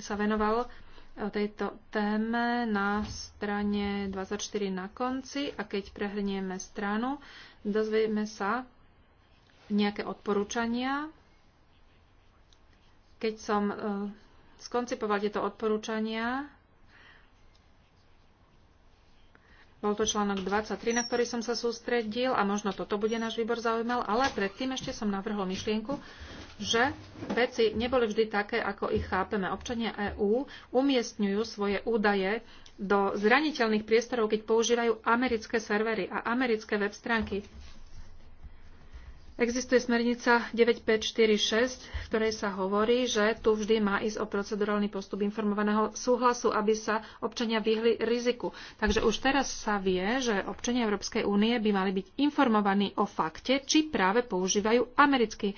sa venoval o tejto téme na strane 24 na konci a keď prehrnieme stranu, dozvieme sa nejaké odporúčania. Keď som eh, skoncipoval tieto odporúčania, Bol to článok 23, na ktorý som sa sústredil a možno toto bude náš výbor zaujímal, ale predtým ešte som navrhol myšlienku, že veci neboli vždy také, ako ich chápeme. Občania EÚ umiestňujú svoje údaje do zraniteľných priestorov, keď používajú americké servery a americké web stránky. Existuje smernica 9546, v ktorej sa hovorí, že tu vždy má ísť o procedurálny postup informovaného súhlasu, aby sa občania vyhli riziku. Takže už teraz sa vie, že občania Európskej únie by mali byť informovaní o fakte, či práve používajú americký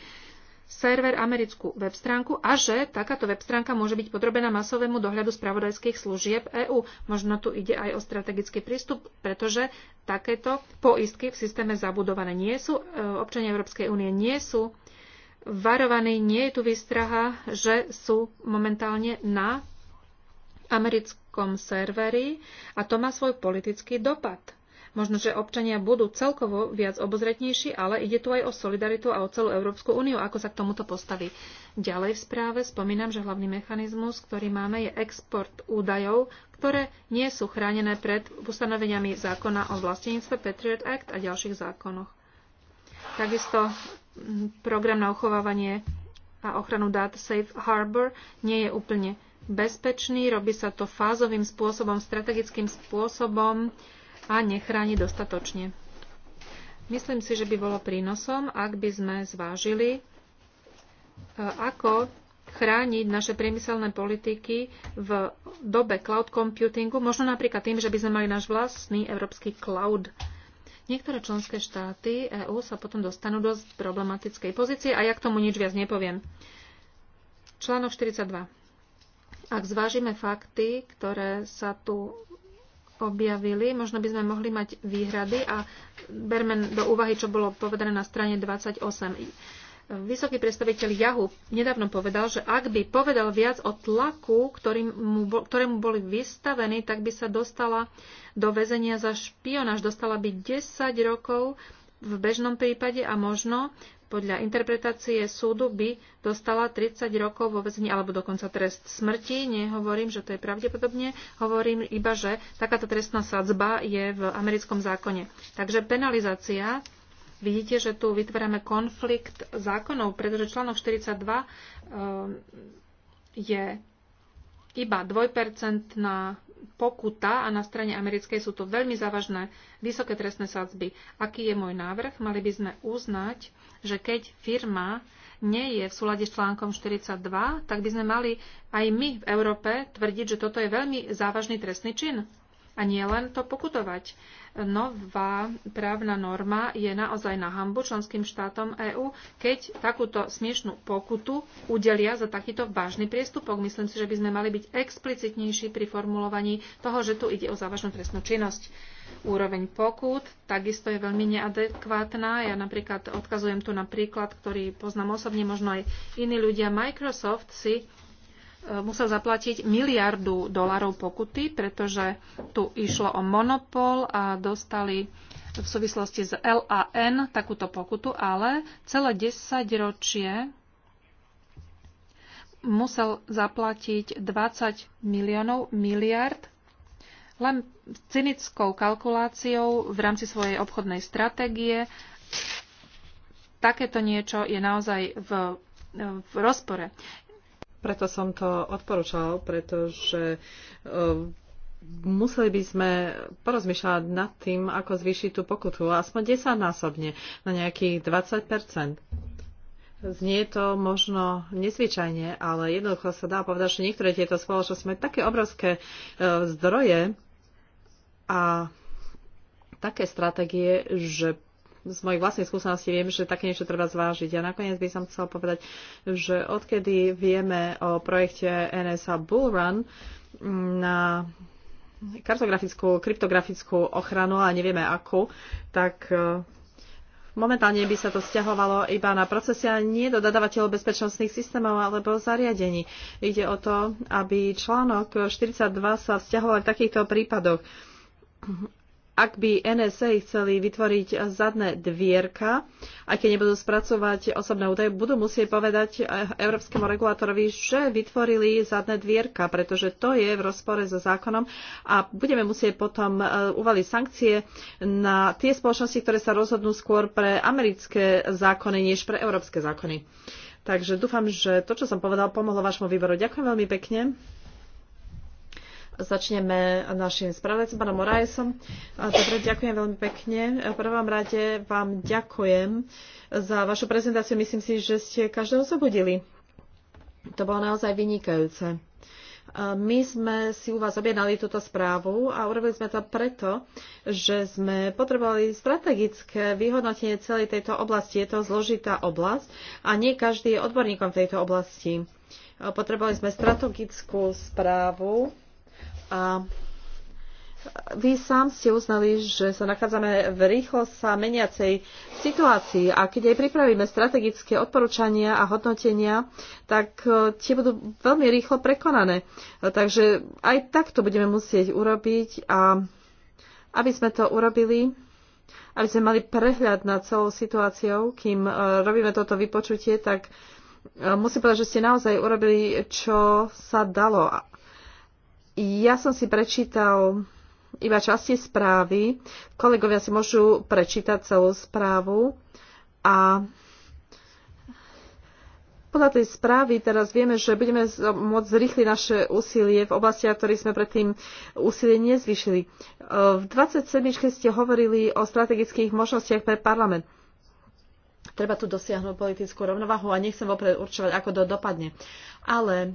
server americkú web stránku a že takáto web stránka môže byť podrobená masovému dohľadu spravodajských služieb EÚ. Možno tu ide aj o strategický prístup, pretože takéto poistky v systéme zabudované nie sú. E, občania Európskej únie nie sú varovaní, nie je tu výstraha, že sú momentálne na americkom serveri a to má svoj politický dopad. Možno, že občania budú celkovo viac obozretnejší, ale ide tu aj o solidaritu a o celú Európsku úniu, ako sa k tomuto postaví. Ďalej v správe spomínam, že hlavný mechanizmus, ktorý máme, je export údajov, ktoré nie sú chránené pred ustanoveniami zákona o vlastníctve Patriot Act a ďalších zákonoch. Takisto mm, program na uchovávanie a ochranu dát Safe Harbor nie je úplne bezpečný. Robí sa to fázovým spôsobom, strategickým spôsobom a nechráni dostatočne. Myslím si, že by bolo prínosom, ak by sme zvážili, e, ako chrániť naše priemyselné politiky v dobe cloud computingu, možno napríklad tým, že by sme mali náš vlastný európsky cloud. Niektoré členské štáty EÚ sa potom dostanú do problematickej pozície a ja k tomu nič viac nepoviem. Článok 42. Ak zvážime fakty, ktoré sa tu objavili. Možno by sme mohli mať výhrady a berme do úvahy, čo bolo povedané na strane 28. Vysoký predstaviteľ Jahu nedávno povedal, že ak by povedal viac o tlaku, mu, ktorému boli vystavení, tak by sa dostala do väzenia za špionáž. Dostala by 10 rokov v bežnom prípade a možno podľa interpretácie súdu by dostala 30 rokov vo väzení alebo dokonca trest smrti. Nehovorím, že to je pravdepodobne, hovorím iba, že takáto trestná sadzba je v americkom zákone. Takže penalizácia, vidíte, že tu vytvárame konflikt zákonov, pretože článok 42 ehm, je iba dvojpercentná pokuta a na strane americkej sú to veľmi závažné vysoké trestné sadzby. Aký je môj návrh? Mali by sme uznať že keď firma nie je v súlade s článkom 42, tak by sme mali aj my v Európe tvrdiť, že toto je veľmi závažný trestný čin. A nie len to pokutovať. Nová právna norma je naozaj na hambu členským štátom EÚ, keď takúto smiešnú pokutu udelia za takýto vážny priestupok. Myslím si, že by sme mali byť explicitnejší pri formulovaní toho, že tu ide o závažnú trestnú činnosť úroveň pokút takisto je veľmi neadekvátna. Ja napríklad odkazujem tu na príklad, ktorý poznám osobne, možno aj iní ľudia. Microsoft si e, musel zaplatiť miliardu dolarov pokuty, pretože tu išlo o monopol a dostali v súvislosti s LAN takúto pokutu, ale celé 10 ročie musel zaplatiť 20 miliónov miliard len cynickou kalkuláciou v rámci svojej obchodnej stratégie. Takéto niečo je naozaj v, v rozpore. Preto som to odporúčal, pretože e, museli by sme porozmýšľať nad tým, ako zvýšiť tú pokutu, aspoň 10 násobne, na nejakých 20 Znie to možno nezvyčajne, ale jednoducho sa dá povedať, že niektoré tieto spoločnosti majú také obrovské e, zdroje, a také stratégie, že z mojich vlastných skúseností viem, že také niečo treba zvážiť. A nakoniec by som chcela povedať, že odkedy vieme o projekte NSA Bullrun mm, na kartografickú, kryptografickú ochranu, a nevieme akú, tak e, momentálne by sa to stiahovalo iba na procesy a nie do dodávateľov bezpečnostných systémov alebo zariadení. Ide o to, aby článok 42 sa vzťahoval v takýchto prípadoch ak by NSA chceli vytvoriť zadné dvierka, a keď nebudú spracovať osobné údaje, budú musieť povedať európskemu regulátorovi, že vytvorili zadné dvierka, pretože to je v rozpore so zákonom a budeme musieť potom e, uvaliť sankcie na tie spoločnosti, ktoré sa rozhodnú skôr pre americké zákony, než pre európske zákony. Takže dúfam, že to, čo som povedal, pomohlo vašmu výboru. Ďakujem veľmi pekne. Začneme našim spravodajcom, pánom Moraesom. Dobre, ďakujem veľmi pekne. V prvom rade vám ďakujem za vašu prezentáciu. Myslím si, že ste každého zobudili. To bolo naozaj vynikajúce. My sme si u vás objednali túto správu a urobili sme to preto, že sme potrebovali strategické vyhodnotenie celej tejto oblasti. Je to zložitá oblasť a nie každý je odborníkom v tejto oblasti. Potrebovali sme strategickú správu, a vy sám ste uznali, že sa nachádzame v rýchlo sa meniacej situácii a keď aj pripravíme strategické odporúčania a hodnotenia, tak e, tie budú veľmi rýchlo prekonané. E, takže aj takto budeme musieť urobiť a aby sme to urobili, aby sme mali prehľad nad celou situáciou, kým e, robíme toto vypočutie, tak musím povedať, že ste naozaj urobili, čo sa dalo ja som si prečítal iba časti správy. Kolegovia si môžu prečítať celú správu a podľa tej správy teraz vieme, že budeme môcť zrýchliť naše úsilie v oblastiach, ktorých sme predtým úsilie nezvyšili. V 27. ste hovorili o strategických možnostiach pre parlament. Treba tu dosiahnuť politickú rovnovahu a nechcem vopred určovať, ako to dopadne. Ale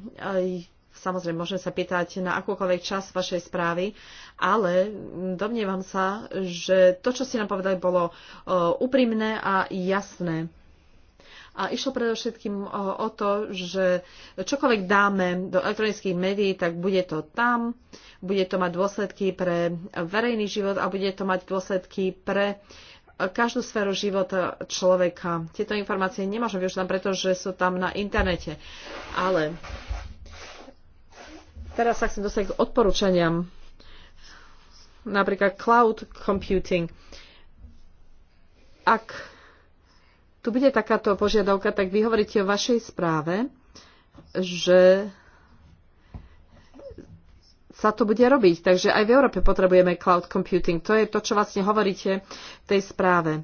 Samozrejme, môžem sa pýtať na akúkoľvek čas vašej správy, ale domnievam sa, že to, čo ste nám povedali, bolo úprimné a jasné. A išlo predovšetkým o, o to, že čokoľvek dáme do elektronických médií, tak bude to tam, bude to mať dôsledky pre verejný život a bude to mať dôsledky pre e, každú sféru života človeka. Tieto informácie nemôžem využiť pretože sú tam na internete. Ale Teraz sa chcem dostať k odporúčaniam. Napríklad cloud computing. Ak tu bude takáto požiadavka, tak vy hovoríte o vašej správe, že sa to bude robiť. Takže aj v Európe potrebujeme cloud computing. To je to, čo vlastne hovoríte v tej správe.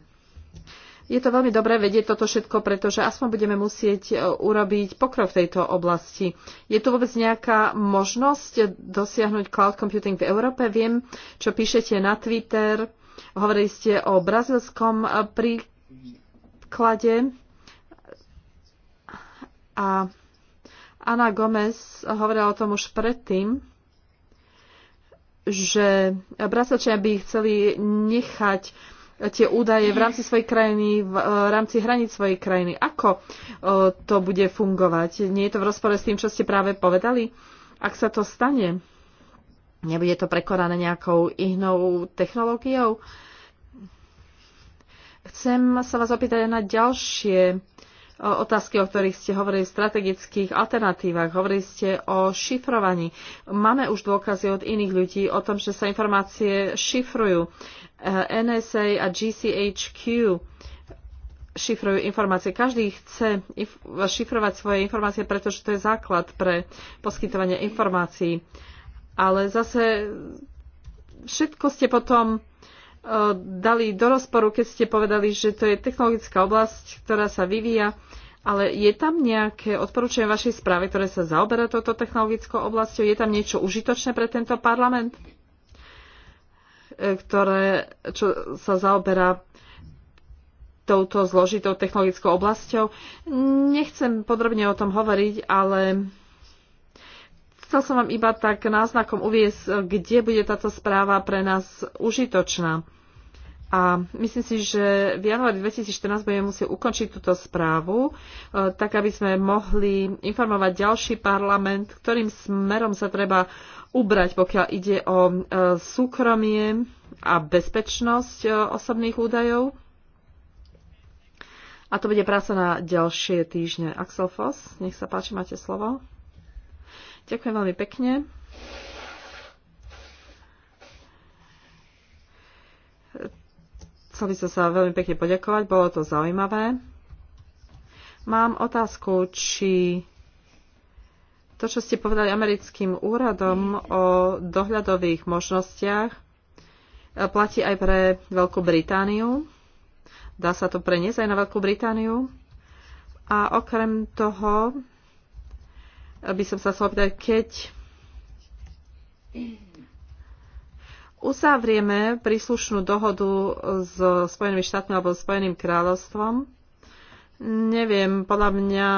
Je to veľmi dobré vedieť toto všetko, pretože aspoň budeme musieť e, urobiť pokrok v tejto oblasti. Je tu vôbec nejaká možnosť dosiahnuť cloud computing v Európe? Viem, čo píšete na Twitter. Hovorili ste o brazilskom e, príklade. A Ana Gomez hovorila o tom už predtým že Brasilčania by chceli nechať tie údaje v rámci svojej krajiny, v e, rámci hraníc svojej krajiny. Ako e, to bude fungovať? Nie je to v rozpore s tým, čo ste práve povedali? Ak sa to stane, nebude to prekonané nejakou inou technológiou? Chcem sa vás opýtať na ďalšie otázky, o ktorých ste hovorili, strategických alternatívach, hovorili ste o šifrovaní. Máme už dôkazy od iných ľudí o tom, že sa informácie šifrujú. Eh, NSA a GCHQ šifrujú informácie. Každý chce šifrovať svoje informácie, pretože to je základ pre poskytovanie informácií. Ale zase všetko ste potom E, dali do rozporu, keď ste povedali, že to je technologická oblasť, ktorá sa vyvíja, ale je tam nejaké odporúčanie vašej správe, ktoré sa zaoberá touto technologickou oblasťou? Je tam niečo užitočné pre tento parlament, e, ktoré čo sa zaoberá touto zložitou technologickou oblasťou? Nechcem podrobne o tom hovoriť, ale chcel som vám iba tak náznakom uviezť, kde bude táto správa pre nás užitočná. A myslím si, že v januári 2014 budeme musieť ukončiť túto správu, e, tak aby sme mohli informovať ďalší parlament, ktorým smerom sa treba ubrať, pokiaľ ide o e, súkromie a bezpečnosť e, osobných údajov. A to bude práca na ďalšie týždne. Axel Foss, nech sa páči, máte slovo. Ďakujem veľmi pekne. Chcel by som sa veľmi pekne poďakovať, bolo to zaujímavé. Mám otázku, či to, čo ste povedali americkým úradom o dohľadových možnostiach, platí aj pre Veľkú Britániu. Dá sa to preniesť aj na Veľkú Britániu. A okrem toho by som sa chcel opýtať, keď uzavrieme príslušnú dohodu s Spojenými štátmi alebo Spojeným kráľovstvom. Neviem, podľa mňa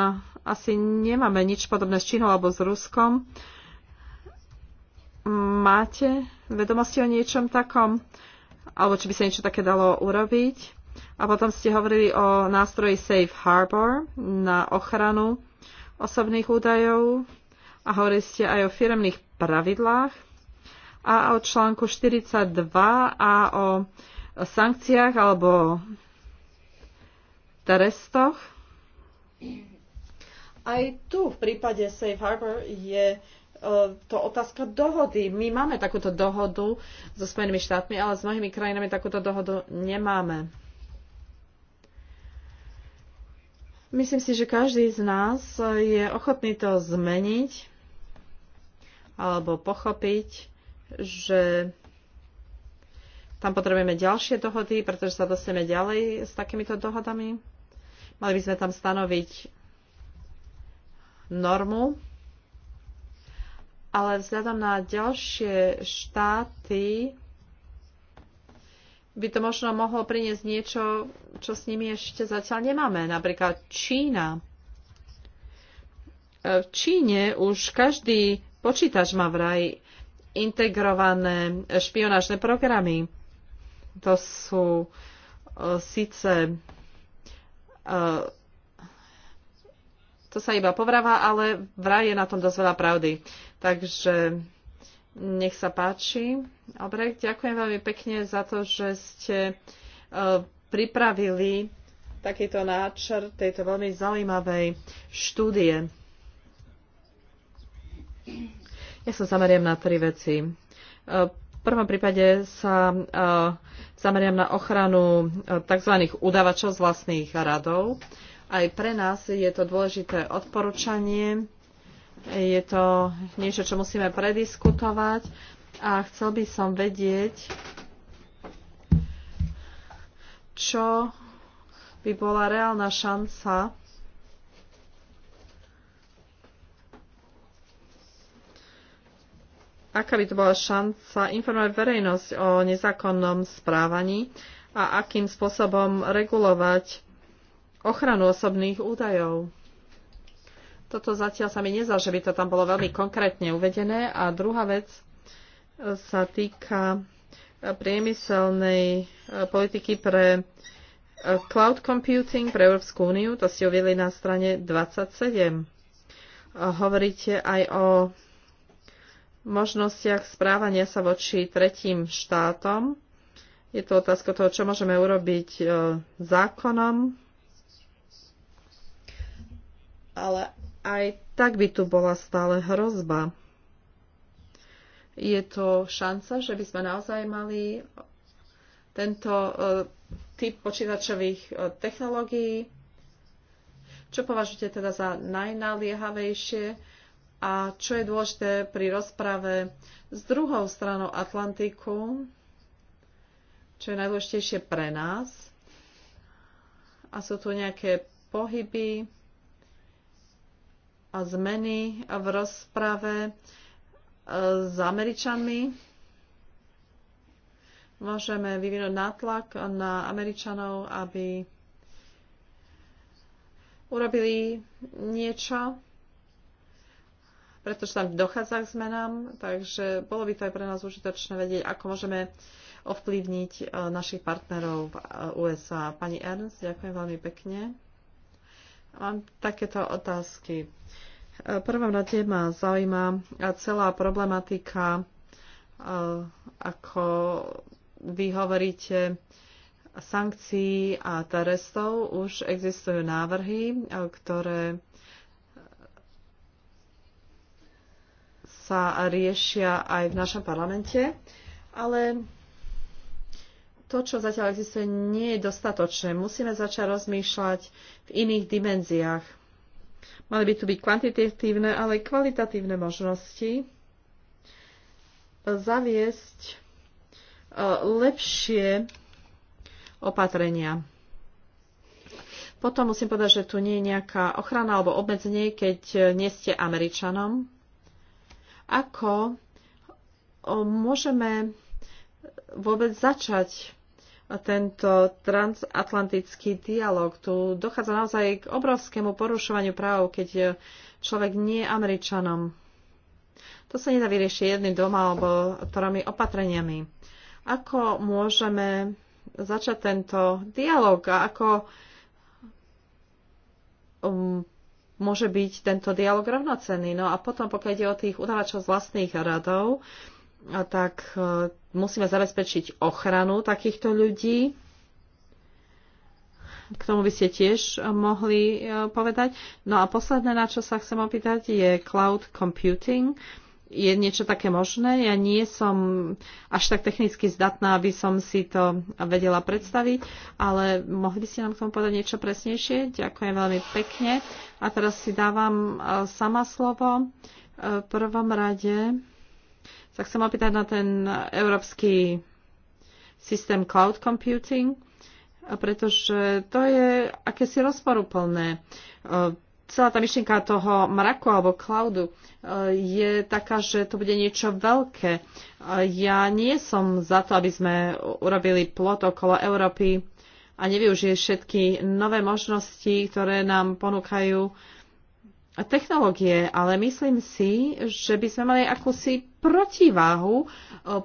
asi nemáme nič podobné s Čínou alebo s Ruskom. Máte vedomosti o niečom takom? Alebo či by sa niečo také dalo urobiť? A potom ste hovorili o nástroji Safe Harbor na ochranu osobných údajov a hovorili ste aj o firemných pravidlách a o článku 42 a o sankciách alebo trestoch. Aj tu v prípade Safe Harbor je e, to otázka dohody. My máme takúto dohodu so Spojenými štátmi, ale s mnohými krajinami takúto dohodu nemáme. Myslím si, že každý z nás je ochotný to zmeniť alebo pochopiť že tam potrebujeme ďalšie dohody, pretože sa dostaneme ďalej s takýmito dohodami. Mali by sme tam stanoviť normu, ale vzhľadom na ďalšie štáty by to možno mohlo priniesť niečo, čo s nimi ešte zatiaľ nemáme. Napríklad Čína. V Číne už každý počítač má vraj integrované špionážne programy. To sú e, síce e, to sa iba povráva, ale vraj je na tom dosť veľa pravdy. Takže nech sa páči. Dobre, ďakujem veľmi pekne za to, že ste e, pripravili takýto náčrt tejto veľmi zaujímavej štúdie. Ja sa zameriam na tri veci. E, v prvom prípade sa e, zameriam na ochranu e, tzv. udavačov z vlastných radov. Aj pre nás je to dôležité odporúčanie. Je to niečo, čo musíme prediskutovať a chcel by som vedieť, čo by bola reálna šanca aká by to bola šanca informovať verejnosť o nezákonnom správaní a akým spôsobom regulovať ochranu osobných údajov. Toto zatiaľ sa mi nezdá, že by to tam bolo veľmi konkrétne uvedené. A druhá vec sa týka priemyselnej e, politiky pre e, cloud computing pre Európsku úniu. To ste uviedli na strane 27. Hovoríte aj o možnostiach správania sa voči tretím štátom. Je to otázka toho, čo môžeme urobiť e, zákonom, ale aj tak by tu bola stále hrozba. Je to šanca, že by sme naozaj mali tento e, typ počítačových e, technológií. Čo považujete teda za najnaliehavejšie? a čo je dôležité pri rozprave s druhou stranou Atlantiku, čo je najdôležitejšie pre nás. A sú tu nejaké pohyby a zmeny v rozprave e, s Američanmi. Môžeme vyvinúť nátlak na Američanov, aby urobili niečo pretože tam dochádza k zmenám, takže bolo by to aj pre nás užitočné vedieť, ako môžeme ovplyvniť e, našich partnerov v e, USA. Pani Ernst, ďakujem veľmi pekne. Mám takéto otázky. E, Prvá rade ma zaujíma celá problematika, ako vy hovoríte, sankcií a trestov už existujú návrhy, ktoré sa riešia aj v našom parlamente, ale to, čo zatiaľ existuje, nie je dostatočné. Musíme začať rozmýšľať v iných dimenziách. Mali by tu byť kvantitatívne, ale aj kvalitatívne možnosti zaviesť e, lepšie opatrenia. Potom musím povedať, že tu nie je nejaká ochrana alebo obmedzenie, keď nie ste Američanom. Ako môžeme vôbec začať tento transatlantický dialog. Tu dochádza naozaj k obrovskému porušovaniu práv, keď človek nie je Američanom. To sa nedá vyriešiť jedným doma alebo tromi opatreniami. Ako môžeme začať tento dialog a ako um, môže byť tento dialog rovnocenný. No a potom, pokiaľ ide o tých udávačov z vlastných radov, tak e, musíme zabezpečiť ochranu takýchto ľudí. K tomu by ste tiež e, mohli e, povedať. No a posledné, na čo sa chcem opýtať, je cloud computing. Uh, je niečo také možné? Ja nie som až tak technicky zdatná, aby som si to vedela predstaviť, ale mohli by ste nám k tomu povedať niečo presnejšie? Ďakujem veľmi pekne. A teraz si dávam e, sama slovo. E, v prvom rade sa chcem opýtať na ten európsky systém cloud computing, pretože to je akési rozporuplné e, celá tá myšlienka toho mraku alebo klaudu e, je taká, že to bude niečo veľké. E, ja nie som za to, aby sme urobili plot okolo Európy a nevyužije všetky nové možnosti, ktoré nám ponúkajú technológie, ale myslím si, že by sme mali akúsi protiváhu e,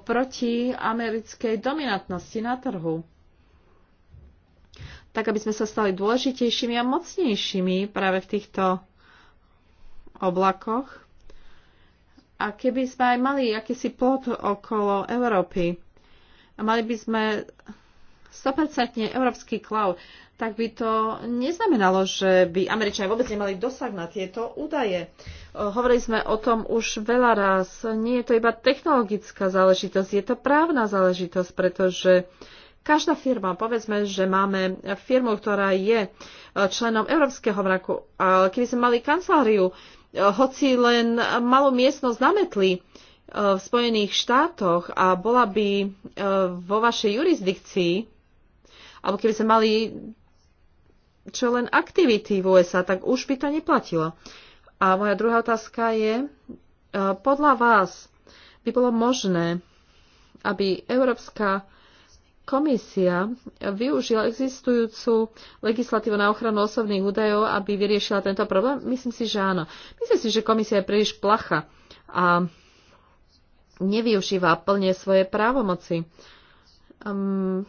proti americkej dominantnosti na trhu tak aby sme sa stali dôležitejšími a mocnejšími práve v týchto oblakoch. A keby sme aj mali akýsi plot okolo Európy a mali by sme 100% európsky cloud, tak by to neznamenalo, že by Američania vôbec nemali dosah na tieto údaje. Hovorili sme o tom už veľa raz. Nie je to iba technologická záležitosť, je to právna záležitosť, pretože Každá firma, povedzme, že máme firmu, ktorá je e, členom Európskeho mraku, a keby sme mali kanceláriu, e, hoci len malú miestnosť nametli e, v Spojených štátoch a bola by vo vašej jurisdikcii, alebo keby sme mali čo len aktivity v USA, tak už by to neplatilo. A moja druhá otázka je, podľa vás by bolo možné, aby Európska Komisia využila existujúcu legislatívu na ochranu osobných údajov, aby vyriešila tento problém? Myslím si, že áno. Myslím si, že komisia je príliš placha a nevyužíva plne svoje právomoci. Um,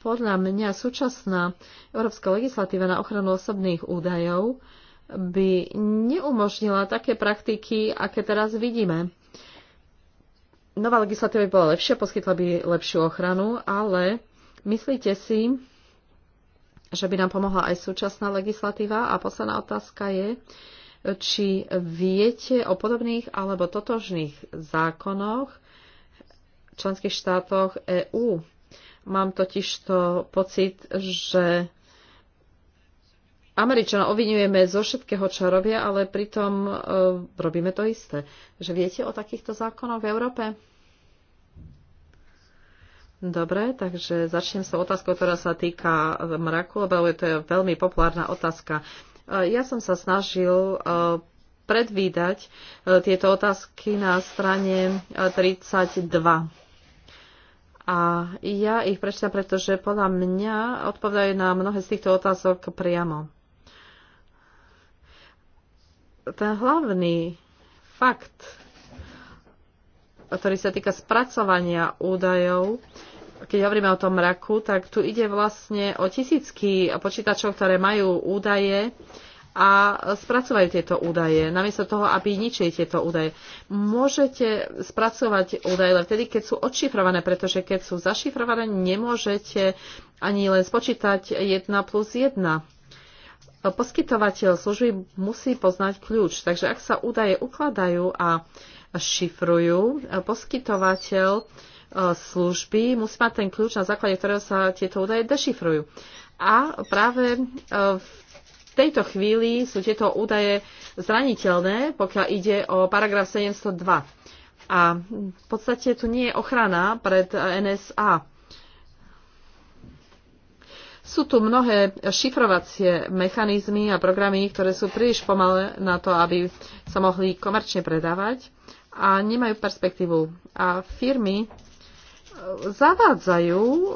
podľa mňa súčasná európska legislatíva na ochranu osobných údajov by neumožnila také praktiky, aké teraz vidíme nová legislatíva by bola lepšia, poskytla by lepšiu ochranu, ale myslíte si, že by nám pomohla aj súčasná legislatíva? A posledná otázka je, či viete o podobných alebo totožných zákonoch v členských štátoch EÚ. Mám totiž to pocit, že Američana obvinujeme zo všetkého, čo robia, ale pritom e, robíme to isté. Že viete o takýchto zákonoch v Európe? Dobre, takže začnem sa otázkou, ktorá sa týka mraku, lebo to je veľmi populárna otázka. E, ja som sa snažil e, predvídať e, tieto otázky na strane 32. A ja ich prečítam, pretože podľa mňa odpovedajú na mnohé z týchto otázok priamo. Ten hlavný fakt, ktorý sa týka spracovania údajov, keď hovoríme o tom raku, tak tu ide vlastne o tisícky počítačov, ktoré majú údaje a spracovajú tieto údaje, namiesto toho, aby ničili tieto údaje. Môžete spracovať údaje len vtedy, keď sú odšifrované, pretože keď sú zašifrované, nemôžete ani len spočítať 1 plus 1. Poskytovateľ služby musí poznať kľúč, takže ak sa údaje ukladajú a uh, šifrujú. Poskytovateľ e, služby musí mať ten kľúč, na základe ktorého sa tieto údaje dešifrujú. A práve e, v tejto chvíli sú tieto údaje zraniteľné, pokiaľ ide o paragraf 702. A v podstate tu nie je ochrana pred NSA. Sú tu mnohé šifrovacie mechanizmy a programy, ktoré sú príliš pomalé na to, aby sa mohli komerčne predávať a nemajú perspektívu. A firmy e, zavádzajú, e,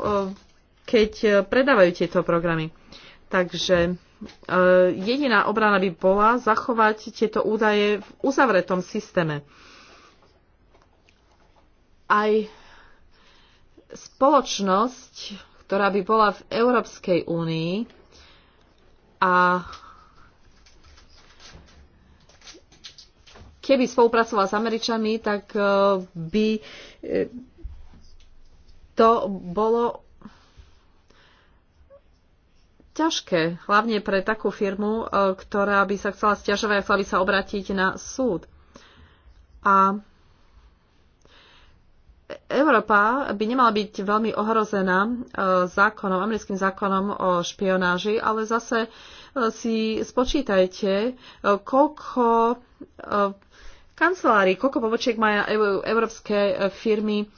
keď e, predávajú tieto programy. Takže jediná obrana by bola zachovať tieto údaje v uzavretom systéme. Aj spoločnosť, ktorá by bola v Európskej únii a keby spolupracoval s Američanmi, tak eh, by eh, to bolo ťažké, hlavne pre takú firmu, eh, ktorá by sa chcela stiažovať a chcela by sa obrátiť na súd. A Európa by nemala byť veľmi ohrozená zákonom, americkým zákonom o špionáži, ale zase si spočítajte, koľko kancelárií, koľko pobočiek majú európske e, firmy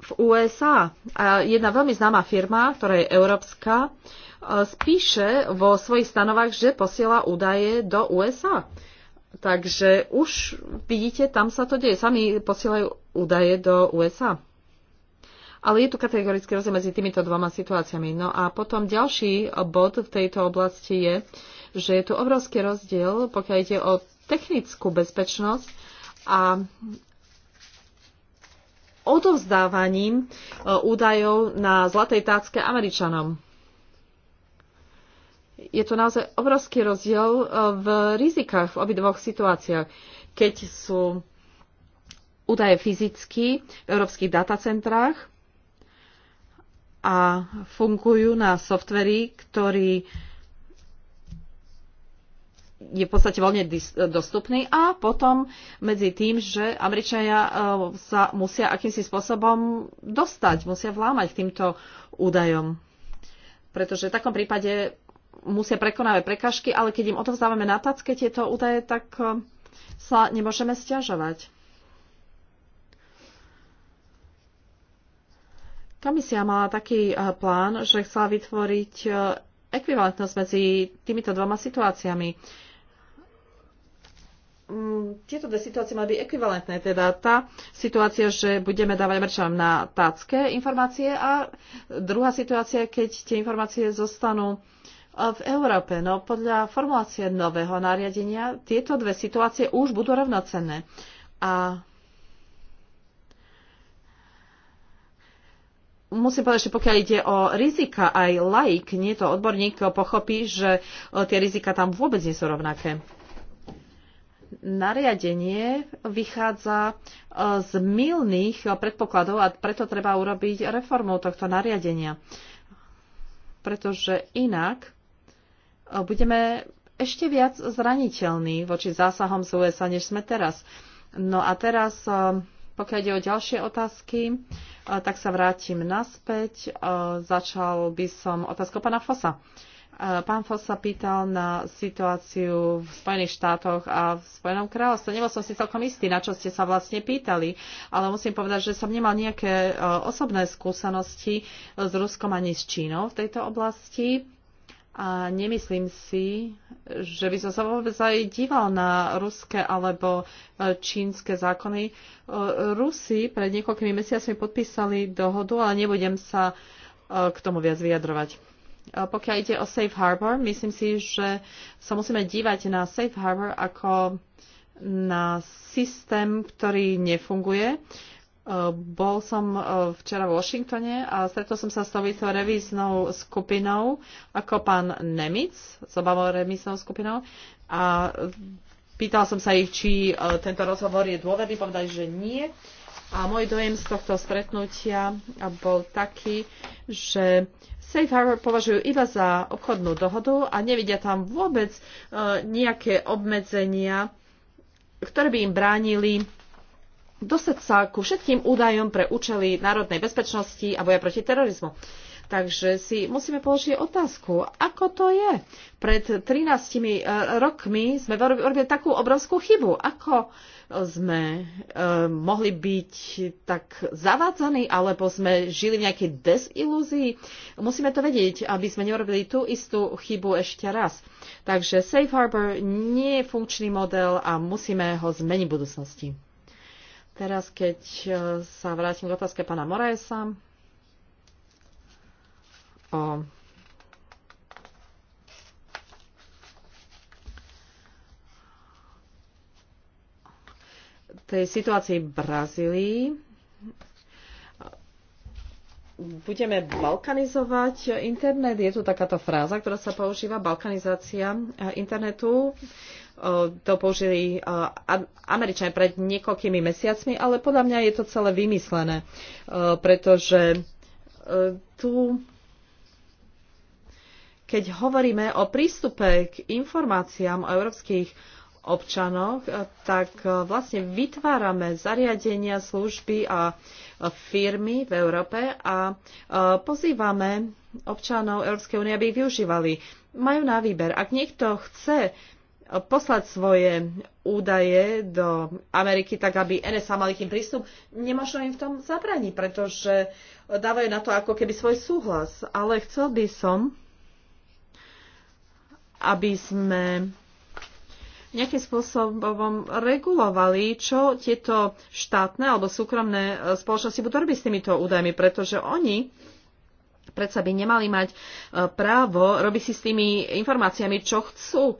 v USA. A jedna veľmi známa firma, ktorá je európska, e, spíše vo svojich stanovách, že posiela údaje do USA. Takže už vidíte, tam sa to deje. Sami posielajú údaje do USA. Ale je tu kategorický rozdiel medzi týmito dvoma situáciami. No a potom ďalší bod v tejto oblasti je, že je tu obrovský rozdiel, pokiaľ ide o technickú bezpečnosť a odovzdávaním e, údajov na zlatej tácke Američanom. Je to naozaj obrovský rozdiel e, v rizikách v obidvoch situáciách. Keď sú údaje fyzicky v európskych datacentrách a fungujú na softvery, ktorý je v podstate voľne dostupný a potom medzi tým, že Američania e, sa musia akýmsi spôsobom dostať, musia vlámať k týmto údajom. Pretože v takom prípade musia prekonávať prekažky, ale keď im odovzdávame na tacke tieto údaje, tak e, sa nemôžeme stiažovať. Komisia mala taký e, plán, že chcela vytvoriť ekvivalentnosť medzi týmito dvoma situáciami. Mm, tieto dve situácie mali byť ekvivalentné, teda tá situácia, že budeme dávať mrčam na tácké informácie a druhá situácia, keď tie informácie zostanú e, v Európe. No podľa formulácie nového nariadenia tieto dve situácie už budú rovnocenné. A musím povedať, že pokiaľ ide o rizika, aj laik, nie to odborník, pochopí, že e, tie rizika tam vôbec nie sú rovnaké nariadenie vychádza e, z mylných predpokladov a preto treba urobiť reformu tohto nariadenia. Pretože inak e, budeme ešte viac zraniteľní voči zásahom z USA, než sme teraz. No a teraz, e, pokiaľ ide o ďalšie otázky, tak sa vrátim naspäť. Začal by som otázkou pana Fosa. Eh, pán Foss sa pýtal na situáciu v Spojených štátoch a v Spojenom kráľovstve. Nebol som si celkom istý, na čo ste sa vlastne pýtali, ale musím povedať, že som nemal nejaké eh, osobné skúsenosti eh, s Ruskom ani s Čínou v tejto oblasti. A nemyslím si, že by som sa vôbec aj díval na ruské alebo čínske zákony. Rusi pred niekoľkými mesiacmi podpísali dohodu, ale nebudem sa k tomu viac vyjadrovať. Eh, pokiaľ ide o Safe Harbor, myslím si, že sa musíme dívať na Safe Harbor ako na systém, ktorý nefunguje. Eh, bol som eh, včera v Washingtone a stretol som sa s touto revíznou skupinou ako pán Nemic, s obavou revíznou skupinou a pýtal som sa ich, či tento rozhovor je dôverný, povedali, že nie a môj dojem z tohto stretnutia bol taký, že Safe Harbor považujú iba za obchodnú dohodu a nevidia tam vôbec e, nejaké obmedzenia, ktoré by im bránili dostať sa ku všetkým údajom pre účely národnej bezpečnosti a boja proti terorizmu. Takže si musíme položiť otázku, ako to je. Pred 13 e, rokmi sme robili takú obrovskú chybu. Ako sme uh, mohli byť tak zavádzaní, alebo sme žili v nejakej desilúzii. Musíme to vedieť, aby sme neurobili tú istú chybu ešte raz. Takže Safe Harbor nie je funkčný model a musíme ho zmeniť v budúcnosti. Teraz, keď e, sa vrátim k otázke pána Moraesa o tej situácii v Brazílii budeme balkanizovať internet. Je tu takáto fráza, ktorá sa používa, balkanizácia internetu. To použili eh, Američania pred niekoľkými mesiacmi, ale podľa mňa je to celé vymyslené, eh, pretože eh, tu keď hovoríme o prístupe k informáciám o európskych občanoch, eh, tak eh, vlastne vytvárame zariadenia, služby a eh, firmy v Európe a pozývame občanov Európskej únie, aby ich využívali. Majú na výber. Ak niekto chce poslať svoje údaje do Ameriky, tak aby NSA mali tým prístup, nemožno im v tom zabraniť, pretože dávajú na to ako keby svoj súhlas. Ale chcel by som, aby sme nejakým spôsobom regulovali, čo tieto štátne alebo súkromné e, spoločnosti budú robiť s týmito údajmi, pretože oni predsa by nemali mať e, právo robiť si s tými informáciami, čo chcú, e,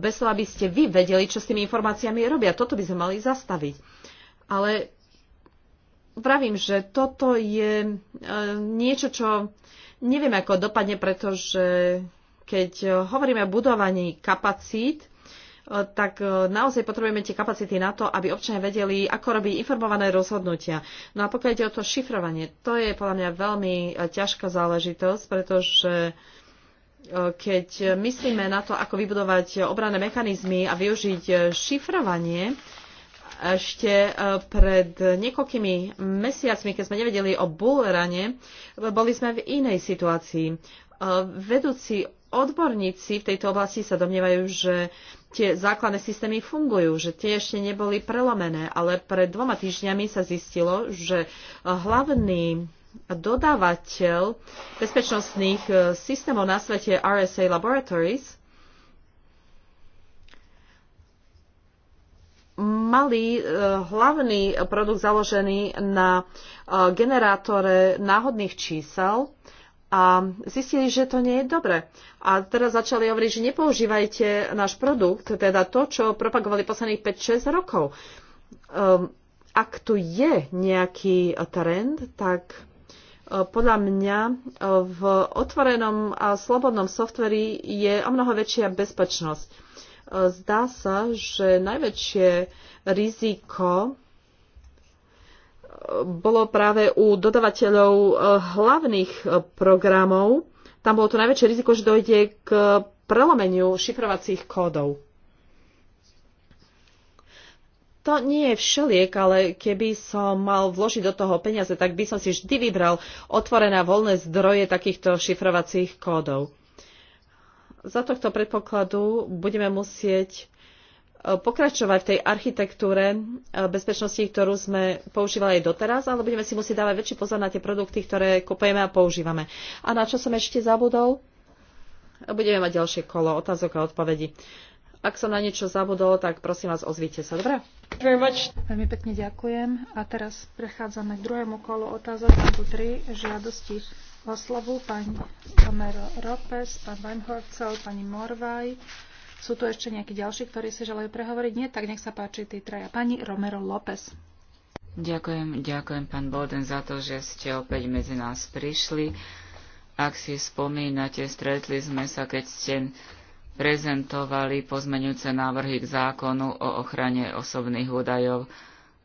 bez toho, aby ste vy vedeli, čo s tými informáciami robia. Toto by sme mali zastaviť. Ale vravím, že toto je niečo, čo neviem, ako dopadne, pretože keď hovoríme o budovaní kapacít, E, tak e, naozaj potrebujeme tie kapacity na to, aby občania vedeli, ako robiť informované rozhodnutia. No a pokiaľ ide o to šifrovanie, to je podľa mňa veľmi e, ťažká záležitosť, pretože keď myslíme na to, ako vybudovať obranné mechanizmy a využiť šifrovanie, ešte pred niekoľkými mesiacmi, keď sme nevedeli o bulerane, boli sme v inej situácii. Vedúci odborníci v tejto oblasti sa domnievajú, že tie základné systémy fungujú, že tie ešte neboli prelomené, ale pred dvoma týždňami sa zistilo, že hlavný dodávateľ bezpečnostných e, systémov na svete RSA Laboratories mali e, hlavný produkt založený na e, generátore náhodných čísel, a zistili, že to nie je dobre. A teraz začali hovoriť, že nepoužívajte náš produkt, teda to, čo propagovali posledných 5-6 rokov. Um, ak tu je nejaký trend, tak e, podľa mňa e, v otvorenom a slobodnom softveri je o mnoho väčšia bezpečnosť. E, zdá sa, že najväčšie riziko bolo práve u dodavateľov eh, hlavných eh, programov. Tam bolo to najväčšie riziko, že dojde k prelomeniu šifrovacích kódov. To nie je všeliek, ale keby som mal vložiť do toho peniaze, tak by som si vždy vybral otvorené voľné zdroje takýchto šifrovacích kódov. Za tohto predpokladu budeme musieť E, pokračovať v tej architektúre e, bezpečnosti, ktorú sme používali aj doteraz, ale budeme si musieť dávať väčší pozor na tie produkty, ktoré kupujeme a používame. A na čo som ešte zabudol? Budeme mať ďalšie kolo otázok a odpovedí. Ak som na niečo zabudol, tak prosím vás, ozvíte sa, dobre? Veľmi pekne ďakujem. A teraz prechádzame k druhému kolu otázok. Tam tu tri žiadosti o slovu. Pani Romero Ropes, pán Weinhorcel, pani Morvaj sú tu ešte nejakí ďalší, ktorí si želajú prehovoriť? Nie, tak nech sa páči tí traja. Pani Romero López. Ďakujem, ďakujem pán Bolden za to, že ste opäť medzi nás prišli. Ak si spomínate, stretli sme sa, keď ste prezentovali pozmenujúce návrhy k zákonu o ochrane osobných údajov.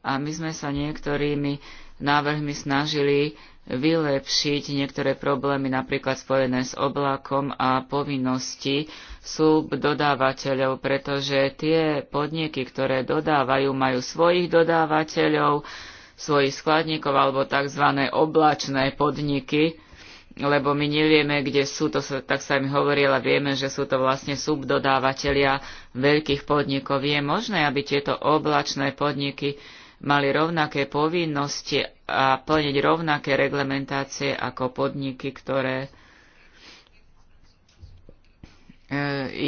A my sme sa niektorými návrhmi snažili vylepšiť niektoré problémy, napríklad spojené s oblakom a povinnosti súb dodávateľov, pretože tie podniky, ktoré dodávajú, majú svojich dodávateľov, svojich skladníkov alebo tzv. oblačné podniky, lebo my nevieme, kde sú, to sa, tak sa mi hovorila, vieme, že sú to vlastne subdodávateľia veľkých podnikov. Je možné, aby tieto oblačné podniky mali rovnaké povinnosti a plniť rovnaké reglementácie ako podniky, ktoré e,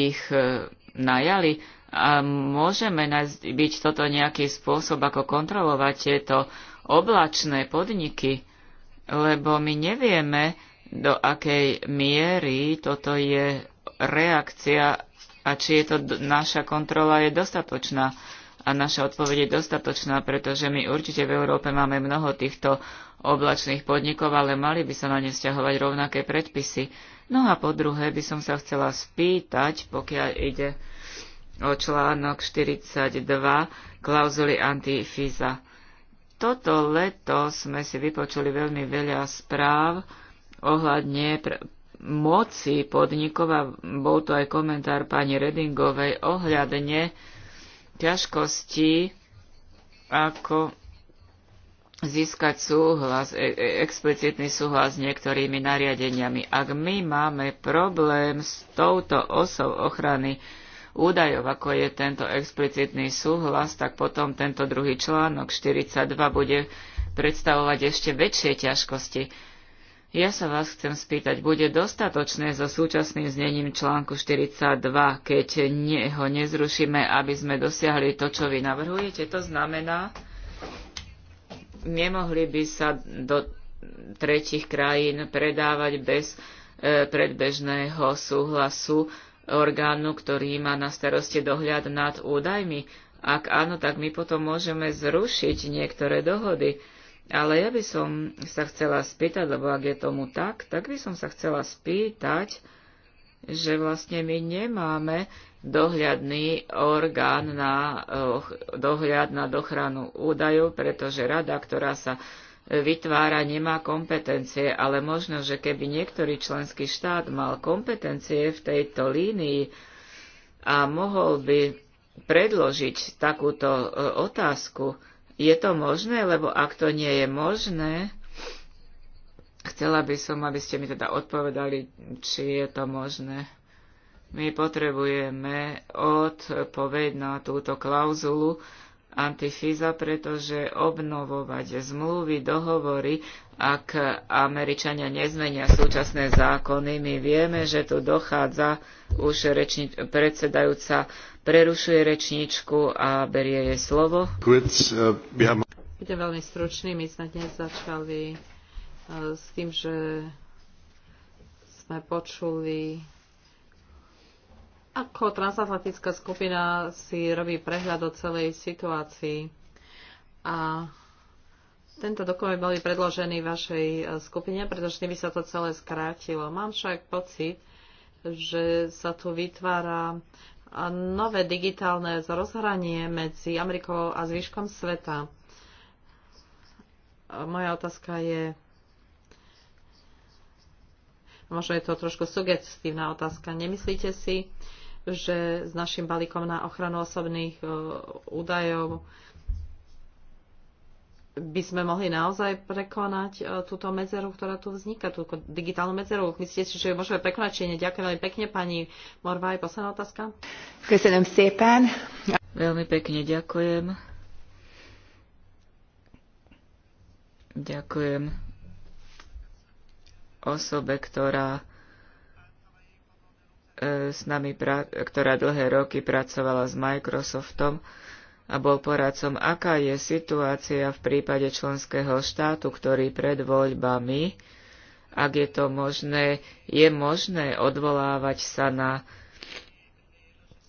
ich e, najali. A môžeme byť toto nejaký spôsob, ako kontrolovať tieto oblačné podniky, lebo my nevieme, do akej miery toto je reakcia a či je to naša kontrola je dostatočná a naša odpoveď je dostatočná, pretože my určite v Európe máme mnoho týchto oblačných podnikov, ale mali by sa na ne stiahovať rovnaké predpisy. No a po druhé by som sa chcela spýtať, pokiaľ ide o článok 42 klauzuly antifiza. Toto leto sme si vypočuli veľmi veľa správ ohľadne moci podnikov a bol to aj komentár pani Redingovej ohľadne ťažkosti, ako získať súhlas, e, e, explicitný súhlas s niektorými nariadeniami. Ak my máme problém s touto osou ochrany údajov, ako je tento explicitný súhlas, tak potom tento druhý článok 42 bude predstavovať ešte väčšie ťažkosti. Ja sa vás chcem spýtať, bude dostatočné so súčasným znením článku 42, keď nie, ho nezrušíme, aby sme dosiahli to, čo vy navrhujete? To znamená, nemohli by sa do tretich krajín predávať bez e, predbežného súhlasu orgánu, ktorý má na starosti dohľad nad údajmi. Ak áno, tak my potom môžeme zrušiť niektoré dohody ale ja by som sa chcela spýtať, lebo ak je tomu tak, tak by som sa chcela spýtať, že vlastne my nemáme dohľadný orgán na dohľad na dochranu údajov, pretože rada, ktorá sa vytvára, nemá kompetencie, ale možno, že keby niektorý členský štát mal kompetencie v tejto línii a mohol by predložiť takúto e, otázku, je to možné? Lebo ak to nie je možné, chcela by som, aby ste mi teda odpovedali, či je to možné. My potrebujeme odpoveď na túto klauzulu antifiza, pretože obnovovať zmluvy, dohovory, ak Američania nezmenia súčasné zákony, my vieme, že tu dochádza, už rečni, predsedajúca prerušuje rečníčku a berie jej slovo. Uh, Budem veľmi stručný, my sme dnes začali uh, s tým, že sme počuli, ako transatlantická skupina si robí prehľad o celej situácii. A tento dokument bol predložený vašej uh, skupine, pretože tým by sa to celé skrátilo. Mám však pocit, že sa tu vytvára nové digitálne rozhranie medzi Amerikou a zvyškom sveta. Moja otázka je, možno je to trošku sugestívna otázka, nemyslíte si, že s našim balíkom na ochranu osobných e, údajov by sme mohli naozaj prekonať e, túto medzeru, ktorá tu vzniká, tú digitálnu medzeru. Myslíte si, že ju môžeme prekonať, či nie? Ďakujem veľmi pekne, pani aj Posledná otázka. Ďakujem Veľmi pekne ďakujem. Ďakujem osobe, ktorá e, s nami, ktorá dlhé roky pracovala s Microsoftom, a bol poradcom, aká je situácia v prípade členského štátu, ktorý pred voľbami, ak je to možné, je možné odvolávať sa na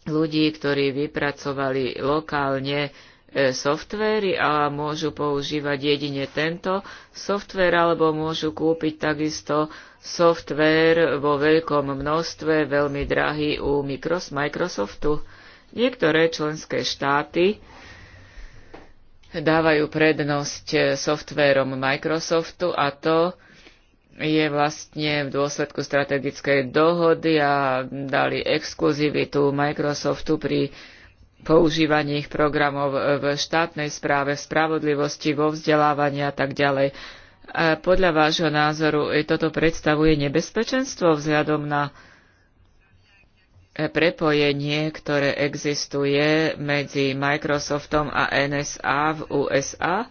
ľudí, ktorí vypracovali lokálne e, softvery a môžu používať jedine tento softver, alebo môžu kúpiť takisto softver vo veľkom množstve, veľmi drahý u Microsoftu Niektoré členské štáty dávajú prednosť softvérom Microsoftu a to je vlastne v dôsledku strategickej dohody a dali exkluzivitu Microsoftu pri používaní ich programov v štátnej správe, v spravodlivosti, vo vzdelávaní a tak ďalej. A podľa vášho názoru e, toto predstavuje nebezpečenstvo vzhľadom na prepojenie, ktoré existuje medzi Microsoftom a NSA v USA.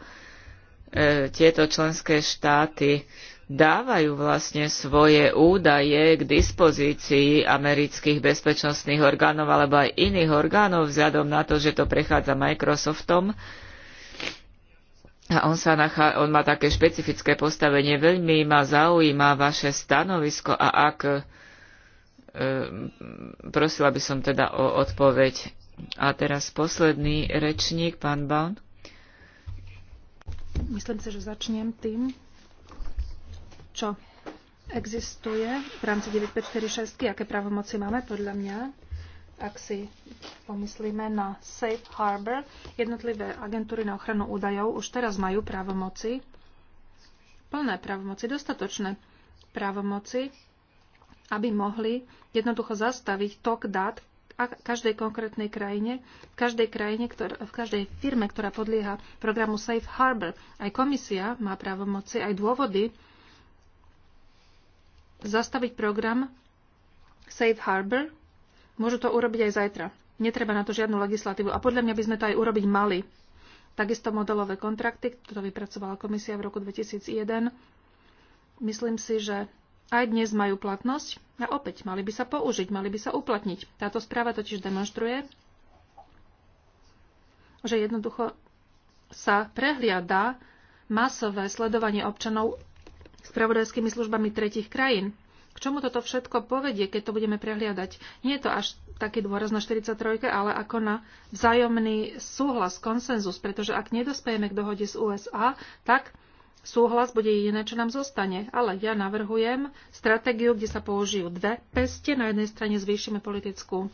E, tieto členské štáty dávajú vlastne svoje údaje k dispozícii amerických bezpečnostných orgánov alebo aj iných orgánov vzhľadom na to, že to prechádza Microsoftom. A on, sa nachá, on má také špecifické postavenie. Veľmi ma zaujíma vaše stanovisko a ak Ehm, prosila by som teda o odpoveď. A teraz posledný rečník, pán Baun. Myslím si, že začnem tým, čo existuje v rámci 9546, aké právomoci máme podľa mňa, ak si pomyslíme na Safe Harbor, jednotlivé agentúry na ochranu údajov už teraz majú právomoci, plné právomoci, dostatočné právomoci aby mohli jednoducho zastaviť tok dát v každej konkrétnej krajine, v každej, krajine, ktor- v každej firme, ktorá podlieha programu Safe Harbor. Aj komisia má právomoci, aj dôvody zastaviť program Safe Harbor. Môžu to urobiť aj zajtra. Netreba na to žiadnu legislatívu. A podľa mňa by sme to aj urobiť mali. Takisto modelové kontrakty, ktoré vypracovala komisia v roku 2001. Myslím si, že aj dnes majú platnosť a opäť mali by sa použiť, mali by sa uplatniť. Táto správa totiž demonstruje, že jednoducho sa prehliada masové sledovanie občanov spravodajskými službami tretich krajín. K čomu toto všetko povedie, keď to budeme prehliadať? Nie je to až taký dôraz na 43, ale ako na vzájomný súhlas, konsenzus, pretože ak nedospejeme k dohode z USA, tak súhlas bude jediné, čo nám zostane. Ale ja navrhujem stratégiu, kde sa použijú dve peste. Na jednej strane zvýšime politickú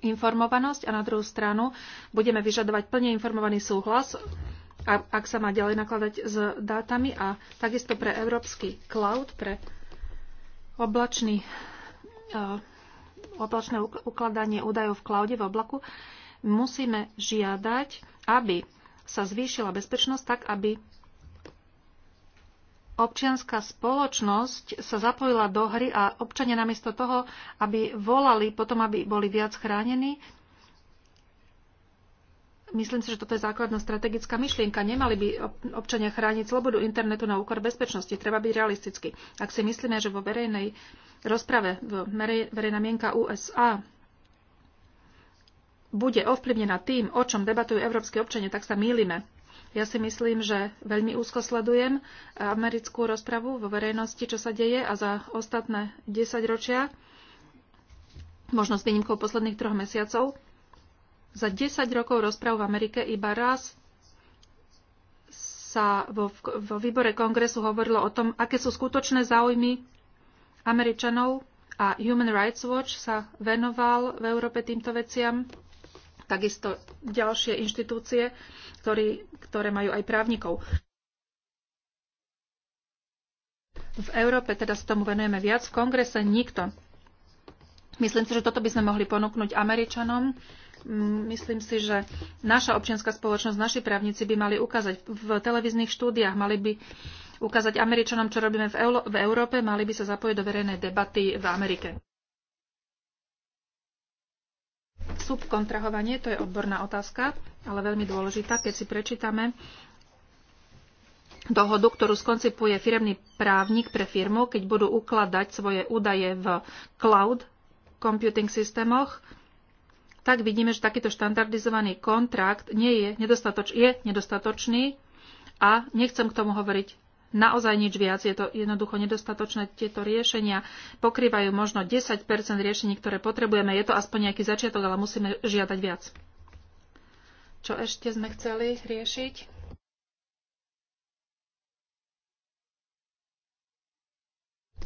informovanosť a na druhú stranu budeme vyžadovať plne informovaný súhlas, ak sa má ďalej nakladať s dátami a takisto pre európsky cloud, pre oblačný, e, oblačné ukladanie údajov v cloude, v oblaku, musíme žiadať, aby sa zvýšila bezpečnosť tak, aby občianská spoločnosť sa zapojila do hry a občania namiesto toho, aby volali potom, aby boli viac chránení, Myslím si, že toto je základná strategická myšlienka. Nemali by občania chrániť slobodu internetu na úkor bezpečnosti. Treba byť realistický. Ak si myslíme, že vo verejnej rozprave, v verejná mienka USA bude ovplyvnená tým, o čom debatujú európske občania, tak sa mýlime. Ja si myslím, že veľmi úzko sledujem eh, americkú rozpravu vo verejnosti, čo sa deje a za ostatné 10 ročia, možno s výnimkou posledných troch mesiacov, za 10 rokov rozpravu v Amerike iba raz sa vo, vo výbore kongresu hovorilo o tom, aké sú skutočné záujmy Američanov a Human Rights Watch sa venoval v Európe týmto veciam takisto ďalšie inštitúcie, ktorý, ktoré majú aj právnikov. V Európe teda sa tomu venujeme viac, v kongrese nikto. Myslím si, že toto by sme mohli ponúknuť Američanom. Mm, myslím si, že naša občianská spoločnosť, naši právnici by mali ukázať v televíznych štúdiách, mali by ukázať Američanom, čo robíme v Európe, mali by sa zapojiť do verejnej debaty v Amerike. Subkontrahovanie, to je odborná otázka, ale veľmi dôležitá, keď si prečítame dohodu, ktorú skoncipuje firemný právnik pre firmu, keď budú ukladať svoje údaje v cloud computing systémoch, tak vidíme, že takýto štandardizovaný kontrakt nie je, nedostatoč, je nedostatočný a nechcem k tomu hovoriť naozaj nič viac. Je to jednoducho nedostatočné. Tieto riešenia pokrývajú možno 10 riešení, ktoré potrebujeme. Je to aspoň nejaký začiatok, ale musíme žiadať viac. Čo ešte sme chceli riešiť?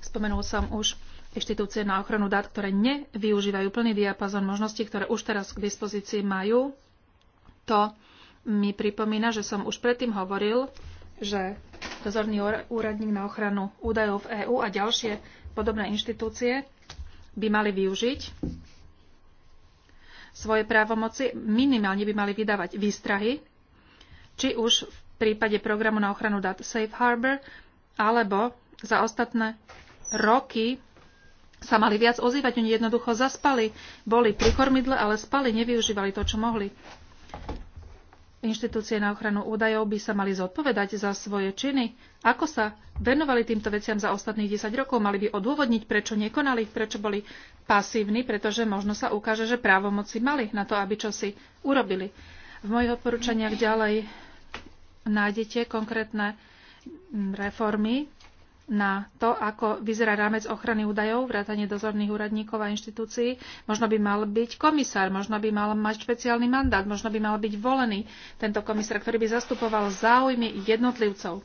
Spomenul som už inštitúcie na ochranu dát, ktoré nevyužívajú plný diapazon možností, ktoré už teraz k dispozícii majú. To mi pripomína, že som už predtým hovoril, že dozorný úradník na ochranu údajov v EÚ a ďalšie podobné inštitúcie by mali využiť svoje právomoci, minimálne by mali vydávať výstrahy, či už v prípade programu na ochranu dát Safe Harbor, alebo za ostatné roky sa mali viac ozývať, oni jednoducho zaspali, boli pri kormidle, ale spali, nevyužívali to, čo mohli inštitúcie na ochranu údajov by sa mali zodpovedať za svoje činy. Ako sa venovali týmto veciam za ostatných 10 rokov? Mali by odôvodniť, prečo nekonali, prečo boli pasívni, pretože možno sa ukáže, že právomoci mali na to, aby čo si urobili. V mojich odporúčaniach ďalej nájdete konkrétne mm, reformy na to, ako vyzerá rámec ochrany údajov, vrátanie dozorných úradníkov a inštitúcií. Možno by mal byť komisár, možno by mal mať špeciálny mandát, možno by mal byť volený tento komisár, ktorý by zastupoval záujmy jednotlivcov.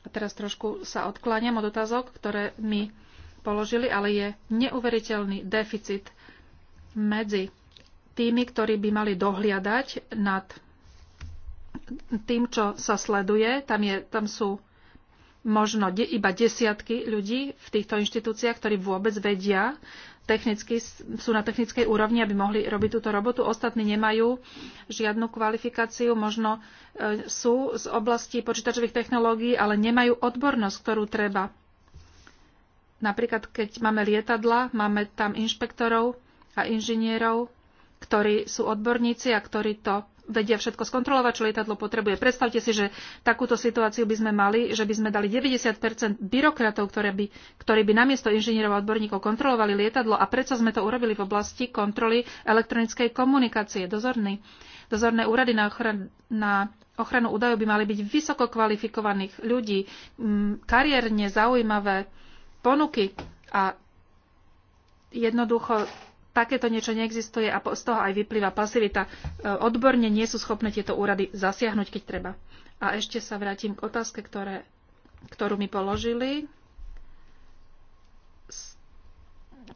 A teraz trošku sa odkláňam od otázok, ktoré mi položili, ale je neuveriteľný deficit medzi tými, ktorí by mali dohliadať nad tým, čo sa sleduje. Tam, je, tam sú možno de- iba desiatky ľudí v týchto inštitúciách, ktorí vôbec vedia, technicky, sú na technickej úrovni, aby mohli robiť túto robotu. Ostatní nemajú žiadnu kvalifikáciu, možno e, sú z oblasti počítačových technológií, ale nemajú odbornosť, ktorú treba. Napríklad, keď máme lietadla, máme tam inšpektorov a inžinierov, ktorí sú odborníci a ktorí to vedia všetko skontrolovať, čo lietadlo potrebuje. Predstavte si, že takúto situáciu by sme mali, že by sme dali 90 byrokratov, ktoré by, ktorí by namiesto inžinierov a odborníkov kontrolovali lietadlo a predsa sme to urobili v oblasti kontroly elektronickej komunikácie. Dozorný, dozorné úrady na, ochran, na ochranu údajov by mali byť vysoko kvalifikovaných ľudí, mm, kariérne zaujímavé ponuky a jednoducho takéto niečo neexistuje a z toho aj vyplýva pasivita. E, odborne nie sú schopné tieto úrady zasiahnuť, keď treba. A ešte sa vrátim k otázke, ktoré, ktorú mi položili.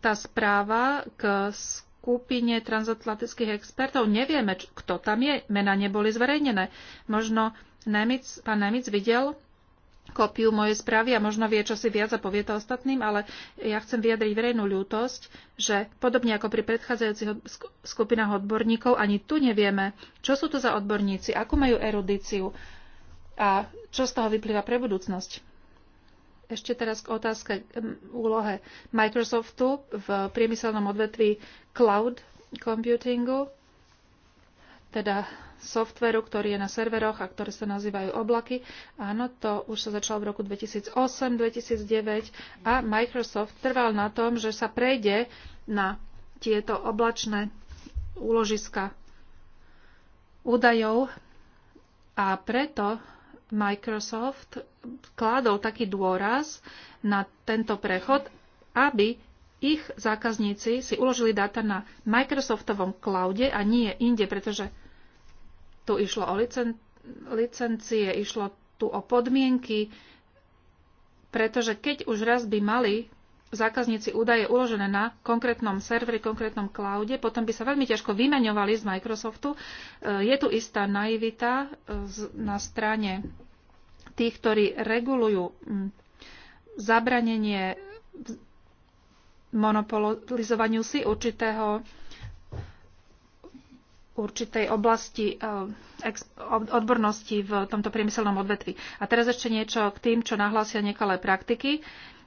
Tá správa k skupine transatlantických expertov. Nevieme, kto tam je. Mena neboli zverejnené. Možno Nemic, pán Nemic videl kópiu mojej správy a možno vie, čo si viac a povie to ostatným, ale ja chcem vyjadriť verejnú ľútosť, že podobne ako pri predchádzajúcich skupinách odborníkov, ani tu nevieme, čo sú to za odborníci, akú majú erudíciu a čo z toho vyplýva pre budúcnosť. Ešte teraz k otázke úlohe Microsoftu v priemyselnom odvetví cloud computingu, teda softveru, ktorý je na serveroch a ktoré sa nazývajú oblaky. Áno, to už sa začalo v roku 2008-2009 a Microsoft trval na tom, že sa prejde na tieto oblačné úložiska údajov a preto Microsoft kládol taký dôraz na tento prechod, aby ich zákazníci si uložili dáta na Microsoftovom cloude a nie inde, pretože tu išlo o licen- licencie, išlo tu o podmienky, pretože keď už raz by mali zákazníci údaje uložené na konkrétnom serveri, konkrétnom cloude, potom by sa veľmi ťažko vymeňovali z Microsoftu. E, je tu istá naivita e, na strane tých, ktorí regulujú zabranenie monopolizovaniu si určitého určitej oblasti eh, odbornosti v tomto priemyselnom odvetvi. A teraz ešte niečo k tým, čo nahlásia nekalé praktiky.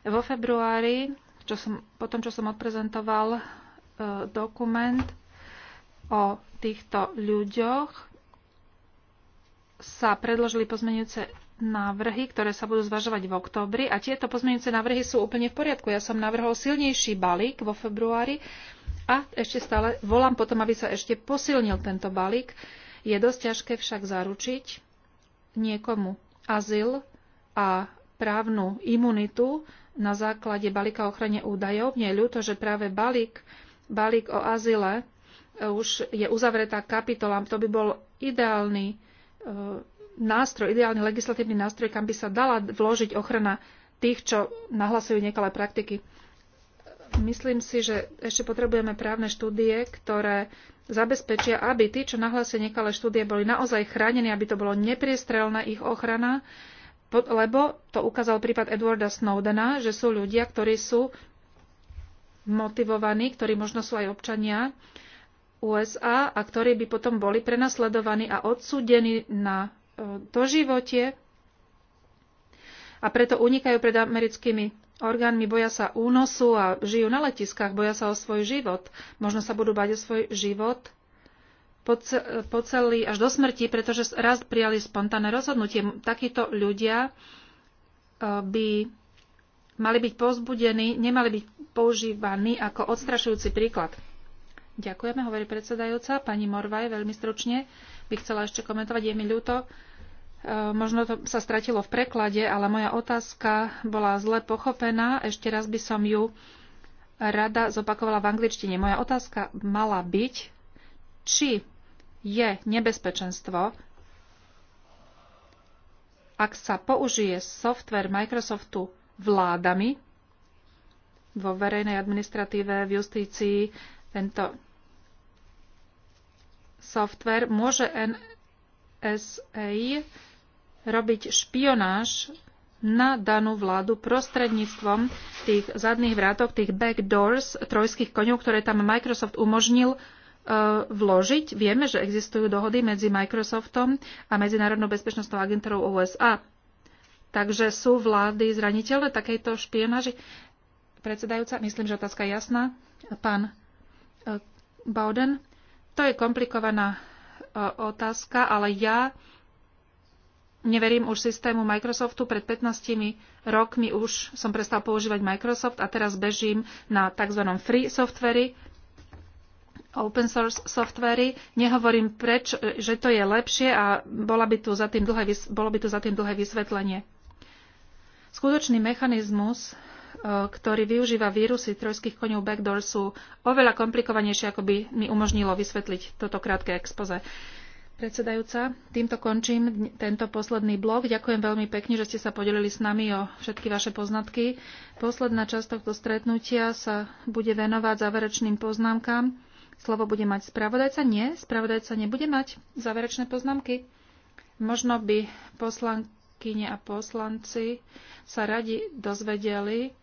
Vo februári, čo som, po tom, čo som odprezentoval eh, dokument o týchto ľuďoch, sa predložili pozmenujúce návrhy, ktoré sa budú zvažovať v októbri a tieto pozmenujúce návrhy sú úplne v poriadku. Ja som navrhol silnejší balík vo februári, a ešte stále volám potom, aby sa ešte posilnil tento balík. Je dosť ťažké však zaručiť niekomu azyl a právnu imunitu na základe balíka ochrane údajov. Mne je ľúto, že práve balík, balík o azyle e, už je uzavretá kapitola. To by bol ideálny e, nástroj, ideálny legislatívny nástroj, kam by sa dala vložiť ochrana tých, čo nahlasujú nekalé praktiky. Myslím si, že ešte potrebujeme právne štúdie, ktoré zabezpečia, aby tí, čo nahlásia nekalé štúdie, boli naozaj chránení, aby to bolo nepriestrelná ich ochrana, lebo to ukázal prípad Edwarda Snowdena, že sú ľudia, ktorí sú motivovaní, ktorí možno sú aj občania USA a ktorí by potom boli prenasledovaní a odsúdení na e, životie a preto unikajú pred americkými orgánmi, boja sa únosu a žijú na letiskách, boja sa o svoj život. Možno sa budú bať o svoj život po celý, až do smrti, pretože raz prijali spontánne rozhodnutie. Takíto ľudia e, by mali byť pozbudení, nemali byť používaní ako odstrašujúci príklad. Ďakujeme, hovorí predsedajúca. Pani Morvaj, veľmi stručne by chcela ešte komentovať. Je mi ľúto, Eh, možno to sa stratilo v preklade, ale moja otázka bola zle pochopená. Ešte raz by som ju rada zopakovala v angličtine. Moja otázka mala byť, či je nebezpečenstvo, ak sa použije software Microsoftu vládami vo verejnej administratíve, v justícii, tento software môže NSA robiť špionáž na danú vládu prostredníctvom tých zadných vrátok, tých backdoors, trojských koňov, ktoré tam Microsoft umožnil e, vložiť. Vieme, že existujú dohody medzi Microsoftom a Medzinárodnou bezpečnostnou agentúrou USA. Takže sú vlády zraniteľné takejto špionáži? Predsedajúca, myslím, že otázka je jasná. Pán e, Bowden, to je komplikovaná e, otázka, ale ja neverím už systému Microsoftu. Pred 15 rokmi už som prestal používať Microsoft a teraz bežím na tzv. free softvery, open source softvery. Nehovorím preč, že to je lepšie a bola by tu za tým dlhé, bolo by tu za tým dlhé vysvetlenie. Skutočný mechanizmus, e, ktorý využíva vírusy trojských koniov backdoor sú oveľa komplikovanejšie, ako by mi umožnilo vysvetliť toto krátke expoze predsedajúca. Týmto končím tento posledný blok. Ďakujem veľmi pekne, že ste sa podelili s nami o všetky vaše poznatky. Posledná časť tohto stretnutia sa bude venovať záverečným poznámkam. Slovo bude mať spravodajca? Nie, spravodajca nebude mať záverečné poznámky. Možno by poslankyne a poslanci sa radi dozvedeli,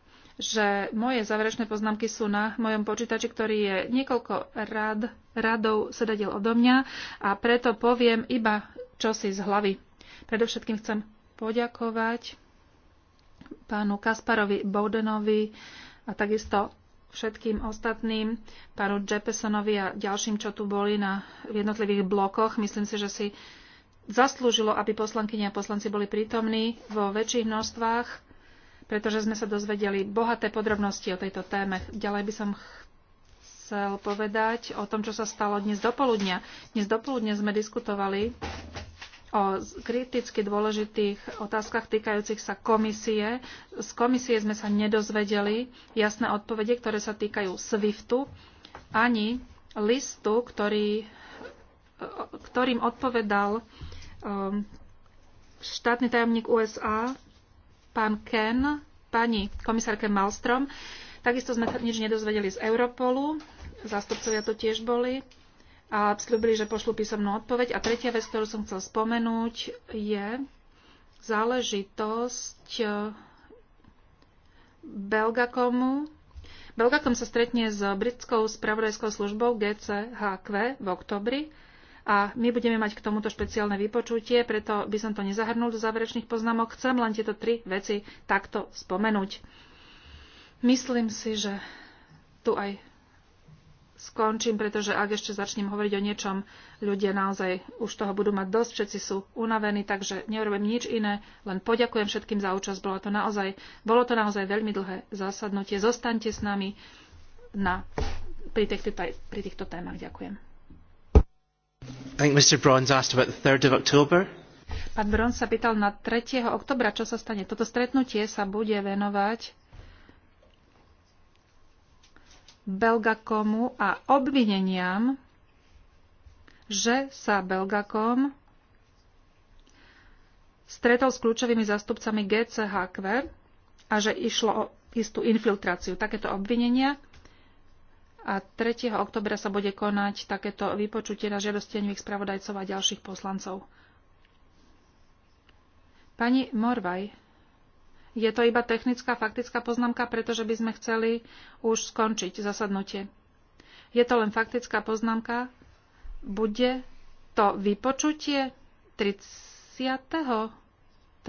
že moje záverečné poznámky sú na mojom počítači, ktorý je niekoľko rad, radov sedadiel odo mňa a preto poviem iba čosi z hlavy. Predovšetkým chcem poďakovať pánu Kasparovi Bowdenovi a takisto všetkým ostatným, pánu Jeppesonovi a ďalším, čo tu boli na jednotlivých blokoch. Myslím si, že si zaslúžilo, aby poslankyne a poslanci boli prítomní vo väčších množstvách pretože sme sa dozvedeli bohaté podrobnosti o tejto téme. Ďalej by som chcel povedať o tom, čo sa stalo dnes dopoludnia. Dnes dopoludne sme diskutovali o kriticky dôležitých otázkach týkajúcich sa komisie. Z komisie sme sa nedozvedeli jasné odpovede, ktoré sa týkajú SWIFTu, ani listu, ktorý, ktorým odpovedal um, štátny tajomník USA pán Ken, pani komisárke Malstrom. Takisto sme nič nedozvedeli z Europolu, zástupcovia to tiež boli a slúbili, že pošlú písomnú odpoveď. A tretia vec, ktorú som chcel spomenúť, je záležitosť eh, Belgakomu. Belgakom sa stretne s britskou spravodajskou službou GCHQ v oktobri a my budeme mať k tomuto špeciálne vypočutie, preto by som to nezahrnul do záverečných poznámok. Chcem len tieto tri veci takto spomenúť. Myslím si, že tu aj skončím, pretože ak ešte začnem hovoriť o niečom, ľudia naozaj už toho budú mať dosť, všetci sú unavení, takže neurobím nič iné, len poďakujem všetkým za účasť. Bolo to naozaj, bolo to naozaj veľmi dlhé zásadnutie. Zostaňte s nami na, pri, týchto, pri týchto témach. Ďakujem. I think Mr. Bronze asked about the 3rd of October. Pán Bron sa pýtal na 3. oktobra, čo sa stane. Toto stretnutie sa bude venovať Belgakomu a obvineniam, že sa Belgakom stretol s kľúčovými zastupcami GCHQ e a že išlo o istú infiltráciu. Takéto obvinenia a 3. oktobra sa bude konať takéto vypočutie na žiadosteniu spravodajcov a ďalších poslancov. Pani Morvaj, je to iba technická faktická poznámka, pretože by sme chceli už skončiť zasadnutie. Je to len faktická poznámka. Bude to vypočutie 30.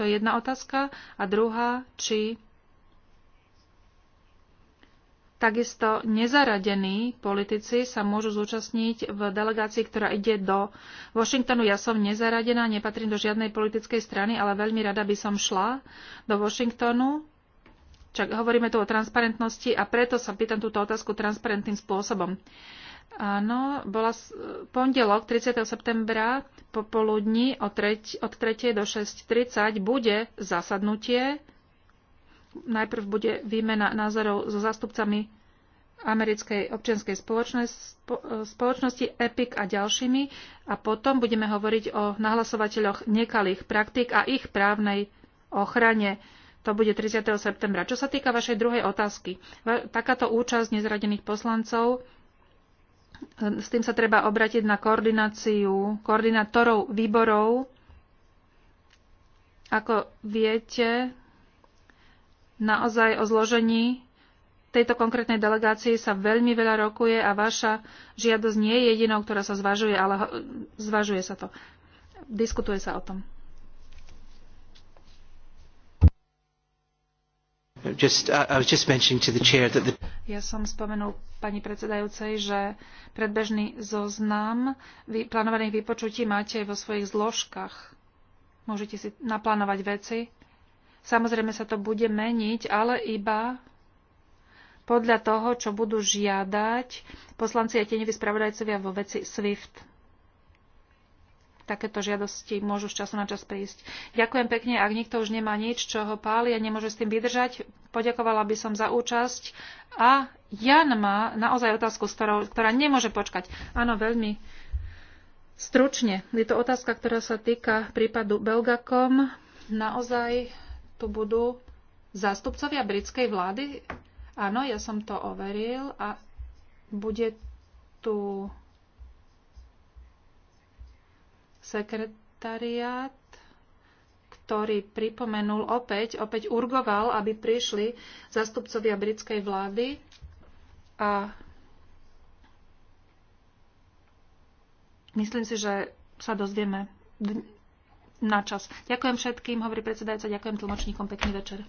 To je jedna otázka. A druhá, či Takisto nezaradení politici sa môžu zúčastniť v delegácii, ktorá ide do Washingtonu. Ja som nezaradená, nepatrím do žiadnej politickej strany, ale veľmi rada by som šla do Washingtonu. Čak hovoríme tu o transparentnosti a preto sa pýtam túto otázku transparentným spôsobom. Áno, bola pondelok 30. septembra popoludní od 3. do 6.30 bude zasadnutie Najprv bude výmena názorov so zástupcami americkej občianskej spoločnosti EPIC a ďalšími a potom budeme hovoriť o nahlasovateľoch nekalých praktík a ich právnej ochrane. To bude 30. septembra. Čo sa týka vašej druhej otázky, takáto účasť nezradených poslancov, s tým sa treba obratiť na koordináciu koordinátorov výborov. Ako viete, Naozaj o zložení tejto konkrétnej delegácii sa veľmi veľa rokuje a vaša žiadosť nie je jedinou, ktorá sa zvažuje, ale zvažuje sa to. Diskutuje sa o tom. Just, the... Ja som spomenul pani predsedajúcej, že predbežný zoznam plánovaných vypočutí máte vo svojich zložkách. Môžete si naplánovať veci Samozrejme sa to bude meniť, ale iba podľa toho, čo budú žiadať poslanci a tieňoví spravodajcovia vo veci SWIFT. Takéto žiadosti môžu z času na čas prísť. Ďakujem pekne, ak nikto už nemá nič, čo ho páli a nemôže s tým vydržať. Poďakovala by som za účasť. A Jan má naozaj otázku, ktorá nemôže počkať. Áno, veľmi stručne. Je to otázka, ktorá sa týka prípadu Belgakom. Naozaj tu budú zástupcovia britskej vlády? Áno, ja som to overil a bude tu sekretariat, ktorý pripomenul opäť, opäť urgoval, aby prišli zastupcovia britskej vlády a myslím si, že sa dozvieme na čas. Ďakujem všetkým, hovorí predsedajúca, ďakujem tlmočníkom, pekný večer.